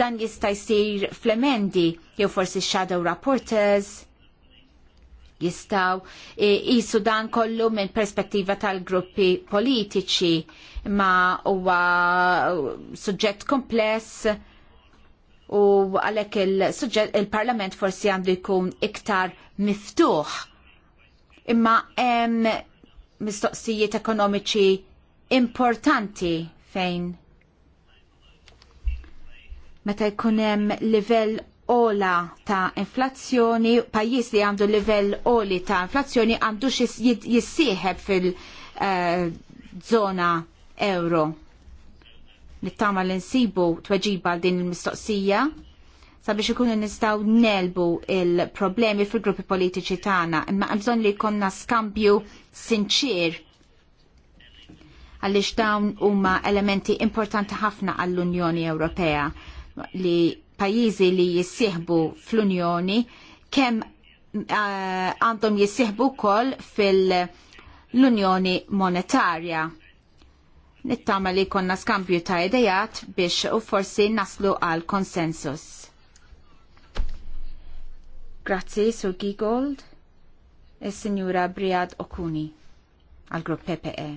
dan jista' jsir fl-emendi jew forsi shadow rapporters jistaw e, jisu dan kollu minn perspettiva tal-gruppi politiċi ma huwa suġġett kompless u għalhekk il-Parlament il forsi għandu jkun iktar miftuħ imma hemm mistoqsijiet ekonomiċi importanti fejn meta jkun hemm livell ola ta' inflazzjoni, pajjiż li għandu livell oli ta' inflazzjoni għandu jissieħeb fil-zona eh, euro. Nittama l-insibu tweġiba din il-mistoqsija sabiex ikunu nistaw nelbu il-problemi fil-gruppi politiċi tagħna, imma bżonn li jkollna skambju sinċir għaliex dawn huma elementi importanti ħafna għall-Unjoni Ewropea li pajjiżi li jissieħbu fl-Unjoni kemm eh, għandhom jissieħbu wkoll fil-Unjoni Monetarja. Nittama li konna skambju ta' idejat biex u forsi naslu għal konsensus. Grazzi, Sur Gigold, e Signora Briad Okuni, għal grupp PPE.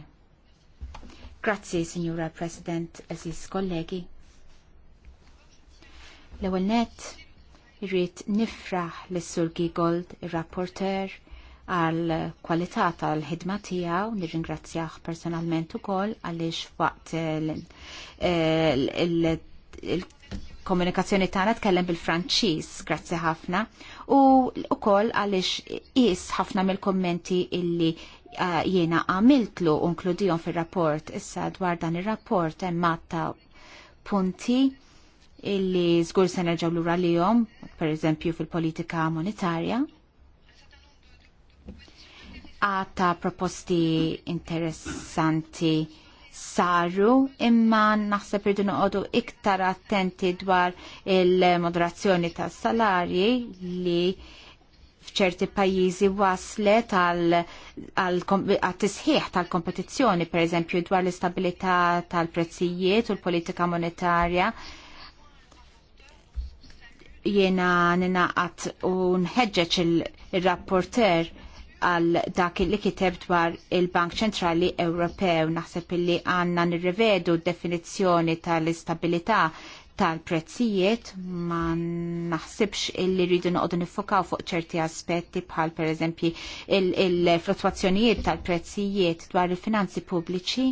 Grazzi, Signora President, eżis kollegi. L-ewwel net irrid nifraħ lis-Sur Gigold, ir-rapporter, għal kwalità tal-ħidma tiegħu nirringrazzjah personalment ukoll għaliex waqt il-komunikazzjoni tagħna tkellem bil-Franċiż, grazzi ħafna, u wkoll għaliex qis ħafna mill-kommenti illi uh, jiena għamiltlu nkludihom fir rapport issa dwar dan ir rapport hemm matta punti illi zgur se nerġaw lura lihom, pereżempju fil-politika monetarja. Għata proposti interessanti saru imma naħseb irdu noqogħdu iktar attenti dwar il-moderazzjoni tas salarji li f'ċerti pajjiżi waslet għal tisħiħ tal-kompetizzjoni, per eżempju dwar l-istabilità tal-prezzijiet u l-politika monetarja Jiena ninaqat u nħeġġeġ il-rapporter għal dak li kiteb dwar il-Bank Ċentrali Ewropew. Naħseb illi għanna nirrivedu definizzjoni tal-istabilità tal-prezzijiet ma naħsibx illi rridu noqogħdu nifokaw fuq ċerti aspetti bħal pereżempju il-fluttwazzjonijiet tal-prezzijiet dwar il-finanzi pubbliċi.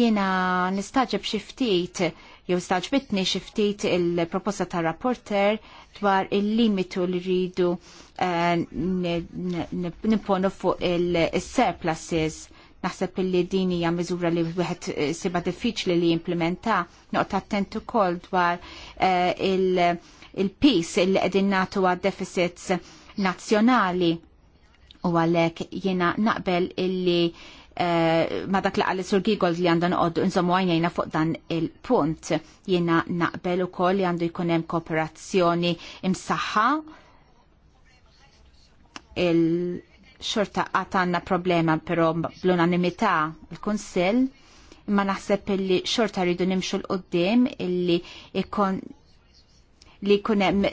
Jiena nistaġeb xi ftit jew staġbitni xiftit il-proposta ta' rapporter dwar il-limitu li rridu eh, nipponu fuq il-surpluses. Naħseb li din hija miżura li wieħed eh, siba diffiċli li jimplementa, noqgħod attent ukoll dwar eh, il-peace il qegħdin nagħtu għad-deficits nazzjonali u għalhekk jiena naqbel illi Eh, ma dak laqali sur Gigold li għandan għoddu nżommu għajnejna fuq dan il-punt. Jena naqbel u koll li għandu jkunem kooperazzjoni imsaħħa il-xorta għatanna problema pero bl-unanimità il-Konsil imma naħseb illi xorta rridu nimxu l-qoddim illi ikon li kunem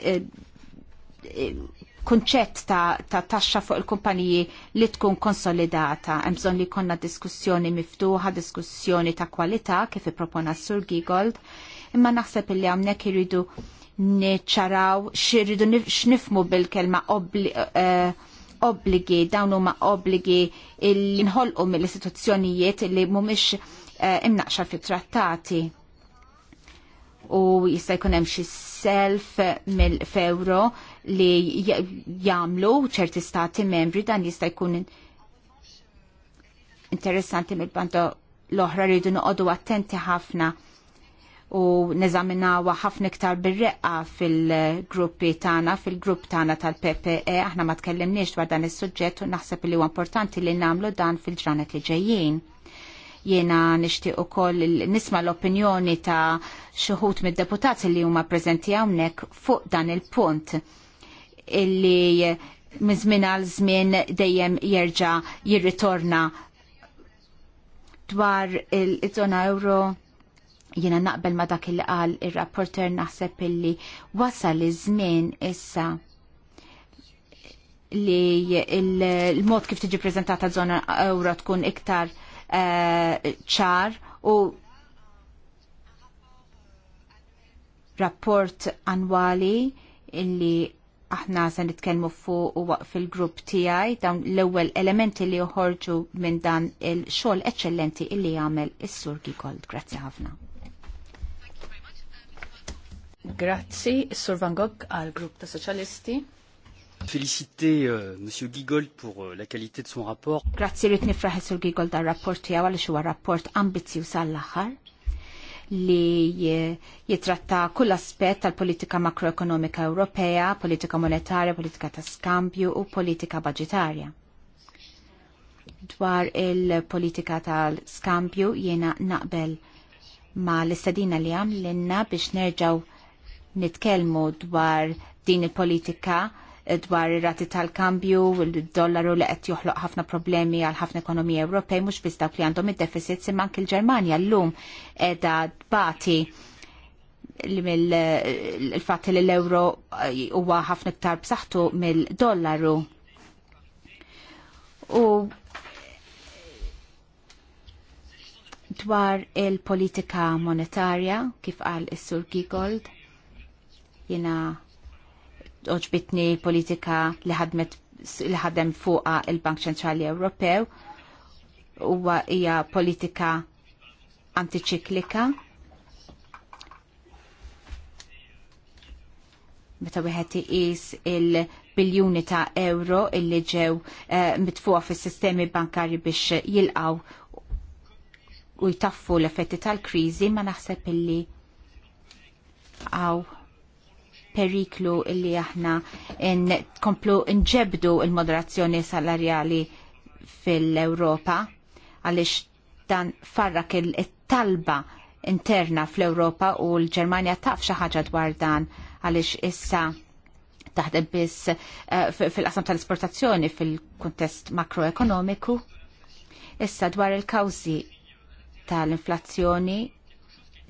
kunċett ta', ta taxxa fuq il-kumpaniji li tkun konsolidata. Hemm bżonn li jkollna diskussjoni miftuħa, diskussjoni ta' kwalità kif ippropona Sur Gigold, imma naħseb li hawnhekk iridu niċċaraw xirridu x'nifmu bil-kelma obli, eh, obbligi, dawn huma obbligi il-inħolqu mill-istituzzjonijiet li mhumiex eh, imnaqxa fit-trattati u jista' jkun hemm xi self mill-fewro li jagħmlu ċerti stati membri dan jista' jkun interessanti mill-banda l-oħra rridu noqogħdu attenti ħafna u neżaminawa ħafna iktar bir-reqqa fil-gruppi tagħna, fil-grupp tagħna tal-PPE, aħna ma tkellimniex dwar dan is-suġġett u naħseb li huwa importanti li nagħmlu dan fil-ġranet li ġejjin. Jena nishtiq ukoll nisma l-opinjoni ta' xuħut mid-deputati li huma preżenti hawnhekk fuq dan il-punt illi mizmin għal żmien dejjem jerġa' jirritorna dwar il-żona euro jiena naqbel ma dak il qal ir-rapporter naħseb illi wasal iż-żmien issa li il-mod kif tiġi prezentata zona euro tkun iktar Eh, ċar u rapport annwali illi aħna se nitkellmu fuq u fil-grupp tiegħi dawn l-ewwel elementi li joħorġu minn dan il-xogħol eċċellenti illi jagħmel is-Sur Gold. Grazzi ħafna. Grazzi, Sur Van Gogh għal grupp ta' Soċjalisti. Feliciter euh, Monsieur Gigold pour euh, la qualité de son rapport. Grazie li tnifraħ Sur Gigold dal rapport tiegħu għaliex huwa rapport ambizjuż għall aħħar li eh, jitratta kull aspett tal-politika makroekonomika Ewropea, politika monetarja, politika ta' skambju u politika budgetarja. Dwar il-politika tal-skambju jiena naqbel ma l-istadina li għamlinna biex nerġaw nitkelmu dwar din il-politika dwar ir-rati tal-kambju, il-dollaru li qed joħloq ħafna problemi għal ħafna ekonomija Ewropej mhux biss dawk li għandhom id-deficit imma anke l-Ġermanja llum qiegħda tbati il-fatt li l-euro eh, huwa ħafna iktar b'saħħtu mill-dollaru. U dwar il-politika monetarja kif qal is-Sur Gigold jiena oġbitni politika li ħadmet li ħadem fuqa il-Bank Ċentrali Ewropew huwa hija politika antiċiklika meta wieħed iqis il-biljuni ta' euro illi ġew eh, mitfuqa fis-sistemi bankarji biex jilqaw u jtaffu l-effetti tal-kriżi ma naħseb illi għaw periklu illi aħna komplu nġebdu il-moderazzjoni salarjali fil-Europa għalix dan farrak il-talba interna fl-Europa u l-Germania taf xaħġa dwar dan għalix issa taħdem biss eh, fil-qasam tal-esportazzjoni fil-kontest makroekonomiku. Issa dwar il-kawzi tal-inflazzjoni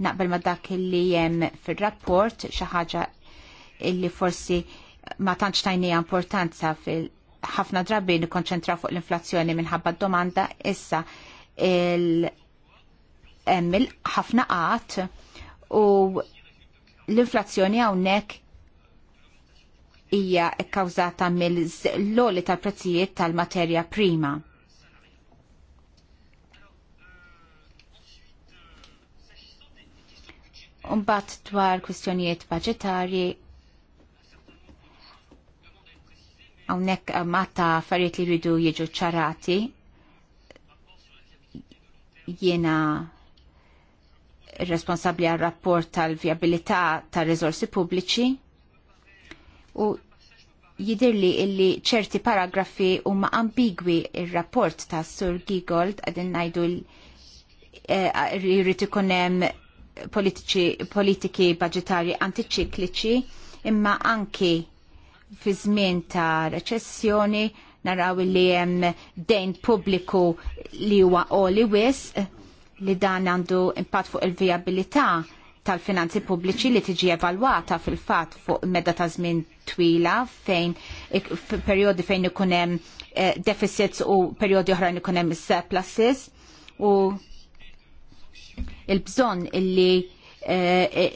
naqbel ma dak li jem fil-rapport xaħġa illi forsi ma tantx tajnija importanza fil ħafna drabi nikkonċentraw fuq l-inflazzjoni minħabba d-domanda issa il hemm ħafna qat u l-inflazzjoni hawnhekk hija kkawżata mill-loli tal-prezzijiet tal-materja prima. Umbat dwar kwistjonijiet budgetarji Hawnhekk matta affarijiet li jridu jiġu ċarati jiena responsabbli għal rapport tal-vjabilità ta' rizorsi pubbliċi u jidirli illi ċerti paragrafi huma ambigwi il rapport ta' Sur Gigold għadin najdu jrid eh, ikun hemm politiki budgetari antiċikliċi imma anki fi żmien ta' reċessjoni naraw li hemm dejn pubbliku li huwa qoli wis, li dan għandu impatt fuq il-vijabilità tal-finanzi pubbliċi li tiġi evalwata fil-fat fuq medda ta' żmien twila fejn periodi fejn ikun hemm eh, deficits u periodi oħrajn ikun hemm surpluses u il-bżonn illi Eh,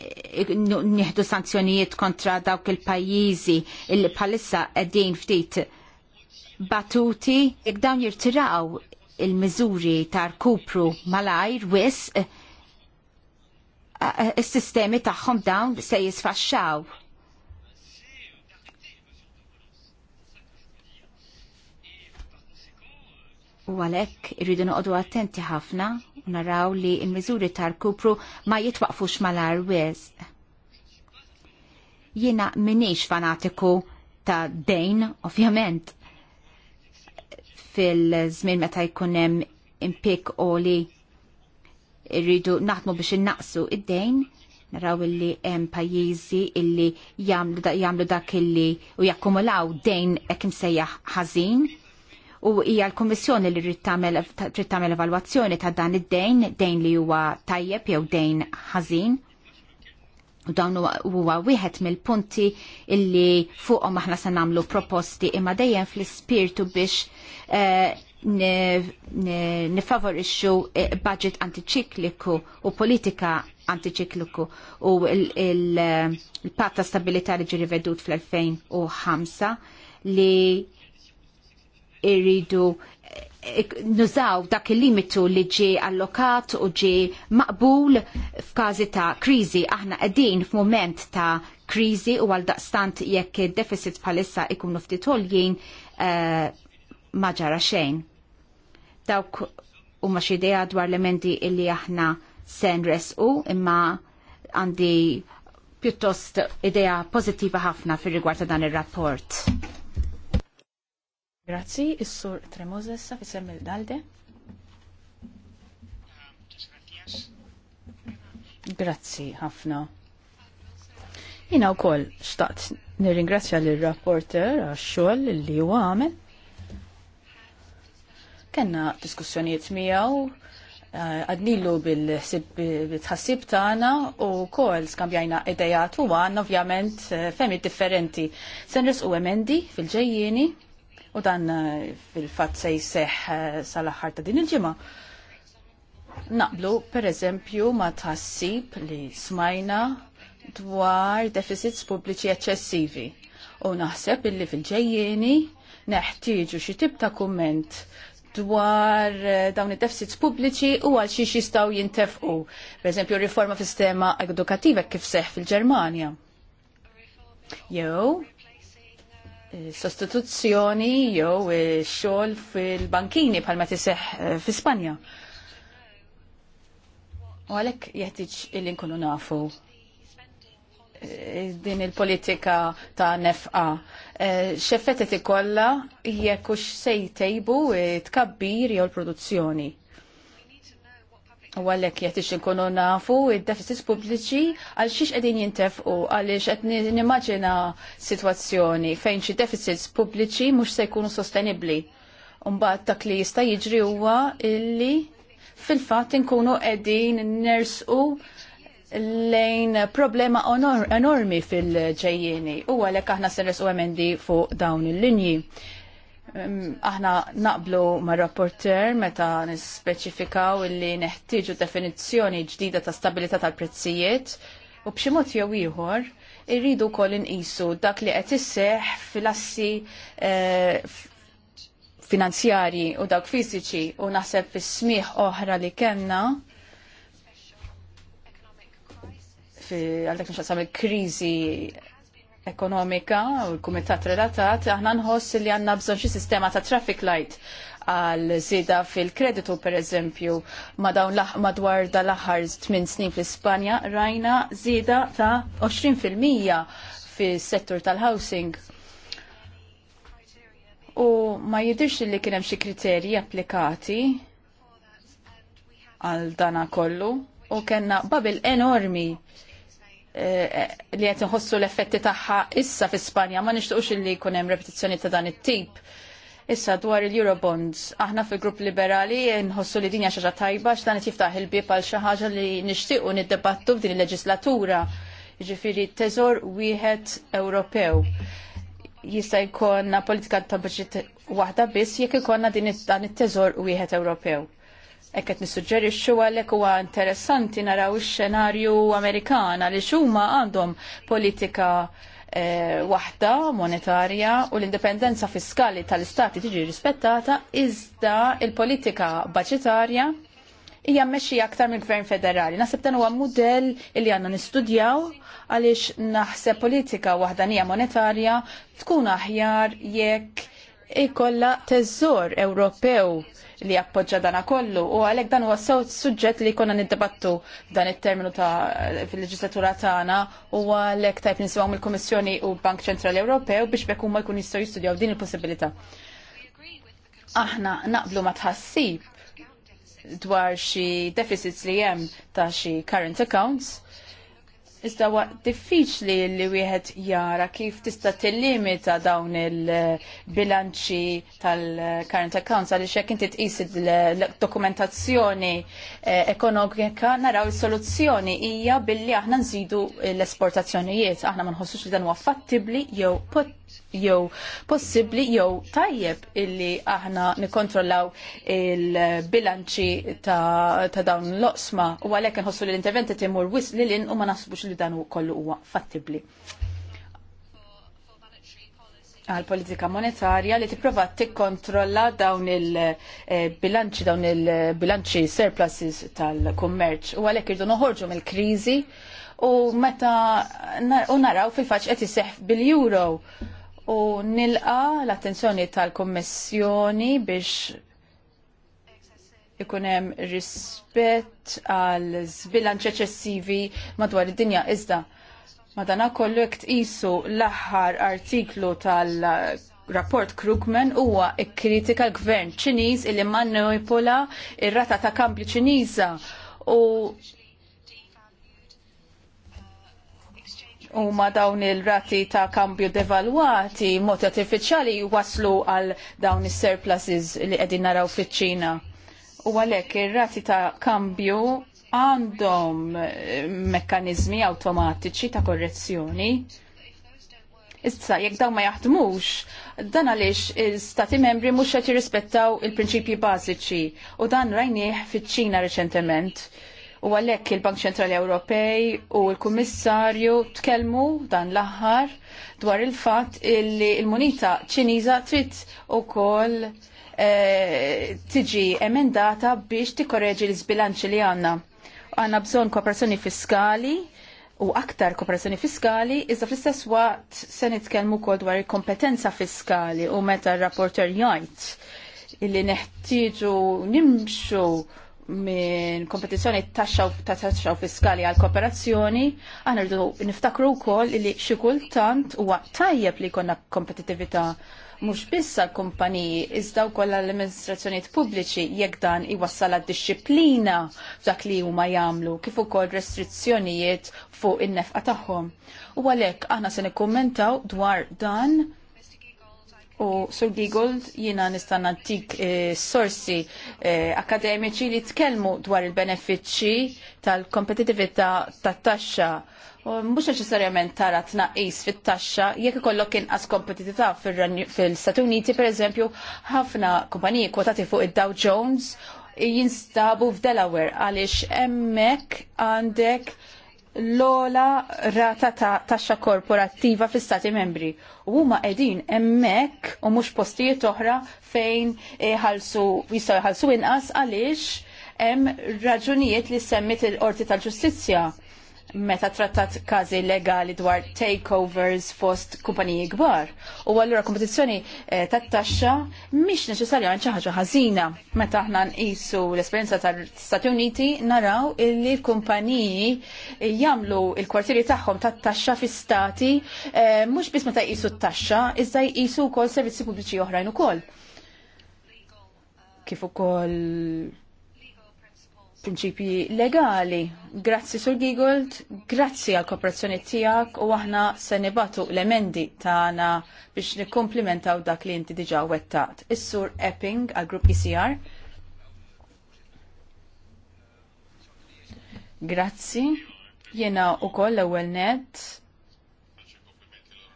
eh, nieħdu sanzjonijiet kontra dawk il-pajjiżi li bħalissa qegħdin ftit batuti jekk dawn jirtiraw il-miżuri tar kupru malajr wisq eh, is-sistemi tagħhom dawn se jisfaxxaw U għalhekk irridu noqogħdu attenti ħafna u naraw li l-miżuri tal-kupru ma jitwaqfux mal-ar wis. Jiena minix fanatiku ta' dejn, ovvjament, fil-żmien meta jkun hemm impik li irridu naħdmu biex innaqsu id-dejn, naraw illi hemm pajjiżi illi jagħmlu dak illi u jakkumulaw dejn hekk imsejjaħ ħażin u hija l-Kummissjoni li trid tagħmel evalwazzjoni ta' dan id-dejn, dejn li huwa tajjeb jew dejn ħażin. U dawn huwa wieħed mill-punti illi fuqhom aħna se nagħmlu proposti imma dejjem fl-ispirtu biex eh, nifavorixxu eh, budget antiċikliku u politika antiċikliku u eh, l-patta stabilità li ġiri vedut fl-2005 li irridu eh, nużaw dak il-limitu li ġi allokat u ġi maqbul f'każi ta' kriżi. Aħna qegħdin f'mument ta' kriżi u għal daqstant jekk id-deficit bħalissa ikun ftit jien uh, eh, ma ġara xejn. Dawk huma xi idea dwar l-emendi illi aħna sen resqu imma għandi pjuttost idea pożittiva ħafna fir rigward ta' dan ir rapport Grazzi, is-sur Tremozessa fissem il-dalde. Grazzi, ħafna. Jina u koll, xtaqt nir-ingrazzja l-rapporter għax-xol li u għamel. Kenna diskussjoniet miegħu eh, għadnilu bil-tħassib tagħna u koll skambjajna idejat u għanna ovvjament eh, femi differenti. Senres u emendi fil-ġejjieni U dan eh, fil-fat se jseħ eh, sal-aħħar ta' din il-ġimgħa. Naqblu per eżempju ma tħassib li smajna dwar deficits pubbliċi eċċessivi. U naħseb illi fil-ġejjeni neħtieġu xi tip ta' kumment dwar eh, dawn id-deficits pubbliċi u għal xi jistgħu jintefqu. Per eżempju, riforma fis-sistema edukattiva kif seħ fil-Ġermanja. Jew sostituzzjoni jew xogħol fil-bankini bħalma tiseħ eh, fi Spanja. U għalhekk jeħtieġ illi nkunu nafu eh, din il-politika ta' nefqa. Eh, Xeffetet ikolla jekk hux se jtejbu tkabbir jew l-produzzjoni. U għallek jettix nkunu nafu id-deficits pubbliċi għal xiex għedin jintefqu għalix għed nimmaġina situazzjoni fejn xi deficits pubbliċi mux se jkunu sostenibli. Umbat dak li jista' jiġri huwa illi fil-fatt nkunu qegħdin nersqu lejn problema enormi fil-ġejjieni u għalhekk aħna se u emendi fuq dawn il-linji. Aħna naqblu ma' rapporter meta nispeċifikaw illi neħtieġu definizzjoni ġdida ta' stabilità tal-prezzijiet u b'xi mod jew ieħor irridu wkoll inqisu dak li qed isseħħ fil-assi eh, finanzjari u dak fiżiċi u naħseb fis-smieħ oħra li kellna għal dak il-kriżi ekonomika u l-kumitat relatat, aħna nħoss li għanna bżon xi sistema ta' traffic light għal zida fil-kreditu per eżempju ma dawn madwar dal-aħħar 8 snin fl-Ispanja rajna zida ta' 20% fis-settur tal-housing. U ma jidirx li kien hemm xi kriterji applikati għal dana kollu u kellna babil enormi Eh, li qed inħossu l-effetti tagħha issa fi Spanja ma nishtuqx li jkun hemm repetizzjoni ta' dan it-tip. Issa dwar il-Eurobonds, aħna fil-grupp liberali nħossu li dinja xaġa tajba x'dan qed jiftaħ il-bieb għal xi ħaġa li nixtiequ niddebattu f'din il-leġislatura. Jiġifieri teżor wieħed Ewropew. Jista' jkollna politika ta' budget waħda biss jekk ikollna din dan it-teżor wieħed Ewropew. Ekket nissuġġerixxu għalhekk huwa interessanti naraw ix-xenarju Amerikana li xuma għandhom politika eh, waħda monetarja u l-indipendenza fiskali tal-istati tiġi rispettata iżda il-politika baċetarja hija mmexxija aktar mill-Gvern Federali. Naħseb dan huwa mudell li għandna nistudjaw għaliex naħseb politika waħdanija monetarja tkun aħjar jekk ikolla teżżor Ewropew li appoġġa dana kollu u għalhekk dan huwa sew suġġett li konna niddebattu dan it-terminu ta' fil-leġislatura tagħna u għalhekk tajb nisimgħu mill-Kummissjoni u Bank Ċentrali Ewropew biex bekk huma jkun jistgħu jistudjaw din il-possibilità. Aħna naqblu ma tħassib dwar xi deficits li hemm ta' xi current accounts Iżda diffiċli li wieħed jara kif tista' tillimita dawn il-bilanċi tal-current accounts għaliex jekk inti tqis il-dokumentazzjoni eh, ekonomika naraw is-soluzzjoni hija billi aħna nżidu l-esportazzjonijiet. Aħna ma nħossux li dan huwa fattibbli jew jew possibbli jew tajjeb illi aħna nikkontrollaw il-bilanċi ta', ta dawn l-oqsma u għalhekk inħossu li l-interventi timur wisq li u ma nasbux li dan kollu huwa fattibbli. Għal politika monetarja li tipprova tikkontrolla dawn il-bilanċi dawn il-bilanċi surpluses tal-kummerċ u għalhekk irdu noħorġu mill-kriżi u meta u naraw fil-faċ qed iseħħ bil-euro u nilqa l-attenzjoni tal-Kommissjoni biex ikunem rispett għal zbilanċ eċessivi madwar id-dinja iżda. Madana kollu jekt isu l-aħħar artiklu tal-rapport Krugman huwa kritika l-gvern ċiniż illi manipula ir-rata ta' kambju ċiniża u ma dawn il-rati ta' kambju devalwati mod artifiċjali waslu għal dawn is-surpluses li qegħdin naraw fiċ-Ċina. U għalhekk ir-rati ta' kambju għandhom eh, mekkaniżmi awtomatiċi ta' korrezzjoni. Issa, jekk dawn ma jaħdmux, dan għaliex il-stati membri mhux qed jirrispettaw il-prinċipji bażiċi u dan rajnieh fiċ-Ċina reċentement U għalhekk il-Bank Ċentrali Ewropej u l-Kummissarju tkellmu dan l-aħħar dwar il-fatt illi l-munita Ċiniża trid ukoll eh, tiġi emendata biex tikkoreġi l-isbilanċi li għandna. Għandna bżonn kooperazzjoni fiskali u aktar kooperazzjoni fiskali, iżda fl-istess waqt se nitkellmu wkoll dwar il-kompetenza fiskali u meta r-rapporter jgħid illi neħtieġu nimxu minn kompetizjoni ta' taxxaw fiskali għal kooperazzjoni, għana rridu niftakru wkoll li xi kultant huwa tajjeb li jkollna kompetitivita mhux biss għall kumpaniji iżda wkoll għall amministrazzjonijiet pubbliċi jekk dan iwassal għad-disċiplina f'dak li huma jagħmlu kif ukoll restrizzjonijiet fuq in-nefqa tagħhom. U għalhekk aħna se nikkummentaw dwar dan U Sur Giegold jina nistan antik eh, sorsi eh, akademiċi li tkellmu dwar il-benefiċċji tal-kompetitività tat-taxxa. Mhux neċessarjament tara tnaqqis fit-taxxa jekk ikollok inqas kompetitività fil-Stati Uniti pereżempju ħafna kumpaniji kwotati fuq id-Dow Jones jinstabu f'Delaware għaliex hemmhekk għandek l-ola rata ta' taxxa korporattiva fl istati membri. U huma qegħdin hemmhekk u mhux postijiet oħra fejn ħalsu jistgħu jħallsu inqas għaliex hemm raġunijiet li semmit il-Qorti tal-Ġustizzja meta trattat każi legali dwar takeovers fost kumpaniji kbar. U allura kompetizzjoni eh, tat-taxxa mhix neċessarjament xi ħaġa ħażina. Meta aħna nqisu l-esperjenza tal-Stati Uniti naraw illi l-kumpaniji jagħmlu l-kwartieri tagħhom tat-taxxa fi-stati eh, mhux biss meta jqisu t-taxxa, iżda jqisu wkoll servizzi pubbliċi oħrajn ukoll. Kif ukoll prinċipji legali. Grazzi Sur Gigold, grazzi għal kooperazzjoni tijak u aħna se nibatu l-emendi tagħna biex nikkomplimentaw dak li inti diġa wettat. Is-Sur Epping għal Grupp ICR. E grazzi. Jena u koll l-ewel net.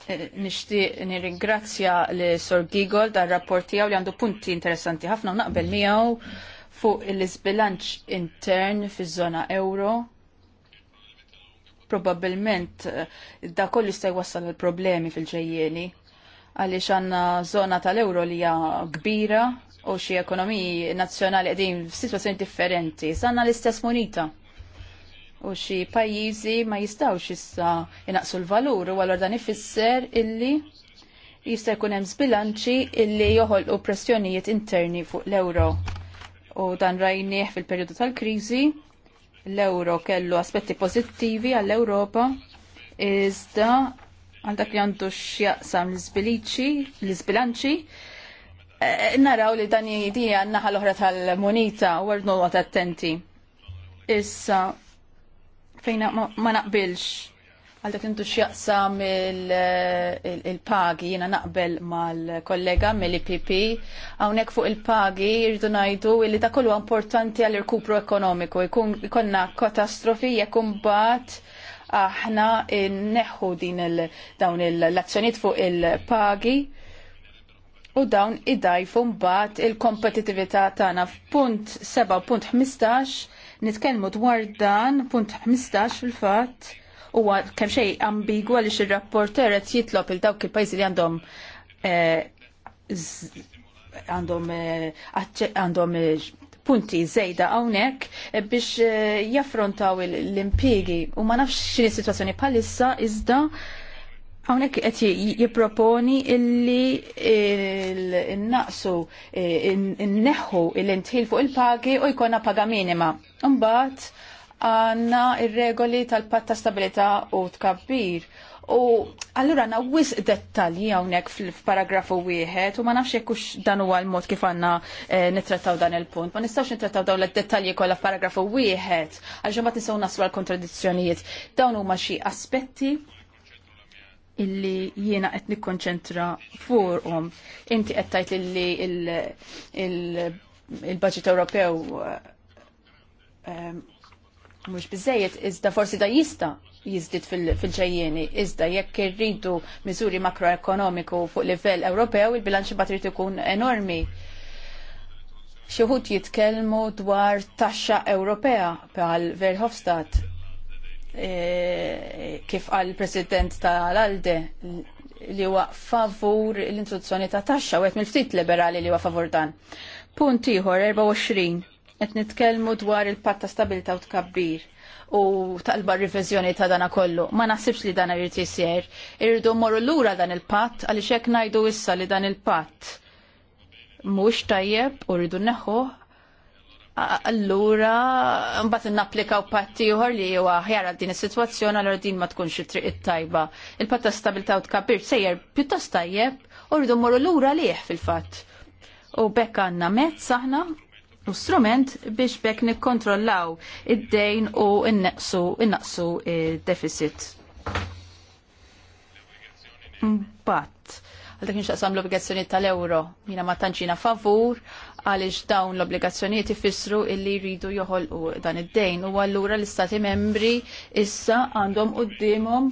Eh, Nishtiq nirringrazzja l-Sor Gigold għal rapporti għaw li għandu punti interessanti ħafna u naqbel miegħu fuq il-isbilanċ intern fiż-żona euro. Probabilment eh, da kollu jista' jwassal il-problemi fil-ġejjeni għaliex għandna żona tal-euro li hija kbira u xi ekonomiji nazzjonali qegħdin f'sitwazzjoni differenti. Sanna l-istess monita u xi pajjiżi ma jistgħux issa jinaqsu l-valur u allura dan ifisser illi jista' jkun hemm zbilanċi illi joħolqu pressjonijiet interni fuq l-euro u dan rajnieh fil-periodu tal-kriżi. L-euro kellu aspetti pozittivi għall-Ewropa iżda għandak li għandu x'jaqsam l izbilanċi eh, eh, naraw li dan jidija naħa l-oħra tal-monita u għardnu għat attenti. Issa, fejna ma naqbilx għal dak xjaqsam il-pagi, jina naqbel mal-kollega mill-IPP, għawnek fuq il-pagi jirdu najdu li ta' kollu importanti għal irkupru ekonomiku, ikonna katastrofi jekun bat aħna neħu din dawn l-azzjoniet fuq il-pagi u dawn id-dajfu mbagħad il-kompetitività tagħna f'punt 7.15 nitkellmu dwar dan punt 15 fil-fatt huwa kemm xej ambigwa li ir-rapporter qed jitlob il dawk il-pajjiżi li għandhom eh, għandhom eh, għandhom eh, punti zejda għawnek biex jaffrontaw l impigi u ma nafx xini situazzjoni palissa iżda għawnek qed jiproponi illi naqsu neħu l-intħil fuq il-pagi u jkonna paga minima. Mbagħad għanna il regoli tal-patta stabilita u tkabbir. U allura għanna wis dettalji għawnek fil-paragrafu wieħed u ma nafx jekkux dan huwa l-mod kif għanna eh, nitrattaw dan il-punt. Ma nistawx nitrattaw dawn l-dettalji kollha f'paragrafu wieħed għal ma tinsew naslu għal-kontradizzjonijiet. Dawn huma xi aspetti illi jiena qed nikkonċentra fuqhom. Inti qed tajt illi il-Baġit il il Ewropew um, mhux biżejjed iżda forsi da jista' jizdit fil ġajjeni fil iżda jekk irridu miżuri makroekonomiku fuq livell Ewropew, il-bilanċ imbagħad ikun enormi. Xi wħud jitkellmu dwar taxxa Ewropea bħal Verhofstadt e, kif qal president tal-Alde li huwa favur l-introduzzjoni ta' taxxa u qed ftit liberali li huwa favur dan. Punt ieħor 24 qed nitkellmu dwar il-patt ta' stabilità u tkabbir u talba revizjoni ta' dana kollu. Ma naħsibx li dan irid jisir. Irridu morru lura dan il-patt għaliex hekk ngħidu issa li dan il-patt mhux tajjeb u rridu neħu allura mbagħad inapplikaw patti ieħor li huwa ħjar għal din is-sitwazzjoni għal din ma tkunx it-triq it-tajba. Il-patt ta' stabilità u tkabbir sejjer pjuttost tajjeb u rridu morru lura lih fil-fatt. U bekk għandna mezz aħna strument biex bekk nikkontrollaw id-dejn u innaqsu innaqsu deficit Mbatt, għal dak nxaqsam l obligazzjoni tal-euro, jina ma tanċina favur, għalix dawn l obligazzjoni ifissru illi jridu joħolqu dan id-dejn u għallura l-istati membri issa għandhom d-dimum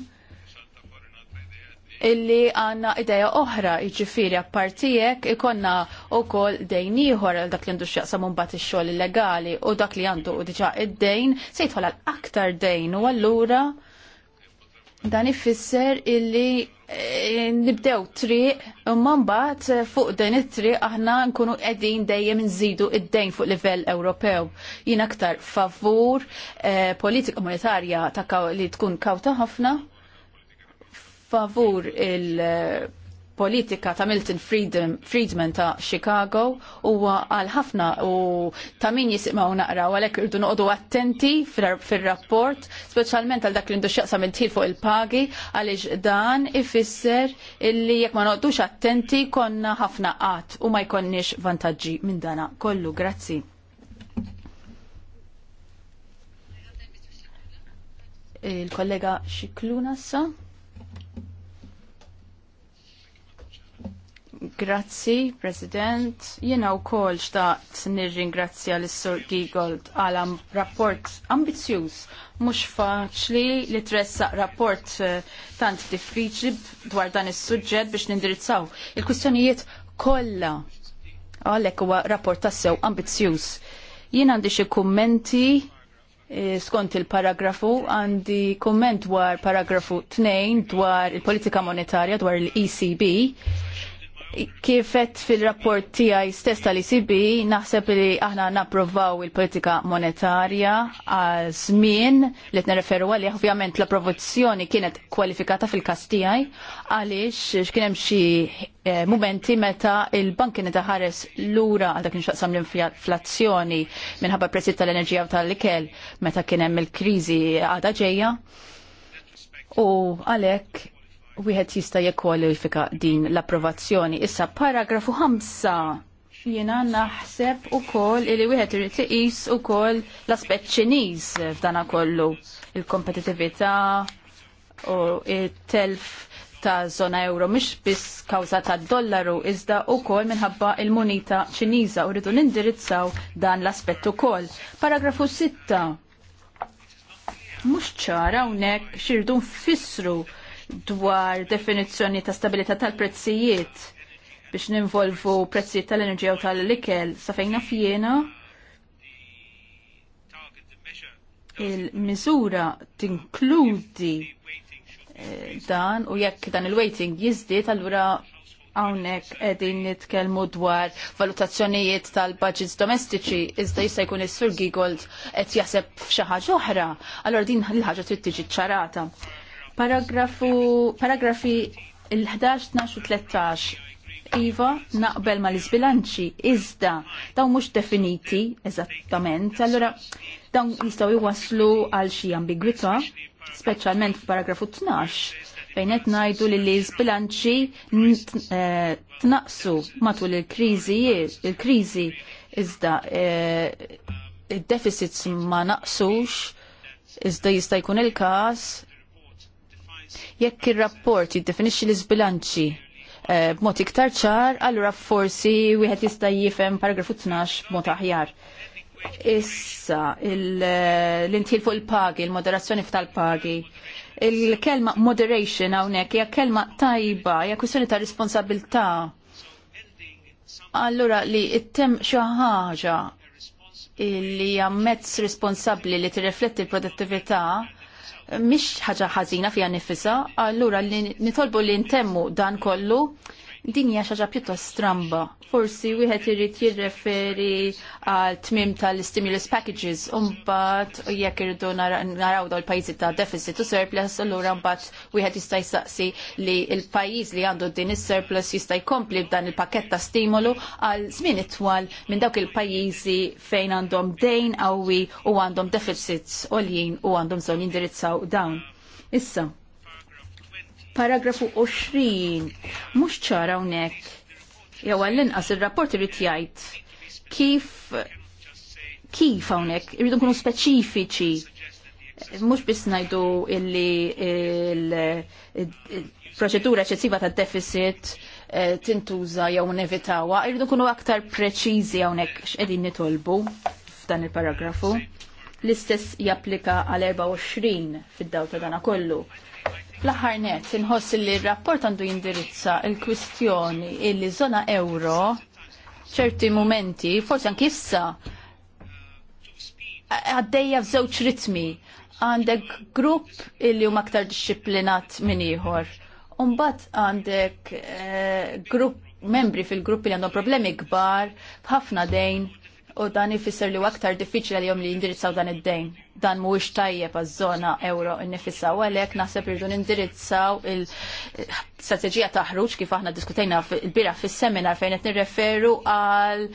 illi għanna ideja oħra iġifiri għappartijek ikonna u kol dejn iħor għal dak li għandu xjaqsa mumbat il-xol illegali u dak li għandu u diġa id-dejn se jitħol għal aktar dejn u għallura dan ifisser illi eh, nibdew triq imma mbagħad fuq din it-triq aħna nkunu qegħdin dejjem nżidu id-dejn fuq livell Ewropew. Jien aktar favur eh, politika monetarja ta' li tkun kawta ħafna favur il- politika ta' Milton Friedman ta' Chicago huwa għal ħafna u ta' min jisimaw naqra u għalhekk irdu noqogħdu attenti fir-rapport, speċjalment għal dak li xaqsa minn fuq il-pagi għaliex dan ifisser illi jekk ma noqdux attenti konna ħafna qatt u ma jkonnix vantaġġi minn dana kollu. Grazzi. Il-kollega Xikluna sa' Grazzi, President. Jena u kol xtaqt nirringrazzja l-Sur Gigold għal rapport ambizjuż. Mux faċli li tressaq rapport eh, tant diffiċli dwar dan is-suġġett biex nindirizzaw il-kwistjonijiet kollha. Għalhekk huwa rapport tassew ambizjuż. Jien għandi xi kummenti eh, skont il-paragrafu għandi kumment dwar paragrafu 2 dwar il-politika monetarja dwar il-ECB kifet fil-rapport tiegħi stess tal-ICB naħseb li aħna napprovaw il-politika monetarja għal żmien li qed nirreferu għalih ovvjament l-approvazzjoni kienet kwalifikata fil-każ tiegħi għaliex kien hemm xi eh, mumenti meta il-bank kienet ħares lura għal dak nixtaqsam l-inflazzjoni minħabba prezzijiet tal-enerġija u tal-ikel meta kien hemm il-kriżi għadha ġejja. U għalhekk wieħed jista' jekkwalifika din l-approvazzjoni. Issa paragrafu 5 jiena naħseb ukoll li wieħed irid iqis ukoll l-aspett Ċiniż f'dan kollu il-kompetitività u it-telf ta' zona euro mhix biss kawża tad dollaru iżda wkoll minħabba l munita Ċiniża u rridu nindirizzaw dan l-aspett ukoll. Paragrafu 6. Mhux ċara hawnhekk xirdu nfissru dwar definizzjoni ta' stabilità tal-prezzijiet biex ninvolvu prezzijiet tal-enerġija u tal-ikel sa fejna naf jiena il-miżura tinkludi eh, dan u jekk dan il-waiting tal allura hawnhekk qegħdin nitkellmu dwar valutazzjonijiet tal-budgets domestiċi iżda jista' jkun is-Sur Gigold qed jaseb f'xi ħaġa oħra, allura din l ħaġa trid tiġi ċarata. Paragrafu, paragrafi il-11, 12 u 13. Iva, naqbel ma l-izbilanċi, iżda, daw mux definiti, eżattament, allora, dawn jistaw jwaslu għal xi ambigwità, speċjalment f'paragrafu 12, fejn qed ngħidu li l-izbilanċi eh, tnaqsu matul il krizi il-kriżi iżda eh, id-deficits ma naqsux, iżda jista' jkun il-każ Jekk ir-rapport jiddefinixxi l-iżbilanċi eh, b'mod iktar ċar, allura forsi wieħed jista' jifhem paragrafu 12 b'mod aħjar. Issa, l-intil fuq il-pagi, il-moderazzjoni f'tal-pagi, il-kelma moderation hawnhekk hija kelma tajba, hija kwistjoni ta' responsabilità. Allura li ittem xi ħaġa li hija mezz responsabbli li tirrifletti l-produttività mhix ħaġa ħażina fiha nifisha, allura li nitolbu li ntemmu dan kollu din hija xi ħaġa pjuttost stramba. Forsi wieħed irid jirreferi għal tmim tal-stimulus packages u jekk irridu naraw daw il-pajjiżi ta' deficit u surplus allura mbagħad wieħed jista' jsaqsi li l-pajjiż li għandu din is-surplus jista' jkompli b'dan il-pakett ta' stimolu għal żmien itwal minn dawk il-pajjiżi fejn għandhom dejn qawwi u għandhom deficits għoljin u għandhom bżonn jindirizzaw dawn. Issa, Paragrafu 20, mhux ċara hawnhekk. Jew għall-inqas ir-rapport irid jgħid kif kif hawnhekk irridu nkunu speċifiċi. Mhux biss ngħidu illi il-proċedura eċċessiva tad-deficit eh, tintuża jew nevitawa, irridu nkunu aktar preċiżi hawnhekk x'qegħdin nitolbu f'dan il-paragrafu. L-istess japplika għal 24 fid-daw ta' dana kollu. L-aħħar net, inħoss li r-rapport għandu jindirizza il-kwistjoni illi zona euro ċerti momenti, forsi anki issa, għaddejja f'żewġ ritmi. Għandek grupp illi huma aktar disċiplinat minn ieħor. Umbagħad għandek eh, grupp membri fil-gruppi li għandhom problemi kbar, bħafna dejn, u dan ifisser li aktar diffiċli għalihom li jindirizzaw dan id-dejn dan mhuwiex tajjeb għaż-żona euro innifissa u għalhekk naħseb irridu nindirizzaw il-strateġija ta' ħruġ kif aħna diskutejna l bira fis-seminar fejn qed nirreferu għal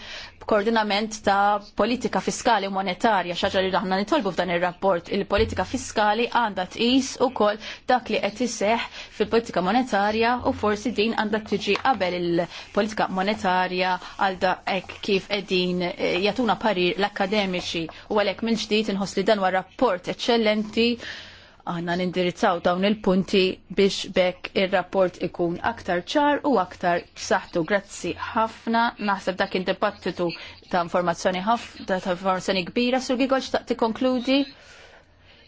koordinament ta' politika fiskali u monetarja xaġa li aħna nitolbu f'dan ir-rapport il politika fiskali għandha tqis ukoll dak li qed iseħħ fil-politika monetarja u forsi din għandha tiġi qabel il-politika monetarja għal dak kif qegħdin eh, jagħtuna parir l-akademiċi u għalhekk minn ġdid inħoss li dan huwa rapport eċċellenti għanna nindirizzaw dawn il-punti biex bekk il-rapport ikun aktar ċar u aktar saħtu. Grazzi ħafna, naħseb dak il-dibattitu ta' informazzjoni ħafna, ta' informazzjoni kbira. Sur Gigol, xtaq ti konkludi?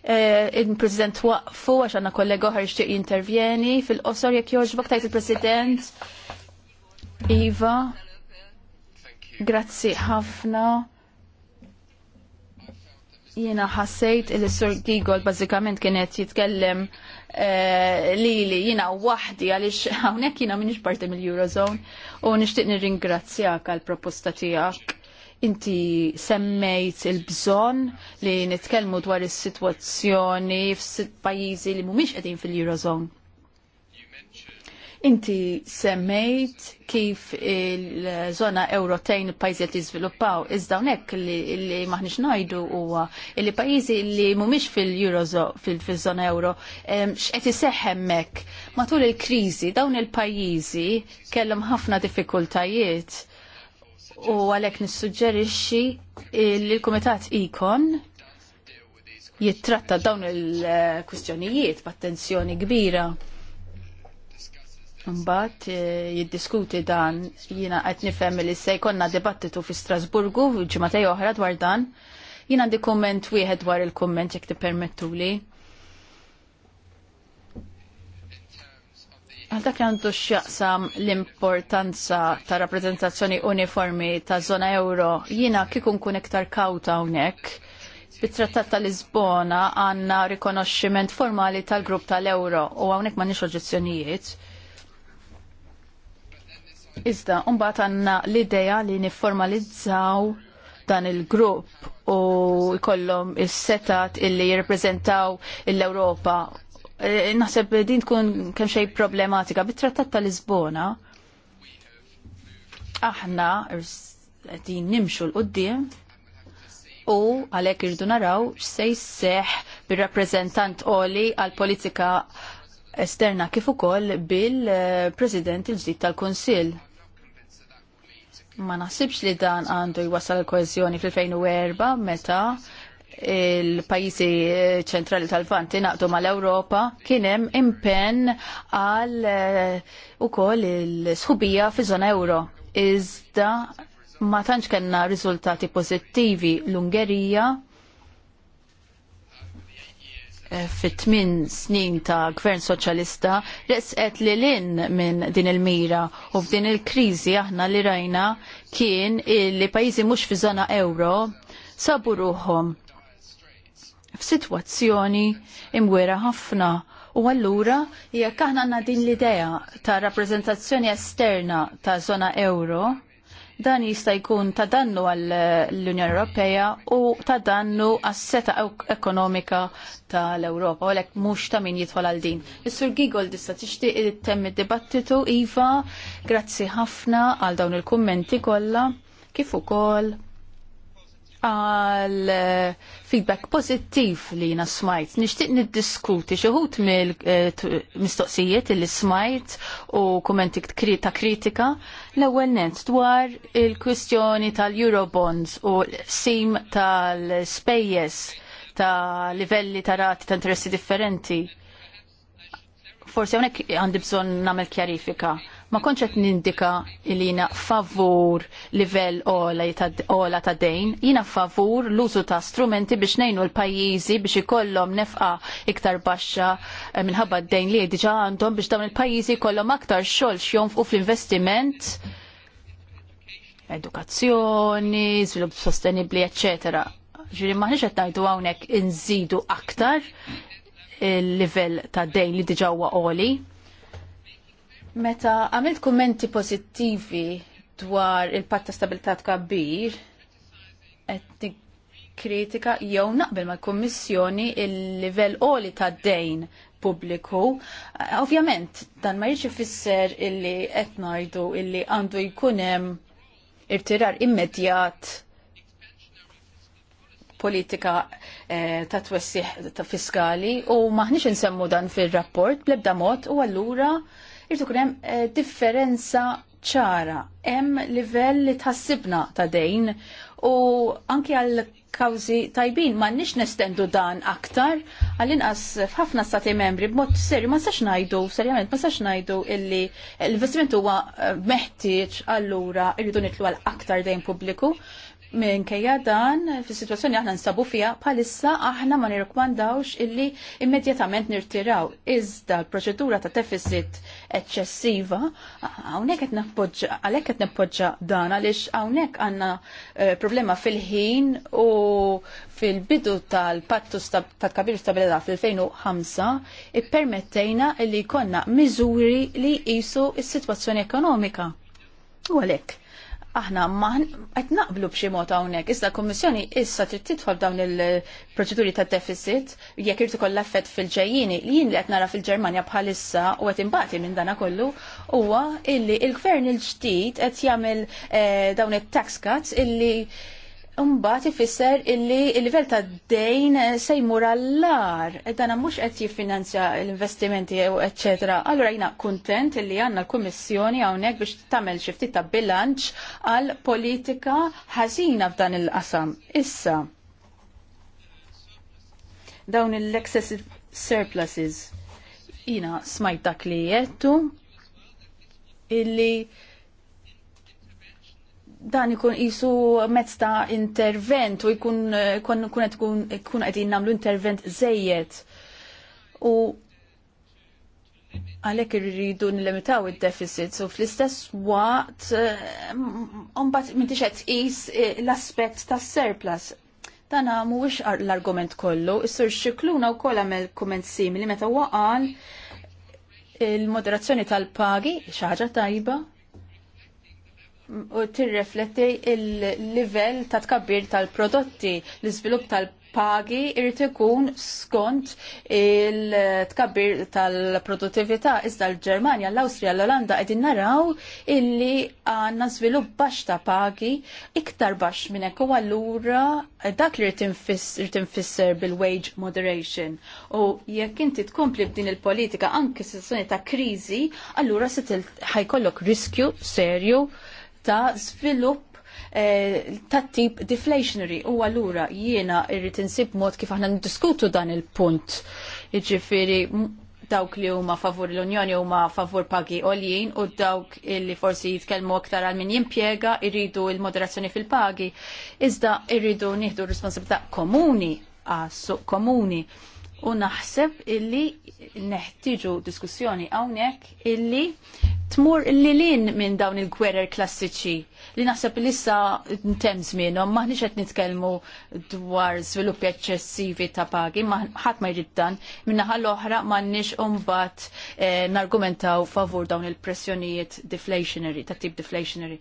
Eh, Il-President waqfu għax għanna kollega ħar xtiq jintervjeni fil-qosor jek joġbok tajt il-President. Iva, grazzi ħafna. Jena ħassejt il sur Gigol bazzikament kienet jitkellem eh, li li jena wahdi għalix għawnek jena minix parti mill-Eurozone u nishtiq nir-ringrazzjak għal-proposta tijak. Inti semmejt il-bżon li nitkellmu dwar is-sitwazzjoni f'sit pajjiżi li mhumiex għedin fil-Eurozone Inti semmejt kif il-zona Ewrotejn pajjiżiet li jizviluppaw, iżda hawnhekk li maħniex ngħidu huwa li pajjiżi li mhumiex fil-Eurozo fil-żona Euro x'qed iseħħ hemmhekk matul il-kriżi dawn il-pajjiżi kellum ħafna diffikultajiet u għalhekk nissuġġerixxi li l-Kumitat Ikon jittratta dawn il-kwistjonijiet b'attenzjoni kbira. Mbagħad eh, jiddiskuti dan jiena qed nifhem li se jkollna dibattitu fi Strasburgu ġimgħatej oħra dwar dan. Jiena għandi kumment wieħed dwar il-kumment jekk tippermettuli. Għal dak għandu x'jaqsam l-importanza ta' rappreżentazzjoni uniformi ta' zona euro, jiena kikun kun iktar kawta hawnhekk. Bit-trattat tal Lisbona għandna rikonoxximent formali tal-grupp tal-euro u hawnhekk m'għandniex oġġezzjonijiet Iżda, unbat għanna l-ideja li niformalizzaw dan il-grupp u jkollhom is-setat illi jirrepreżentaw l-Ewropa. Il e, Naħseb din tkun kemm xejn problematika. Bit-Trattat ta' Lisbona aħna din nimxu l qudiem u għalhekk irdu naraw x'se jseħħ bir-rappreżentant qoli għal politika esterna kif ukoll bil-President eh, il-ġdid tal-Kunsill Ma naħsibx li dan għandu jwassal il-koezjoni fil-2004 meta il-pajjiżi ċentrali tal-Vant inaqdu mal-Ewropa kien hemm impenn għal eh, ukoll il-sħubija fi żona euro. Iżda ma tantx kellna riżultati pożittivi l-Ungerija Eh, fit-tmin snin ta' gvern soċjalista resqet li l-in minn din il-mira u f'din il-kriżi aħna li rajna kien li pajjiżi mhux fi żona euro sabu ruħhom f'sitwazzjoni imwera ħafna u allura jekk aħna għandna din l-idea ta' rappreżentazzjoni esterna ta' żona euro Dan jista' jkun ta' dannu għall-Unjoni eh, Ewropea u ta' dannu għas-seta ekonomika tal-Ewropa, u għalhekk mhux ta' min jidħol għal din. Is-Sur Gigol tista' tixtieq id dibattitu Iva, grazzi ħafna għal dawn il-kummenti kollha kif ukoll għal eh, feedback pozittiv li jina smajt. Nishtiq niddiskuti xuħut mill-mistoqsijiet eh, li smajt u kommenti ta' kritika l ewwel nent dwar il-kwistjoni tal-Eurobonds u l-sim tal-spejjes ta' livelli ta' rati ta' interessi differenti. Forse għonek għandi namel kjarifika ma konċet nindika li jina favur livell ola ta' dejn, jina favur l-użu ta' strumenti biex nejnu l-pajizi biex ikollhom nefqa iktar baxxa eh, minħabba d-dejn li diġa għandhom biex dawn il-pajizi kollom aktar xogħol u fl-investiment edukazzjoni, svilupp sostenibli, eccetera. Ġiri maħniġ qed ngħidu hawnhekk inżidu aktar il-livell ta' dejn li diġa huwa oli Meta għamilt kummenti pozittivi dwar il patt ta' stabilità tkabbir, qed kritika jew naqbel mal-Kummissjoni il-livell qoli ta' dejn pubbliku. Ovvjament, dan ma jiġi fisser illi qed ngħidu illi għandu jkun hemm irtirar immedjat politika eh, ta' twessiħ ta' fiskali u maħniex insemmu dan fil-rapport bl-ebda mod u allura irtu kunem eh, differenza ċara. Hemm livell li tħassibna ta' dejn u anki għal kawzi tajbin ma nix nestendu dan aktar għall-inqas f'ħafna stati membri b'mod serju ma sax najdu, serjament ma sax najdu illi l-investiment huwa eh, meħtieġ allura irridu nitlu għal aktar dejn pubbliku Minkejja dan, fis-sitwazzjoni aħna nsabu fiha, bħalissa aħna ma nirrekomandawx illi immedjatament nirtiraw. Iżda l-proċedura ta' deficit eċċessiva, hawnhekk qed nappoġġa għalhekk qed nappoġġa dan għaliex hawnhekk għandna eh, problema fil-ħin u fil-bidu tal-pattu ta' kabir stabilità fil-2005 ippermettejna illi jkollna miżuri li jisu s-sitwazzjoni ekonomika. U għalhekk aħna qed naqblu b'xi mod hawnhekk. Issa l-Kummissjoni issa trid tidħol dawn il-proċeduri ta' deficit jekk irid ikollha effett fil li Jien li qed nara fil-Ġermanja bħalissa u qed imbati minn dana kollu huwa illi l-gvern il-ġdid qed jagħmel eh, dawn it-tax cuts illi Mbagħad ifisser illi l-livell ta' dejn se jmur għall-lar, dana mhux qed jiffinanzja l-investimenti eċetera. Allura jina kuntent illi għandna l-Kummissjoni hawnhekk biex tagħmel xi ftit ta' bilanċ għal politika ħażina f'dan il-qasam. Issa. Dawn il excessive surpluses. Jina smajt dak li jettu illi dan ikun isu mezz ta' intervent u jkun eh, kun qed ikun qegħdin nagħmlu intervent żejjed. U għalek irridu nil-limitaw il-deficit u fl-istess waqt umbat eh, minti xed is eh, l-aspet ta' surplus. għamu mhuwiex l-argument kollu, is-sur xikluna wkoll għamel kumment simili meta waqal il-moderazzjoni tal-pagi xi tajba u tirrefletti il-livell ta' tkabbir tal-prodotti, l-iżvilupp tal-pagi irrit ikun skont il-tkabbir tal-produttività iżda l-Ġermanja, l austria l-Olanda qegħdin naraw illi għandna żvilupp baxx ta' pagi iktar baxx minn hekk u allura dak li rrid infisser bil-wage moderation. U jekk inti tkompli b'din il-politika anke sezzjoni ta' kriżi, allura se ħajkollok riskju serju ta' svilup eh, ta' tip deflationary u għallura jiena irrit insib mod kif aħna niddiskutu dan il-punt. Iġifiri dawk li huma favur l-Unjoni huma favur pagi għoljien u dawk li forsi jitkellmu aktar għal min jimpjega irridu il-moderazzjoni fil-pagi. Iżda irridu nieħdu responsabilità komuni għas-suq komuni. U naħseb illi neħtiġu diskussjoni hawnhekk illi tmur lilin minn dawn il-gwerer klassiċi li naħseb li issa ntemm żmienhom maħniex qed nitkellmu dwar żviluppi eċċessivi ta' pagi, ħadd ma jrid dan, minnaħa l-oħra m'għandniex mbagħad eh, nargumentaw favur dawn il-pressjonijiet deflationary, ta' tip deflationary.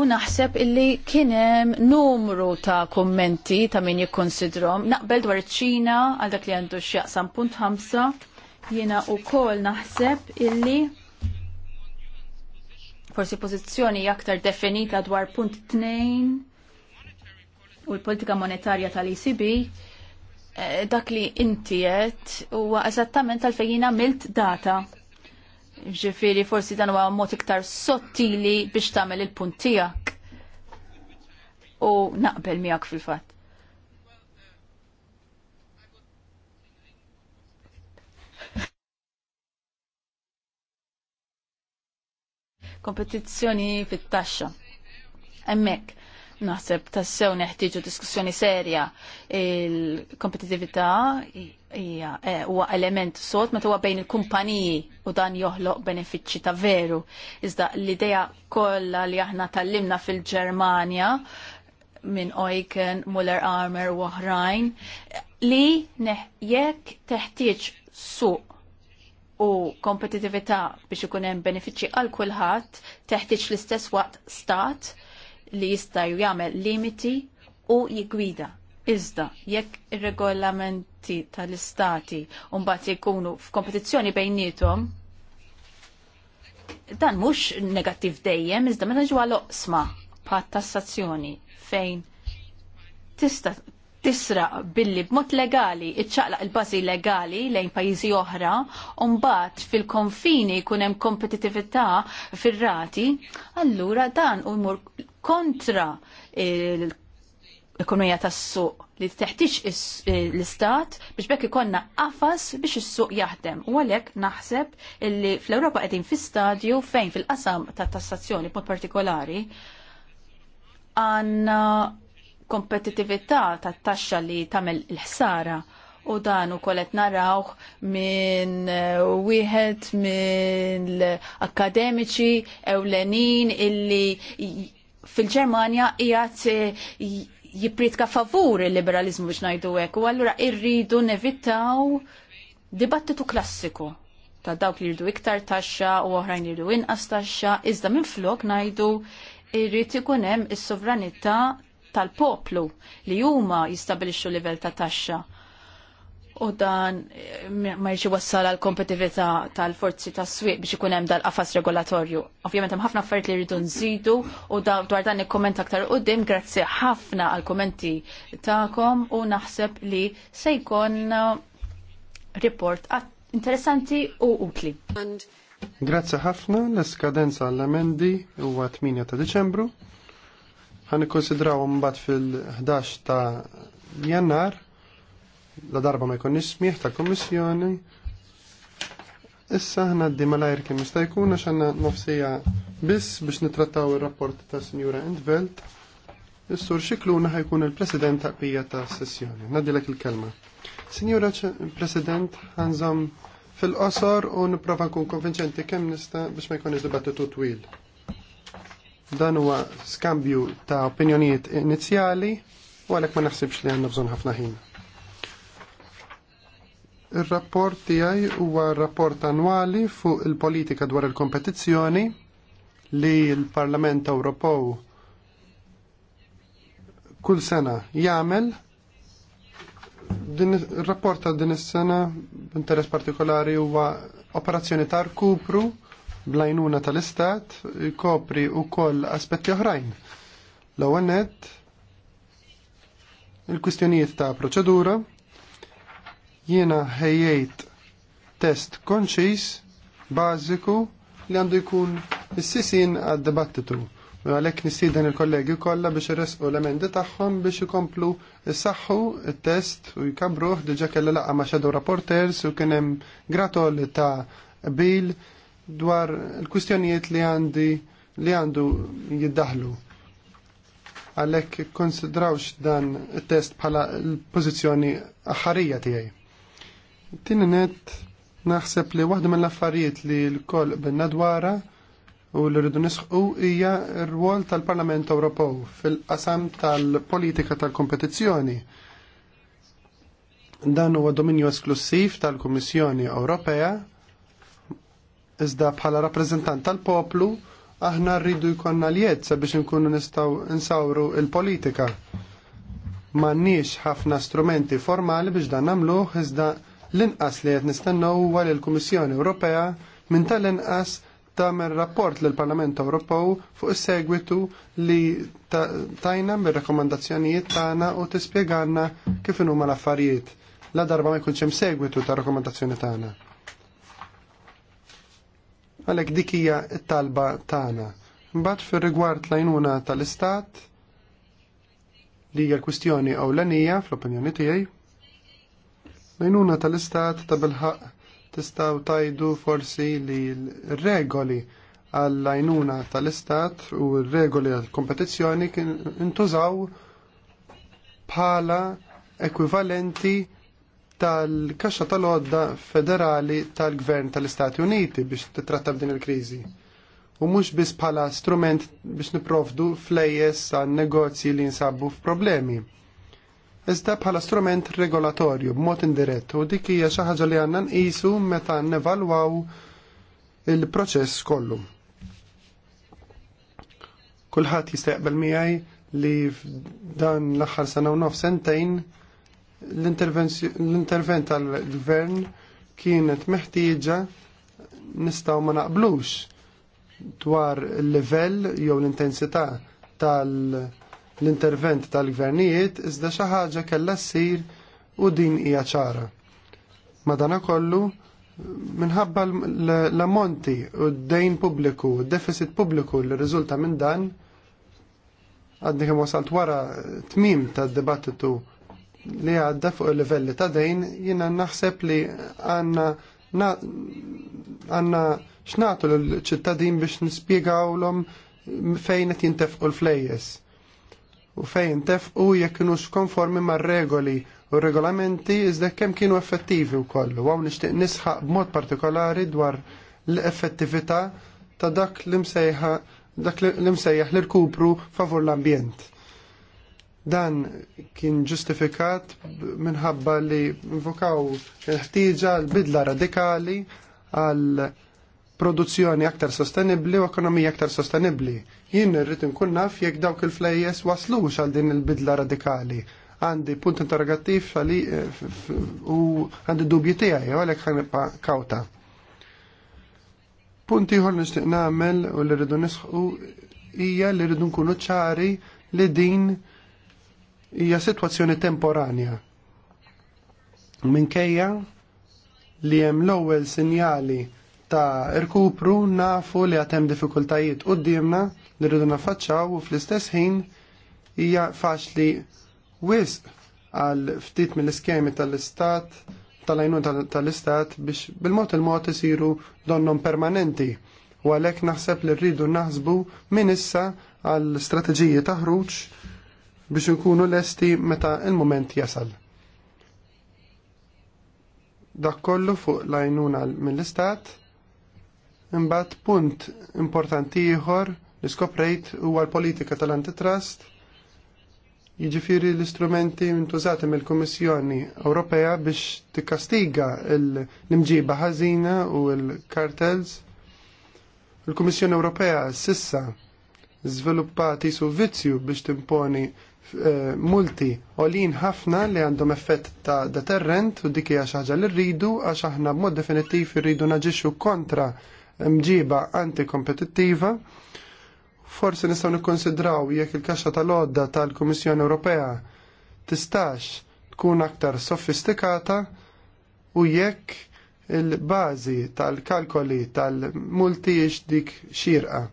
U naħseb illi kienem numru ta' kommenti ta' min jikkonsidrom. Naqbel dwar ċina għal dak li għandu x'jaqsam punt ħamsa Jiena wkoll naħseb illi forsi pożizzjoni aktar definita dwar punt tnejn u l-politika monetarja tal-ECB eh, dak li inti qed huwa eżattament tal fejjina milt data. Ġifieri forsi dan huwa mod iktar sottili biex tagħmel il-punt tiegħek. U naqbel miegħek fil-fatt. kompetizzjoni fit-taxxa. Hemmhekk naħseb tassew neħtieġu diskussjoni serja il-kompetitività hija eh, huwa element sod meta huwa bejn il-kumpaniji u dan joħloq benefiċċji ta' veru. Iżda l-idea kollha li aħna tallimna fil-Ġermanja minn Oiken, Muller Armer u oħrajn li jekk teħtieġ suq u kompetitività biex ikun hemm benefiċċji għal kulħadd teħtieġ l-istess waqt stat li jista' jagħmel limiti u jigwida. Iżda jekk ir-regolamenti tal-istati mbagħad jkunu f'kompetizzjoni bejnietom, dan mhux negattiv dejjem, iżda meta ġwa loqsma pa' tassazzjoni fejn tista' tisraq billi b'mod legali iċċaqlaq il-bażi legali lejn pajjiżi oħra u mbagħad fil-konfini jkun hemm kompetitività fir-rati, allura dan u jmur kontra l-ekonomija tas-suq li teħtix l-istat biex bekk ikonna qafas biex is-suq jaħdem. U għalhekk naħseb li fl-Ewropa qegħdin fi stadju fejn fil-qasam tat tassazzjoni b'mod partikolari għanna kompetitività tat-taxxa li tagħmel il-ħsara u dan u kolet narawħ minn eh, wieħed minn akademiċi ewlenin illi fil-Ġermanja qiegħed eh, jipritka favur il-liberalizmu biex ngħidu hekk u allura irridu nevitaw dibattitu klassiku ta' dawk li jridu iktar taxxa u oħrajn li jridu inqas taxxa, iżda minn flok ngħidu irrid ikun hemm is-sovranità tal-poplu li huma jistabilixxu livell ta' taxxa. U dan eh, ma jiġi wassal għal kompetività tal-forzi tas-swieq biex ikun hemm dal-qafas regolatorju. Ovvjament hemm ħafna affarijiet li rridu nżidu u dwar dan nikkomment aktar qudiem grazzi ħafna għal kommenti tagħkom u naħseb li se jkun eh, report interessanti u utli. Grazzi ħafna l skadenza għall-emendi huwa 8 ta' Deċembru ħan ikkonsidraw mbagħad fil-11 ta' Jannar la darba ma jkun smieħ ta' kommissjoni. Issa aħna għaddi malajr kemm jista' jkun għax għandna nofsija biss biex nitrattaw ir-rapport ta' Sinjura Entvelt. Is-sur Xikluna ħajkun il-President ta' qija ta' sessjoni. Nadilek il-kelma. Sinjura President ħanżam fil-qosor u nipprova nkun konvinċenti kemm nista' biex ma jkunx dibattitu twil. Dan huwa skambju ta' opinjonijiet inizjali u għalhekk ma naħsibx li għandna bżonn ħafna ħin. Ir-rapport tiegħi huwa rapport annwali fuq il-politika dwar il-kompetizzjoni li l-Parlament Ewropew kull sena jagħmel din il-rapport ta' din is-sena b'interess partikolari huwa operazzjoni ta' rkupru blajnuna tal-istat kopri u koll aspetti oħrajn. L-ewwel net il-kwistjonijiet ta' proċedura, jiena ħejjejt test konċis, bażiku li għandu jkun is-sisin għad-dibattitu. U għalhekk nistieden il-kollegi kollha biex irresqu l-emendi tagħhom biex ikomplu issaħħu it-test u jkabruh diġà kellha laqgħa ma' shadow rapporters u kien hemm gratol ta' bil dwar il-kustjonijiet li għandi li għandu jiddaħlu. Għalek konsidrawx dan il-test bħala l-pozizjoni aħarija tijaj. Tini net naħseb li waħda mill affarijiet li l-koll binna dwara u li rridu nisħu hija r-rwol tal-Parlament Ewropew fil-qasam tal-politika tal-kompetizzjoni. Dan huwa dominju esklusiv tal-Kummissjoni Ewropea Iżda bħala rappreżentant tal-poplu aħna rridu jkollna l-jedza biex nkunu nistgħu nsawru il-politika. M'għandniex ħafna strumenti formali biex dan nagħmluh iżda l-inqas li qed nistennew huwa li l-Kummissjoni Ewropea minn tal-inqas tagħmel rapport lill parlament Ewropew fuq is-segwitu li tajna mir-rakkomandazzjonijiet tagħna u tispjegana kif inhuma l-affarijiet. La darba ma jkunx hemm segwitu tar rakkomandazzjoni tagħna. Għalhekk dik hija t-talba tagħna. Mbagħad fir-rigward l tal-Istat li hija l-kwistjoni ewlenija fl-opinjoni tiegħi. l tal-Istat ta' bilħaq tistgħu tajdu forsi li l-regoli għall lajnuna tal-Istat u r-regoli għal kompetizzjoni kien intużaw bħala ekwivalenti tal-kaxxa tal-għodda federali tal-gvern tal-Istati Uniti biex titratta b'din il-kriżi. U mhux biss bħala strument biex niprofdu flejjes għan negozji li nsabu f'problemi. Iżda bħala strument regolatorju b'mod indirett u dik hija xi ħaġa li għandna nqisu meta nevalwaw il-proċess kollu. Kulħadd jista' jaqbel miegħi li f'dan l-aħħar sena u nof sentejn L-intervent tal-gvern kienet meħtieġa nistgħu ma naqblux dwar il-livell jew l-intensità tal-intervent tal-gvernijiet iżda xi ħaġa kellha ssir u din hija ċara. Madanakollu minħabba l-ammonti u d-dejn pubbliku d-deficit pubbliku li riżulta minn dan, għaddi kemm wasalt wara tmim tad dibattitu li għadda fuq il-livelli ta' dejn jiena naħseb li għanna għanna xnatu l-ċittadin biex l-om fejn qed jintefqu l-flejjes u fejn tefqu jekk kienux konformi mar-regoli u regolamenti iżda kemm kienu effettivi wkoll. U hawn nixtieq nisħaq b'mod partikolari dwar l-effettività ta' dak li imsejħa dak l imsejħa l rkupru favur l-ambjent. Dan kien ġustifikat minħabba li invokaw il ħtiġa l-bidla radikali għal produzzjoni aktar sostenibli u ekonomija aktar sostenibli. Jien irrid inkun naf jekk dawk il-flejjes waslux għal din il-bidla radikali. Għandi punt interrogattiv għali eh, u għandi dubji tiegħi għalhekk ħanibqa' kawta. Punt ieħor nixtieq nagħmel u li rridu nisħu hija li rridu nkunu ċari li din hija sitwazzjoni temporanja. Minkejja li hemm l-ewwel sinjali ta' irkupru nafu li għat hemm diffikultajiet qudiemna li rridu nafaċċaw u fl-istess ħin hija faċli wisq għal ftit mill-iskemi tal-istat tal-għajnun tal-istat biex bil-mod il-mod isiru donnom permanenti u għalhekk naħseb li rridu naħsbu minn issa għal strateġiji ta' ħruġ biex nkunu lesti meta il-moment jasal. Dak kollu fuq lajnuna mill-istat, imbagħad punt importanti ieħor li skoprejt huwa l-politika tal-antitrust, jiġifieri l-istrumenti ntużati mill-Kummissjoni Ewropea biex tikkastiga l-imġiba ħażina u l-kartels. Il-Kummissjoni Ewropea sissa żviluppati su vizzju biex timponi multi olin ħafna li għandhom effett ta' deterrent u dik hija xi ħaġa li rridu għax aħna b'mod definittiv irridu naġixxu kontra mġiba antikompetittiva. Forsi nistgħu nikkonsidraw jekk il-kaxxa tal-għodda tal-Kummissjoni Ewropea tistax tkun aktar sofistikata u jekk il-bażi tal-kalkoli tal-multi dik xirqa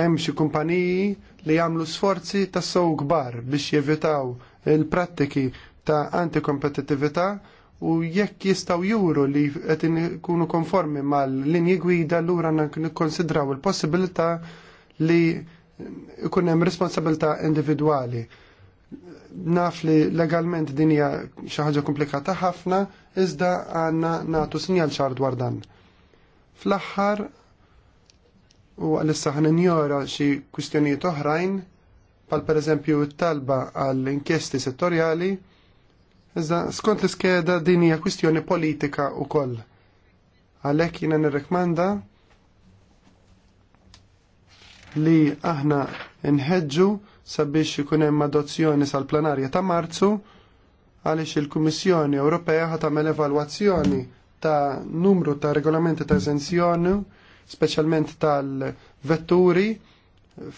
Hemm xi kumpaniji li jagħmlu sforzi ta' sew kbar biex jevitaw il-prattiki ta' antikompetittività u jekk jistgħu juru li qed ikunu konformi mal-linji gwida lura nikkonsidraw il-possibilità li ikun hemm responsabilità individwali naf li legalment din hija xi ħaġa komplikata ħafna, iżda għandna nagħtu sinjal ċar dwar dan. Fl-aħħar u għalissa ħan injora xi kwistjonijiet oħrajn pal pereżempju t-talba għall inkjesti settorjali, iżda skont l-iskeda din hija kwistjoni politika wkoll. Għalhekk jiena nirrekmanda li aħna nħeġġu sabiex ikun hemm adozzjoni sal-plenarja ta' Marzu għaliex il-Kummissjoni Ewropea ħat tagħmel evalwazzjoni ta' numru ta' regolamenti ta' eżenzjoni speċjalment tal-vetturi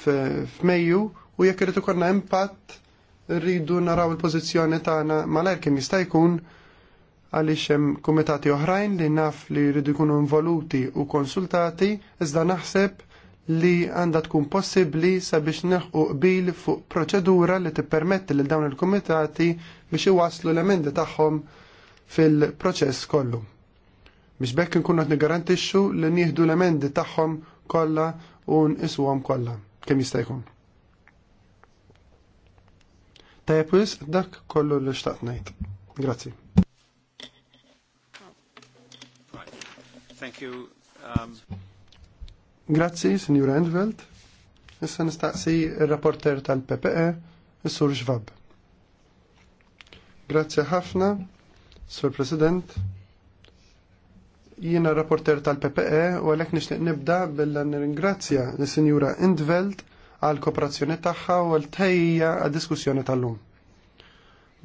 f'Mejju u jekk irid ikolna impatt rridu naraw il-pożizzjoni tagħna malajr kemm jista' jkun għaliex hemm kumitati oħrajn li naf li rridu jkunu involuti u konsultati iżda naħseb li għandha tkun possibbli sabiex neħu qbil fuq proċedura li tippermetti lil dawn il-kumitati biex iwaslu l-emendi tagħhom fil-proċess kollu biex bekk nkunna qed nigarantixxu li nieħdu l-emendi tagħhom kollha u nqisuhom kollha kemm jista' jkun. Tajjeb dak kollu li xtaqt ngħid. Grazzi. Thank you. Um... Grazzi, Signora Enveld. Issa nistaqsi il-rapporter tal-PPE, il-Sur Xvab. Grazzi ħafna, Sur President. Jiena rapporter tal-PPE u għalhekk nixtieq nibda billi nirringrazzja l sinjura Indveld għal kooperazzjoni tagħha u għal tejja għad diskussjoni tal-lum.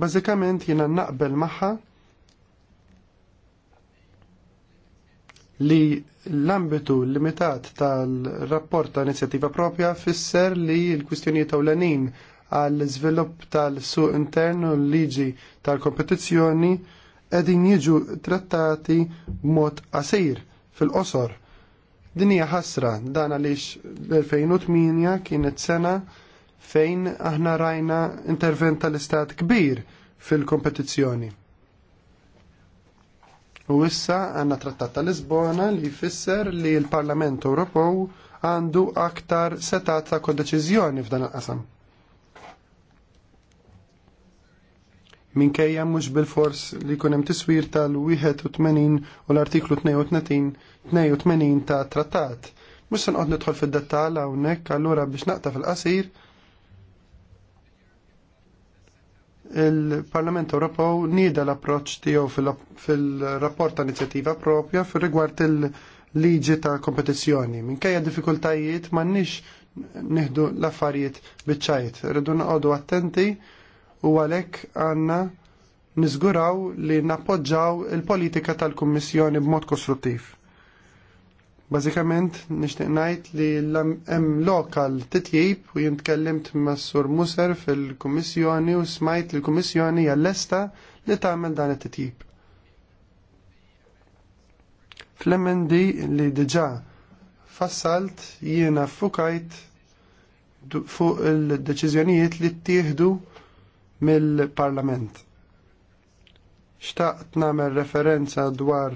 Bażikament jiena naqbel magħha li l-ambitu limitat tal-rapport ta' inizjattiva propja fisser li l-kwistjonijiet ewlenin għall-iżvilupp tal-suq intern u l-liġi tal-kompetizzjoni tal kompetizjoni tal kompetizzjoni qegħdin jiġu trattati b'mod qasir fil-qosor. Din hija ħasra dan għaliex l-2008 kienet sena fejn aħna rajna intervent tal-istat kbir fil-kompetizzjoni. U issa għanna trattat tal Lisbona li jfisser li l-Parlament Ewropew għandu aktar setat ta' kodeċizjoni f'dan il-qasam. minkejja mhux bil-fors li jkun hemm tiswir tal-81 u l-artiklu 82 ta' trattat. Mhux se qod nidħol fid-dettall hawnhekk allura biex naqta fil-qasir. Il-Parlament Ewropew nieda l-approċċ tiegħu fil-rapport ta' inizjattiva propja fil rigward il-liġi ta' kompetizzjoni. Minkejja diffikultajiet m'għandniex nieħdu l-affarijiet biċ-ċajt. Irridu noqogħdu attenti u għalhekk għandna niżguraw li nappoġġaw il-politika tal-Kummissjoni b'mod kostruttiv. Bażikament nixtieq ngħid li hemm lokal titjib u jintkellimt mas Sur Muser fil-Kummissjoni u smajt li l-Kummissjoni hija lesta li tagħmel dan it-titjib. Fl-emendi li diġa' fassalt jiena fukajt fuq il-deċiżjonijiet li ttieħdu mill-Parlament. Xtaqt namel referenza dwar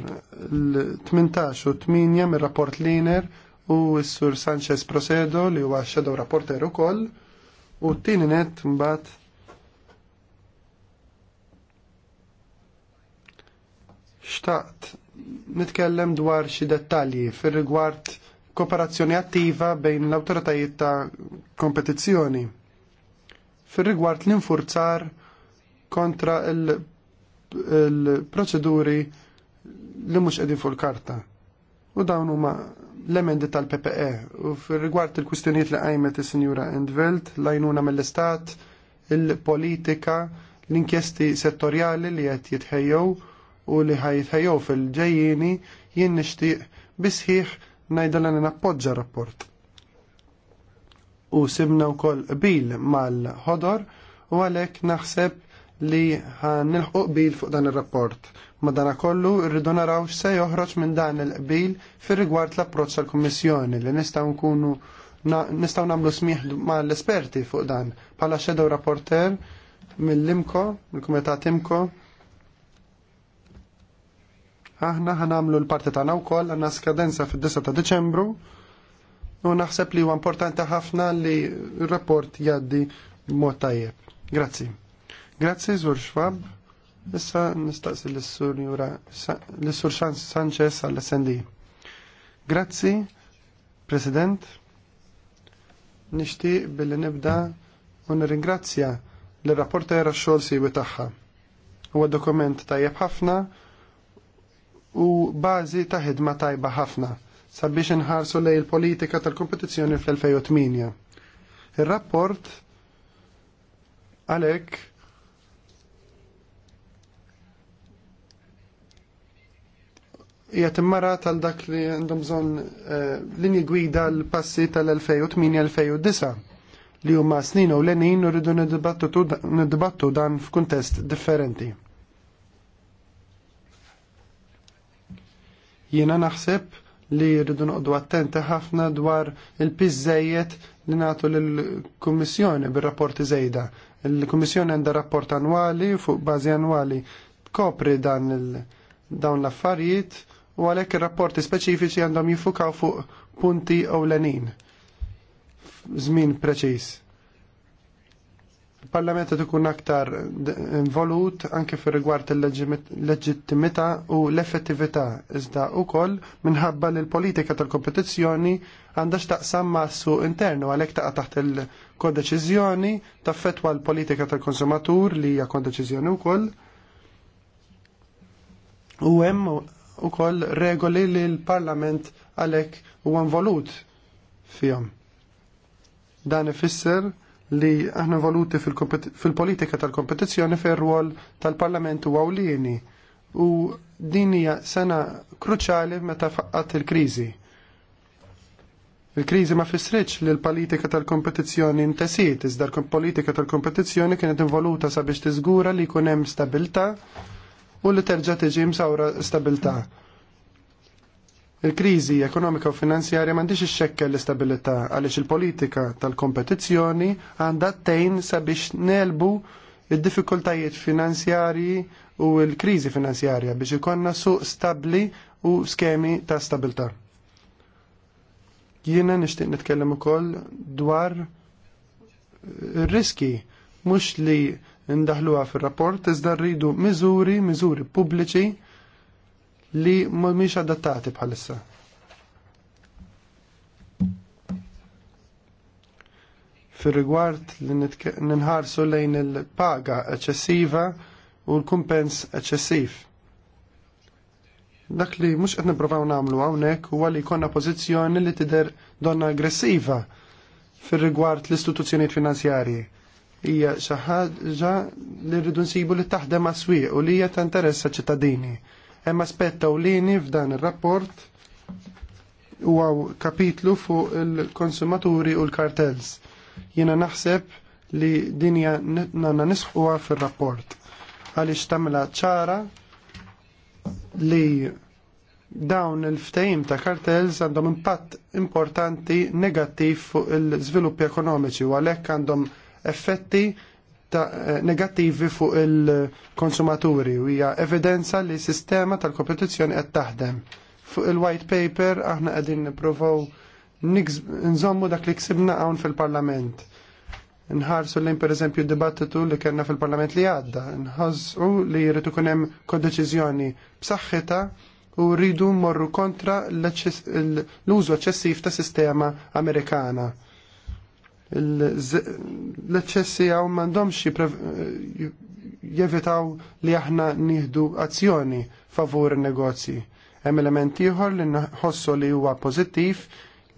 l-18 u 8 mir-rapport Liner u s-sur Sanchez Procedo li huwa xedow rapporter ukoll u t-tieni net mbat xtaqt nitkellem dwar xi dettalji fir-rigward kooperazzjoni attiva bejn l-awtoritajiet ta' kompetizzjoni fir-rigward l-infurzar kontra il-proċeduri li mhux qegħdin fuq il-karta. U dawn huma l-emendi tal-PPE u fir-rigward il-kwistjonijiet li għajmet is-Sinjura Endvelt, l-għajnuna mill-Istat, il-politika, l-inkjesti settorjali li qed jitħejjew u li ħajtħejjew fil ġejjini jien nixtieq bisħiħ najdalan li nappoġġa rapport u simna wkoll qbil mal-ħodor u għalhekk naħseb li nilħu bil fuq dan ir-rapport. Madana kollu rridu naraw x'se joħroġ minn dan il-qbil fir-rigward l-approċċ tal-Kummissjoni li nistgħu nkunu namlu nagħmlu ma mal-esperti fuq dan Pala xedaw rapporter mill-Imko, mill-Kumitat Imko. Aħna ħanamlu l-parti tagħna wkoll għandna skadenza fid-9 ta' Deċembru u naħseb li huwa importanti ħafna li r-rapport jaddi mod tajjeb. Grazzi. Grazzi, Zur Schwab. Issa nistaqsi l-Sur l-Sur Sanchez għall-SND. Grazzi, President. Nishti billi nibda u nirringrazzja l-rapporter għax-xogħol siwi tagħha. Huwa dokument tajjeb ħafna u bażi ta' ħidma tajba ħafna sabiex inħarsu lej il-politika tal-kompetizzjoni fl-2008. Il-rapport għalek jgħat immara tal dak li għandhom bżonn eh, linji gwida l-passi tal-2008-2009 li huma snin u l-enin u rridu nid-dibattu dan f'kuntest differenti. Jiena naħseb li rridu noqdu attenti ħafna dwar il-pizzejiet li nagħtu lill-Kummissjoni bil rapporti żejda. Il-Kummissjoni għandha rapport annwali fuq bażi annwali tkopri dan dawn l-affarijiet u għalhekk ir-rapporti speċifiċi għandhom jifukaw fuq punti ewlenin. Żmien preċiż il-Parlament qed ikun aktar involut anke fir rigward il-leġittimità u l-effettività iżda wkoll minħabba li l-politika tal-kompetizzjoni għandha x'taqsam ma' su internu għalhekk taqa' taħt il-kodeċiżjoni taffetwa l-politika tal-konsumatur li hija kodeċiżjoni wkoll. U hemm ukoll regoli li l-Parlament għalhekk huwa involut fihom. Dan ifisser li aħna voluti fil-politika tal-kompetizzjoni fil rwol tal-Parlament u għawlini u din hija sena kruċali meta faqqat il-kriżi. Il-kriżi ma fissritx li l-politika tal-kompetizzjoni intesit, iżda l-politika tal-kompetizzjoni kienet involuta sabiex tiżgura li jkun hemm stabilità u li terġa' tiġi msawra stabilità Il-kriżi ekonomika u finanzjarja mandiċ ixxekkel l istabilita għaliex il-politika tal-kompetizzjoni għandha tejn sabiex nelbu il diffikultajiet finanzjarji u l-kriżi finanzjarja biex ikonna suq stabbli u skemi ta' stabilità. Jiena nixtieq nitkellem ukoll dwar riski mhux li ndaħluha fir-rapport iżda rridu miżuri, miżuri pubbliċi li mhumiex adattati bħalissa. Fir-rigward li ninħarsu lejn il-paga eċċessiva u l-kumpens eċċessiv. Dak li mhux qed nippruvaw nagħmlu hawnhekk huwa li jkollna pożizzjoni li tidher donna aggressiva fir-rigward l-istituzzjonijiet finanzjarji hija xi ħaġa li rridu nsibu li taħdem għas-swieq u li hija ta' interess ċittadini. Hemm aspett ewlieni f'dan ir-rapport huwa kapitlu fuq il-konsumaturi u l-kartels. Jiena naħseb li dinja nanna nisħuha fir-rapport għaliex tagħmilha ċara li dawn il-ftehim ta' kartels għandhom impatt importanti negattiv fuq il-żviluppi ekonomiċi u għalhekk għandhom effetti negattivi fuq il-konsumaturi u hija evidenza li s sistema tal-kompetizzjoni qed taħdem. Fuq il-white paper aħna qegħdin nippruvaw nżommu dak li ksibna hawn fil-Parlament. Nħarsu lejn pereżempju d dibattitu li kellna fil-Parlament li għadda, nħossqu li jrid ikun hemm kodeċiżjoni b'saħħitha u rridu mmorru kontra l-użu eċċessiv ta' sistema Amerikana l-eċċessi għaw xie eh, jevitaw li aħna nieħdu azzjoni favur negozji. Hemm element ieħor li nħossu li huwa pożittiv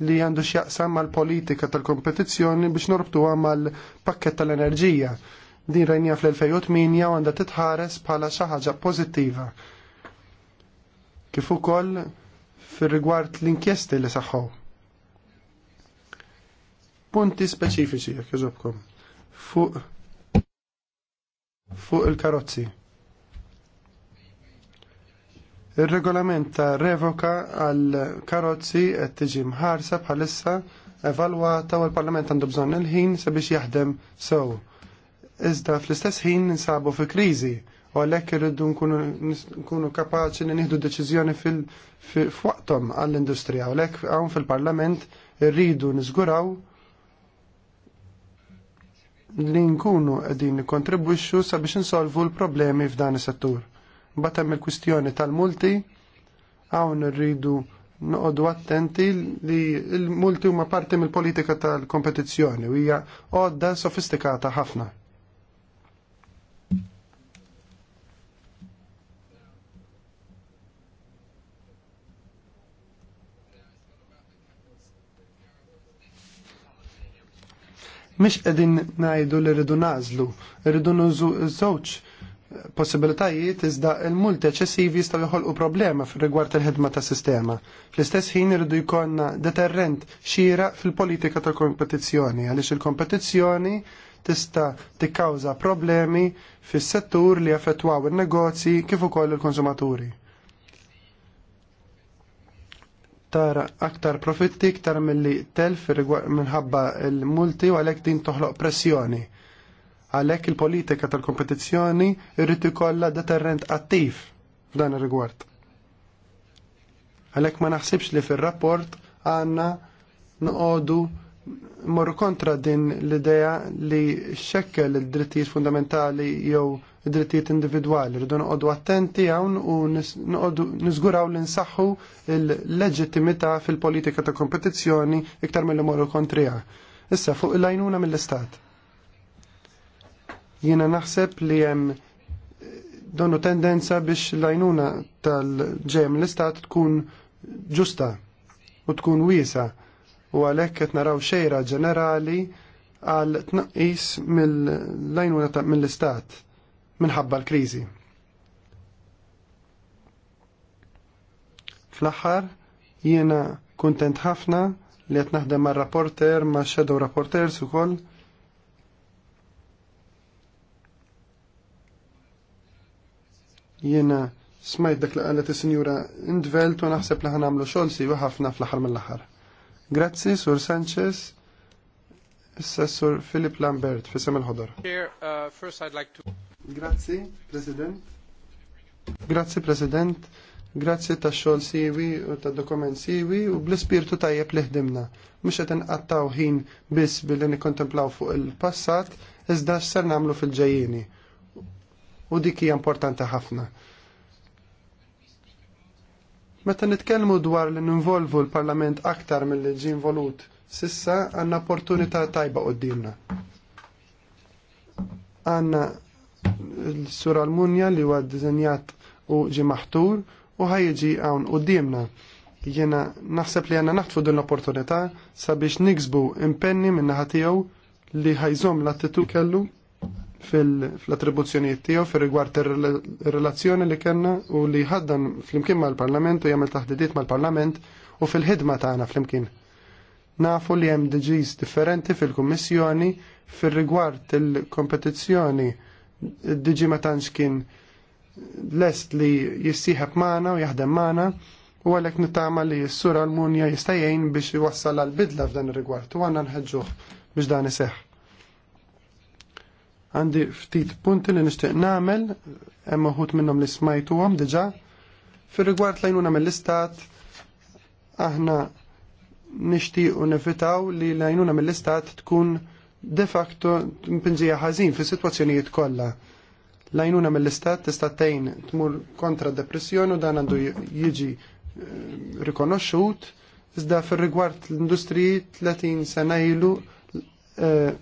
li għandu x'jaqsam mal-politika tal-kompetizzjoni biex norbtuha mal-pakket tal-enerġija. Din rajnija fl-2008 għandha titħares bħala xi ħaġa pożittiva. Kif ukoll fir-rigward l-inkjesti li saħħu punti speċifiċi jekk jogħġobkom. Fuq fuq il-karozzi. Il-regolament ta' revoka għal karozzi qed tiġi mħarsa bħalissa evalwata u l-Parlament għandu bżonn il-ħin sabiex jaħdem sew. Iżda fl-istess ħin ninsabu fi kriżi u għalhekk irridu nkunu kapaċi li nieħdu deċiżjoni fil-waqthom għall-industrija u għalhekk hawn fil-Parlament irridu niżguraw li nkunu qegħdin nikkontribwixxu sabiex insolvu l-problemi f'dan is-settur. Mbagħad hemm il-kwistjoni tal-multi hawn irridu noqogħdu attenti li l-multi huma parti mill-politika tal-kompetizzjoni u hija għodda sofistikata ħafna. Mish qegħdin ngħidu li rridu nażlu, rridu nużu żewġ possibilitajiet iżda il mult eċessivi jistgħu joħolqu problema rigward il ħedma tas sistema. Fl-istess ħin irridu jkollna deterrent xira fil-politika tal kompetizzjoni għaliex il-kompetizzjoni tista' tikkawża problemi fis-settur li affettwaw in-negozji kif ukoll il-konsumaturi. aktar, aktar profitti iktar mill-li telf minħabba l-multi u għalhekk din toħloq pressjoni. Għalhekk il-politika tal-kompetizzjoni irrid ikolla deterrent attiv f'dan ir-rigward. Għalhekk ma naħsibx li fir-rapport għandna noqogħdu morru kontra din l-idea li xekkel id-drittijiet fundamentali jew id-drittijiet individwali. Rridu noqogħdu attenti hawn u niżguraw li nsaħħu l-leġittimità fil-politika ta' kompetizzjoni iktar mill-li morru kontrija. Issa fuq il-għajnuna mill-istat. Jiena naħseb li hemm donu tendenza biex l-għajnuna tal-ġem l-istat tkun ġusta u tkun wiesa' u għalhekk qed naraw xejra ġenerali għal tnaqqis mill-lajnuna mill-istat minħabba l-kriżi. Fl-aħħar jiena kuntent ħafna li qed naħdem ma' rapporter ma' shadow rapporters ukoll. Jiena smajt dak li qalet is-Sinjura Indvelt u naħseb li ħanamlu xogħol siwa ħafna fl-aħħar mill-aħħar. Grazzi, Sur Sanchez. Issa Sur Filip Lambert, fissem il-ħodor. Uh, Grazzi, President. Grazzi, President. Grazzi ta' xol siwi u ta' dokument siwi u bl-spirtu tajjeb li ħdimna. Mux għet nqattaw ħin biss billi nikkontemplaw fuq il-passat, iżda x'ser namlu fil-ġejjini. U dik hija importanti ħafna. Meta nitkellmu dwar li ninvolvu l-Parlament aktar mill-li involut sissa għanna opportunità tajba qoddimna. Għanna l-Sur Almunja li huwa dizenjat u ġi maħtur u ħajġi hawn qoddimna. Jena naħseb li għanna naħtfu din l-opportunità sabiex niksbu impenni minna ħatijaw li ħajżom l-attitu kellu fil-attribuzzjonijiet tiegħu fir-rigward ir-relazzjoni li kellna u li ħaddan flimkien mal-Parlament u jagħmel taħdidiet mal-Parlament u fil-ħidma tagħna flimkien. Nafu li hemm diġis differenti fil-Kummissjoni fir-rigward il-kompetizzjoni diġi ma tantx kien lest li jissieħeb magħna u jaħdem magħna u għalhekk nittama li s-sura l-munja jistajjen biex jwassal għal-bidla f'dan ir rigward u għandna nħeġġuh biex dan iseħħ. Għandi ftit punti li nixtieq nagħmel hemm uħud minnhom li smajtuhom diġà. Fir-rigward namel mill-istat aħna nixtiequ nevitaw li namel mill-istat tkun de facto mpinġija ħażin fi situazzjonijiet kollha. namel mill-istat tista' tgħin tmur kontra depressjoni u dan għandu jiġi eh, rikonoxxut iżda fir-rigward l-industriji 30 sena ilu eh,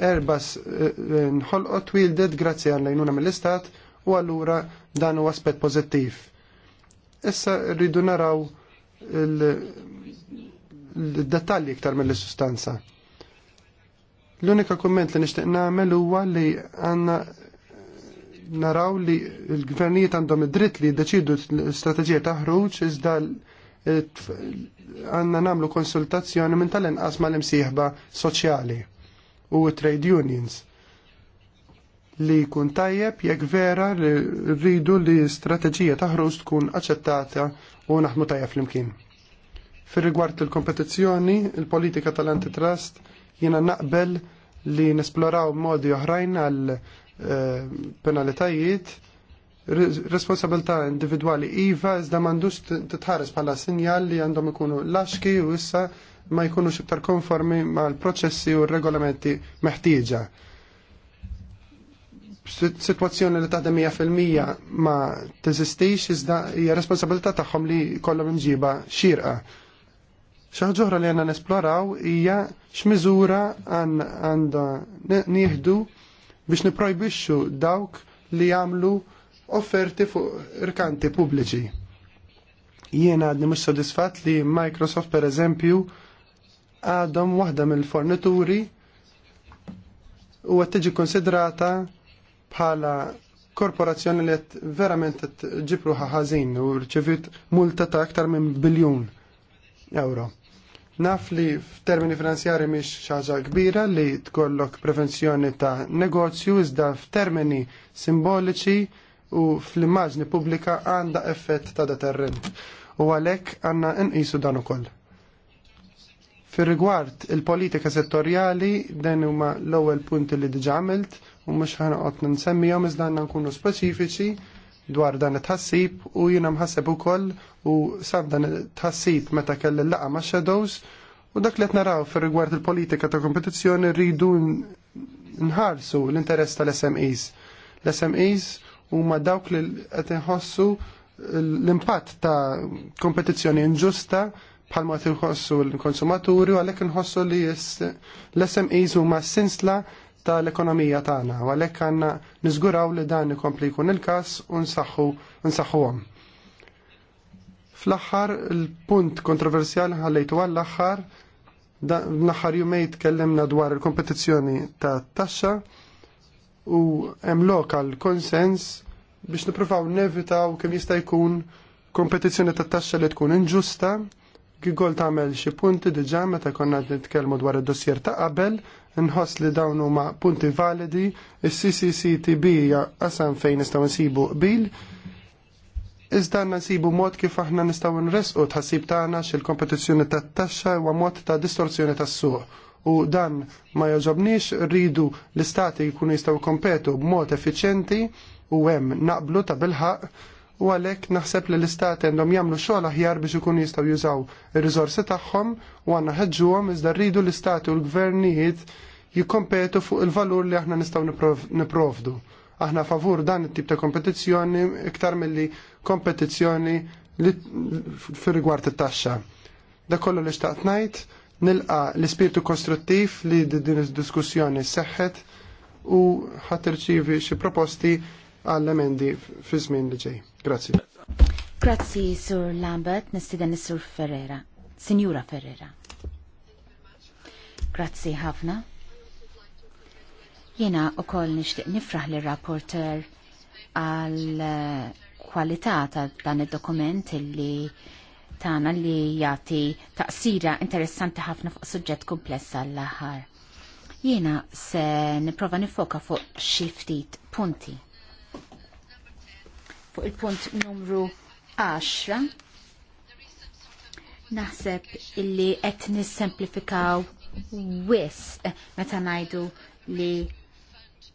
erbas eh, eh, nħolqot wildet grazzi għall-għajnuna mill-istat u allura dan u aspet pozittiv. Issa rridu naraw il-dettalji iktar mill-sustanza. L-unika komment li nishtiq nagħmel huwa li għandna naraw li l-gvernijiet għandhom id-dritt li jiddeċidu strategija ta' ħruġ iżda għandna nagħmlu konsultazzjoni minn tal-inqas mal-imsieħba soċjali u trade unions li jkun tajjeb jekk vera li rridu li strateġija taħruġ tkun aċċettata u naħmu tajjeb flimkien. Fir rigward il-kompetizzjoni, il-politika tal-antitrust jiena naqbel li nesploraw modi oħrajn għal eh, penalitajiet responsabilità individwali iva iżda m'għandux titħares bħala sinjal li għandhom ikunu laxki u issa ma jkunux iktar konformi mal-proċessi u r-regolamenti meħtieġa. Situazzjoni li taħdem 100% ma teżistix iżda hija responsabilità tagħhom li kollhom imġiba xirqa. Xaħġuħra li għandna nesploraw hija x'miżura għandha nieħdu biex niprojbixxu dawk li jagħmlu offerti fuq rkanti pubbliċi. Jiena għadni mhux sodisfatt li Microsoft per eżempju għadhom waħda mill-fornituri u għed tiġi konsidrata bħala korporazzjoni li għed verament ġibru ħażin u rċevit multa ta' aktar minn biljun euro. Naf li f'termini finanzjari miex xaġa kbira li tkollok prevenzjoni ta' negozju iżda f'termini simboliċi u fl-immaġni pubblika għandha effett ta' deterrent u għalhekk għandna nqisu dan ukoll. Fir rigward il-politika settorjali dan huma l-ewwel punti li diġa għamilt u mhux ħanqot nsemmihom iżda għandna nkunu speċifiċi dwar dan it-ħassib u jiena mħasseb ukoll u sab dan it-ħassib meta kelli laqa ma' shadows u dak li qed naraw fir rigward il-politika ta' kompetizzjoni rridu nħarsu l-interess tal-SMEs. L-SMEs huma dawk li qed inħossu l-impatt ta' kompetizzjoni inġusta bħal ma tinħossu l-konsumaturi u għalhekk inħossu li l-SMEs huma sinsla tal-ekonomija tagħna u għalhekk għandna niżguraw li dan ikompli jkun il-każ u nsaħħu nsaħħuhom. Fl-aħħar il-punt kontroversjali ħallejtu għall-aħħar l-aħħar jumejn tkellimna dwar il-kompetizzjoni ta' taxxa u hemm lokal konsens biex nippruvaw nevitaw kemm jista' jkun kompetizzjoni tat taxxa li tkun inġusta Gigol tagħmel xi punti diġà meta konna nitkellmu dwar id-dossier ta' qabel, nħoss li dawn huma punti validi, il ccctb hija qasam fejn nistgħu nsibu qbil. Iżda nsibu mod kif aħna nistgħu nresqu tħassib tagħna xil kompetizzjoni tat-taxxa huwa mod ta' distorsjoni tas-suq u dan ma joġobniex rridu l-istati jkunu jistgħu kompetu b'mod effiċjenti u hemm naqblu ta' bilħaq u għalhekk naħseb li l-istati għandhom jagħmlu xogħol aħjar biex ikunu jistgħu jużaw ir-riżorsi tagħhom u għandna ħeġġuhom iżda rridu l-istati u l-gvernijiet jikkompetu fuq il-valur li aħna nistgħu niprovdu. Aħna favur dan it-tip ta' kompetizzjoni iktar milli kompetizzjoni fir rigward it-taxxa. Da kollu li xtaqt ngħid nilqa l-ispirtu kostruttiv li din id-diskussjoni seħħet u ħatirċivi xi proposti għall-emendi fi żmien li ġej. Grazzi. Grazzi, Sur Lambert, nistiden is-Sur Ferrera. Sinjura Ferrera. Grazzi ħafna. Jena u koll nishtiq nifraħ li rapporter għal eh, kwalità ta' dan id-dokument illi tagħna li jagħti taqsira interessanti ħafna fuq suġġett kumpless għall-aħħar. Jiena se nipprova nifoka fuq xi ftit punti. Fuq il-punt numru 10 naħseb illi qed nissemplifikaw wis meta ngħidu li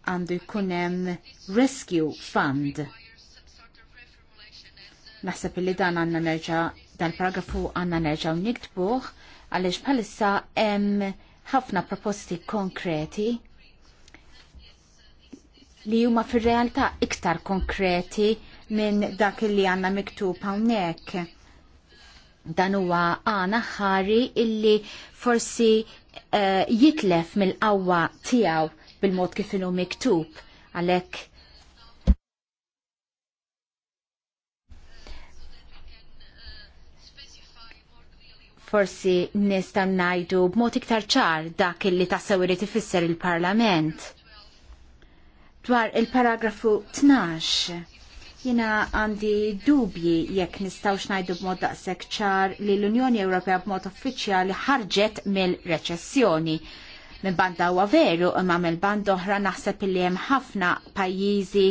għandu jkun hemm Rescue Fund. Naħseb li dan għandna nerġa' dal-paragrafu għanna nerġaw niktbuħ, għalix bħalissa hemm ħafna proposti konkreti li huma fir-realtà iktar konkreti minn dak li għanna miktub hawnhekk. Dan huwa għana ħari illi forsi uh, jitlef mill-qawwa tiegħu bil-mod kif miktub għalhekk forsi nistan najdu b'mod iktar ċar dak illi tassew irid ifisser il-Parlament. Dwar il-paragrafu 12, jina għandi dubji jekk nistawx najdu b'mod daqshekk ċar li l-Unjoni Ewropea b'mod uffiċjali ħarġet mill-reċessjoni. Minn banda huwa veru imma mill band oħra naħseb li hemm ħafna pajjiżi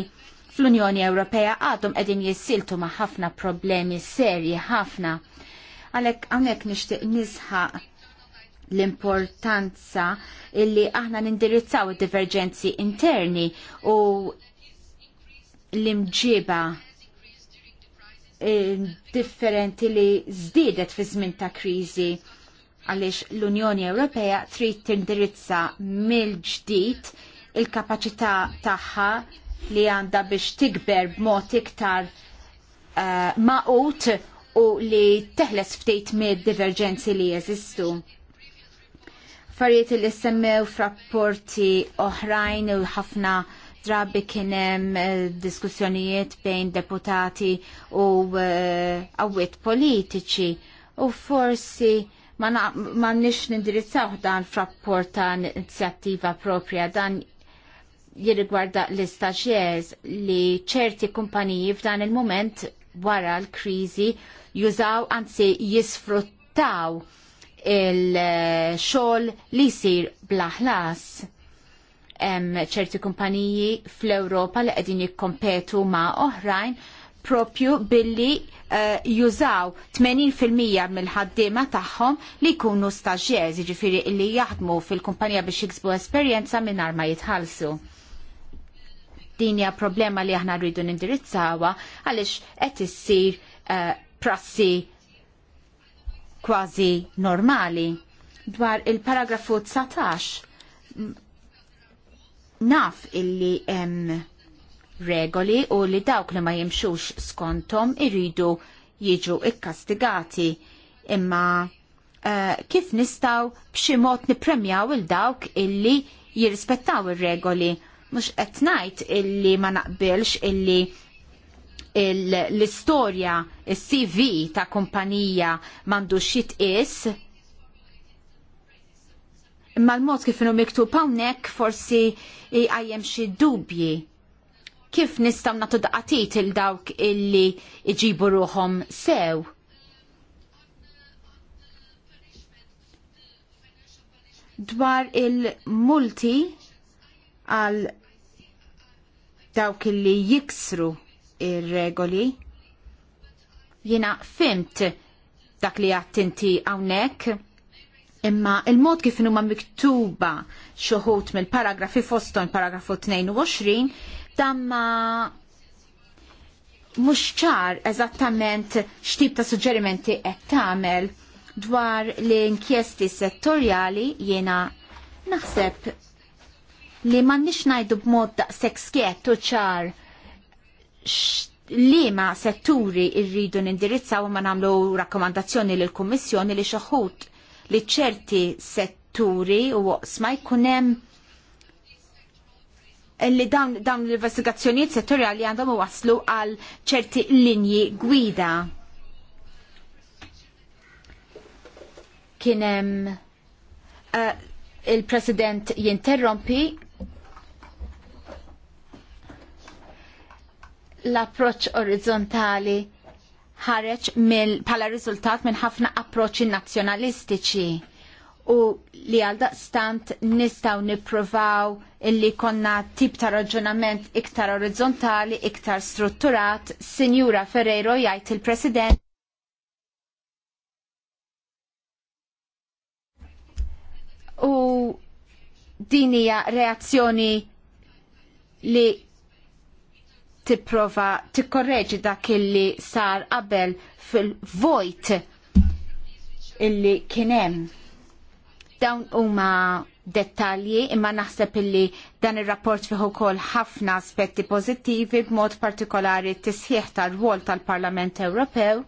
fl-Unjoni Ewropea għadhom qegħdin jissiltu ma' ħafna problemi serji ħafna Għalek għonek nishtiq nisħaq l-importanza illi aħna nindirizzaw id-divergenzi interni u l-imġiba eh, differenti li zdidet fi żmien ta' kriżi għaliex l-Unjoni Ewropea trid tindirizza mill-ġdid il-kapaċità tagħha li għandha biex tikber b'mod iktar uh, maqut u li teħles ftit me divergenzi li jeżistu affarijiet li semmew f'rapporti oħrajn u ħafna drabi kien hemm eh, diskussjonijiet bejn deputati u għawiet eh, politiċi u forsi ma nix nindirizzaw dan f'rapport ta' inizjattiva propria dan jirrigwarda l-istaġjez li ċerti kumpaniji f'dan il-moment wara l kriżi jużaw anzi jisfruttaw il-xogħol li jsir blaħlas. ħlas ċerti kumpaniji fl-Ewropa li qegħdin jikkompetu ma' oħrajn propju billi eh, jużaw 80% mill-ħaddiema tagħhom li jkunu staġjeż, jiġifieri li jaħdmu fil-kumpanija biex jiksbu esperjenza mingħajr ma jitħallsu. Din hija problema li aħna rridu nindirizzawa għaliex qed issir uh, prassi kważi normali. Dwar il-paragrafu 19 naf illi hemm regoli u li dawk li ma jimxux skontom iridu jiġu ikkastigati imma uh, kif nistaw b'xi mod nipremjaw il dawk illi jirrispettaw ir-regoli il Mhux qed ngħid illi ma naqbilx illi l-istorja, il-CV ta' kumpanija mandu xit is imma l-mod kif nu miktub hawnhekk forsi għajjem xi dubji. Kif nistgħu natu daqatit il dawk illi iġibu ruhom sew? Dwar il-multi għal dawk li jiksru ir-regoli. Jiena fimt dak li għattinti hawnhekk imma il-mod kif huma miktuba xoħut mill-paragrafi foston paragrafu 22 damma mhux ċar eżattament x'tip ta' suġġerimenti qed tagħmel dwar l-inkjesti settorjali jiena naħseb li ma nix najdu b'mod daqsek skiet u ċar li ma setturi irridu nindirizzaw ma namlu rakkomandazzjoni l kummissjoni li xoħut li ċerti setturi u sma jkunem li dawn, dawn l-investigazzjonijiet settorjali għandhom waslu għal ċerti linji gwida. kienem uh, eh, il-president jinterrompi l-approċ orizzontali ħareġ pala riżultat minn ħafna approċċi nazzjonalistiċi u li għal daqstant nistaw niprovaw illi konna tip ta' raġunament iktar orizzontali, iktar strutturat. Sinjura Ferrero jgħid il-President. U din hija reazzjoni li tipprova tikkorreġi dak illi sar qabel fil-vojt illi kien hemm. Dawn huma dettalji imma naħseb illi dan ir-rapport fih ukoll ħafna aspetti pożittivi b'mod partikolari t-tisħiħ tar-rwol tal-Parlament Ewropew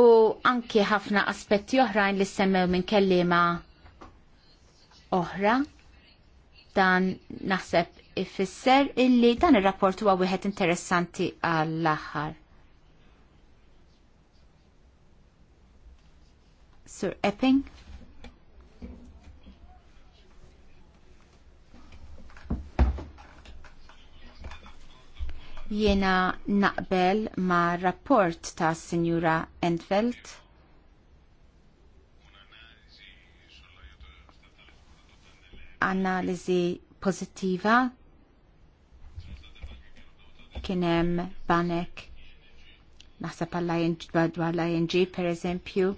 u anki ħafna aspetti oħrajn li semmew minn kelliema oħra dan naħseb ifisser illi dan ir-rapport huwa wieħed interessanti għall-aħħar. Sir Epping. Jiena naqbel ma rapport ta' Signora Entfeld. Analizi pozittiva Kien hemm banek naħseb għal ING per eżempju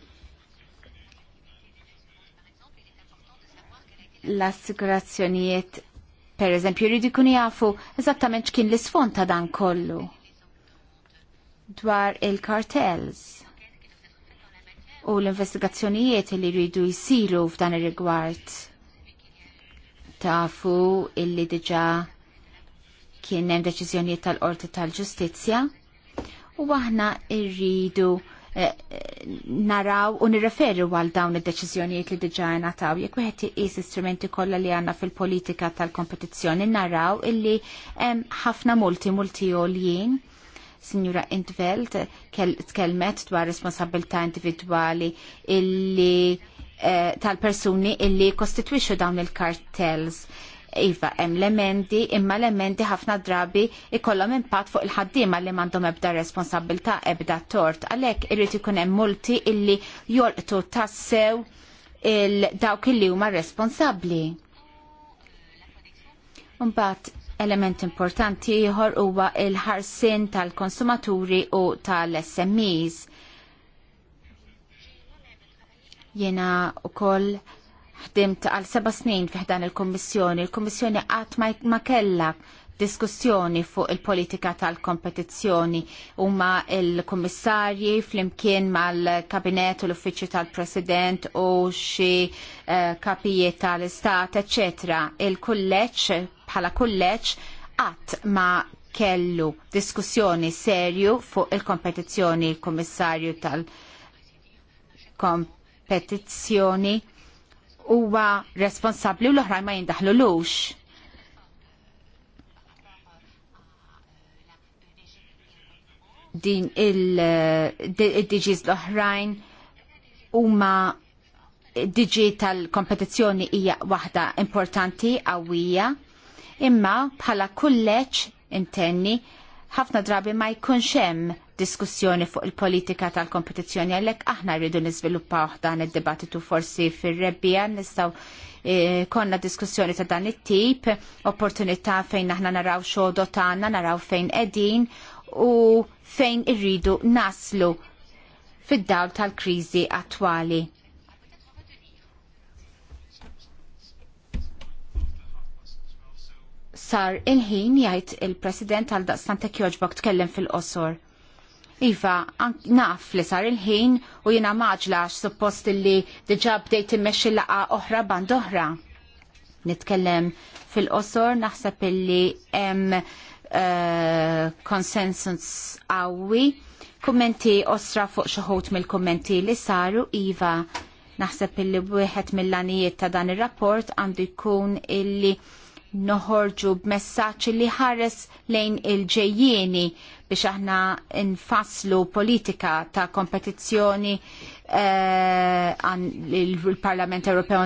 l-assigurazzjonijiet per eżempju jridu jkunu jafu eżattament x'kien l-isfond ta' dan kollu dwar il-kartels u l-investigazzjonijiet li jridu jsiru f'dan ir-rigward tafu illi diġa' kien hemm deċiżjonijiet tal-Qorti tal-Ġustizzja u aħna rridu eh, eh, naraw u nirreferi għal dawn id-deċiżjonijiet li diġà nataw jekk wieħed iqis istrumenti kollha li għandna fil-politika tal-kompetizzjoni naraw illi hemm ħafna multi multi għoljien. Signora Intveld tkellmet dwar responsabilità individwali illi eh, tal-persuni illi jkostitwixxu dawn il-kartels Iva, hemm l-emendi, imma l-emendi ħafna drabi ikollhom impatt fuq il-ħaddiema li m'għandhom ebda responsabilità ebda tort. Għalhekk irid ikun hemm multi illi jolqtu tassew il dawk illi huma responsabbli. Mbagħad element importanti ieħor huwa il-ħarsin tal-konsumaturi u tal-SMEs. Jena u koll ħdimt għal seba snin fiħdan il-Kommissjoni. Il-Kommissjoni għat ma kella diskussjoni fuq il-politika tal-kompetizzjoni huma il-kummissarji flimkien mal-kabinet u l-uffiċċju tal-president u xi eh, kapijiet tal-istat, eċetera. il kulleċ bħala kulleċ, qatt ma kellu diskussjoni serju fuq il-kompetizzjoni il-kummissarju tal-kompetizzjoni huwa responsabbli u l-oħrajn ma jindaħlulux. din il-DGs l-oħrajn huma diġi tal-kompetizzjoni hija waħda importanti qawwija, imma bħala kulleġġ intenni ħafna drabi ma jkunx hemm diskussjoni fuq il-politika tal-kompetizzjoni għalhekk aħna rridu niżviluppaw dan id-dibattitu forsi fir-rebbija nistgħu e, konna diskussjoni ta' dan it-tip, opportunità fejn aħna naraw xodo tagħna, naraw fejn qegħdin u fejn irridu naslu fid-dawl tal-kriżi attwali. sar il-ħin jgħid il-President għal daqstan jogħġbok tkellem fil-qosor. Iva, naf li sar il-ħin u jina maġla suppost li diġa bdejt immexxi laqa oħra band oħra. Nitkellem fil-qosor naħseb illi hemm konsensus eh, uh, qawwi. Kummenti osra fuq xoħut mill-kummenti li saru Iva. Naħseb illi wieħed mill-lanijiet ta' dan ir-rapport għandu jkun illi noħorġu b'messaġġ li ħares lejn il-ġejjieni biex aħna nfasslu politika ta' kompetizzjoni eh, il-Parlament Ewropew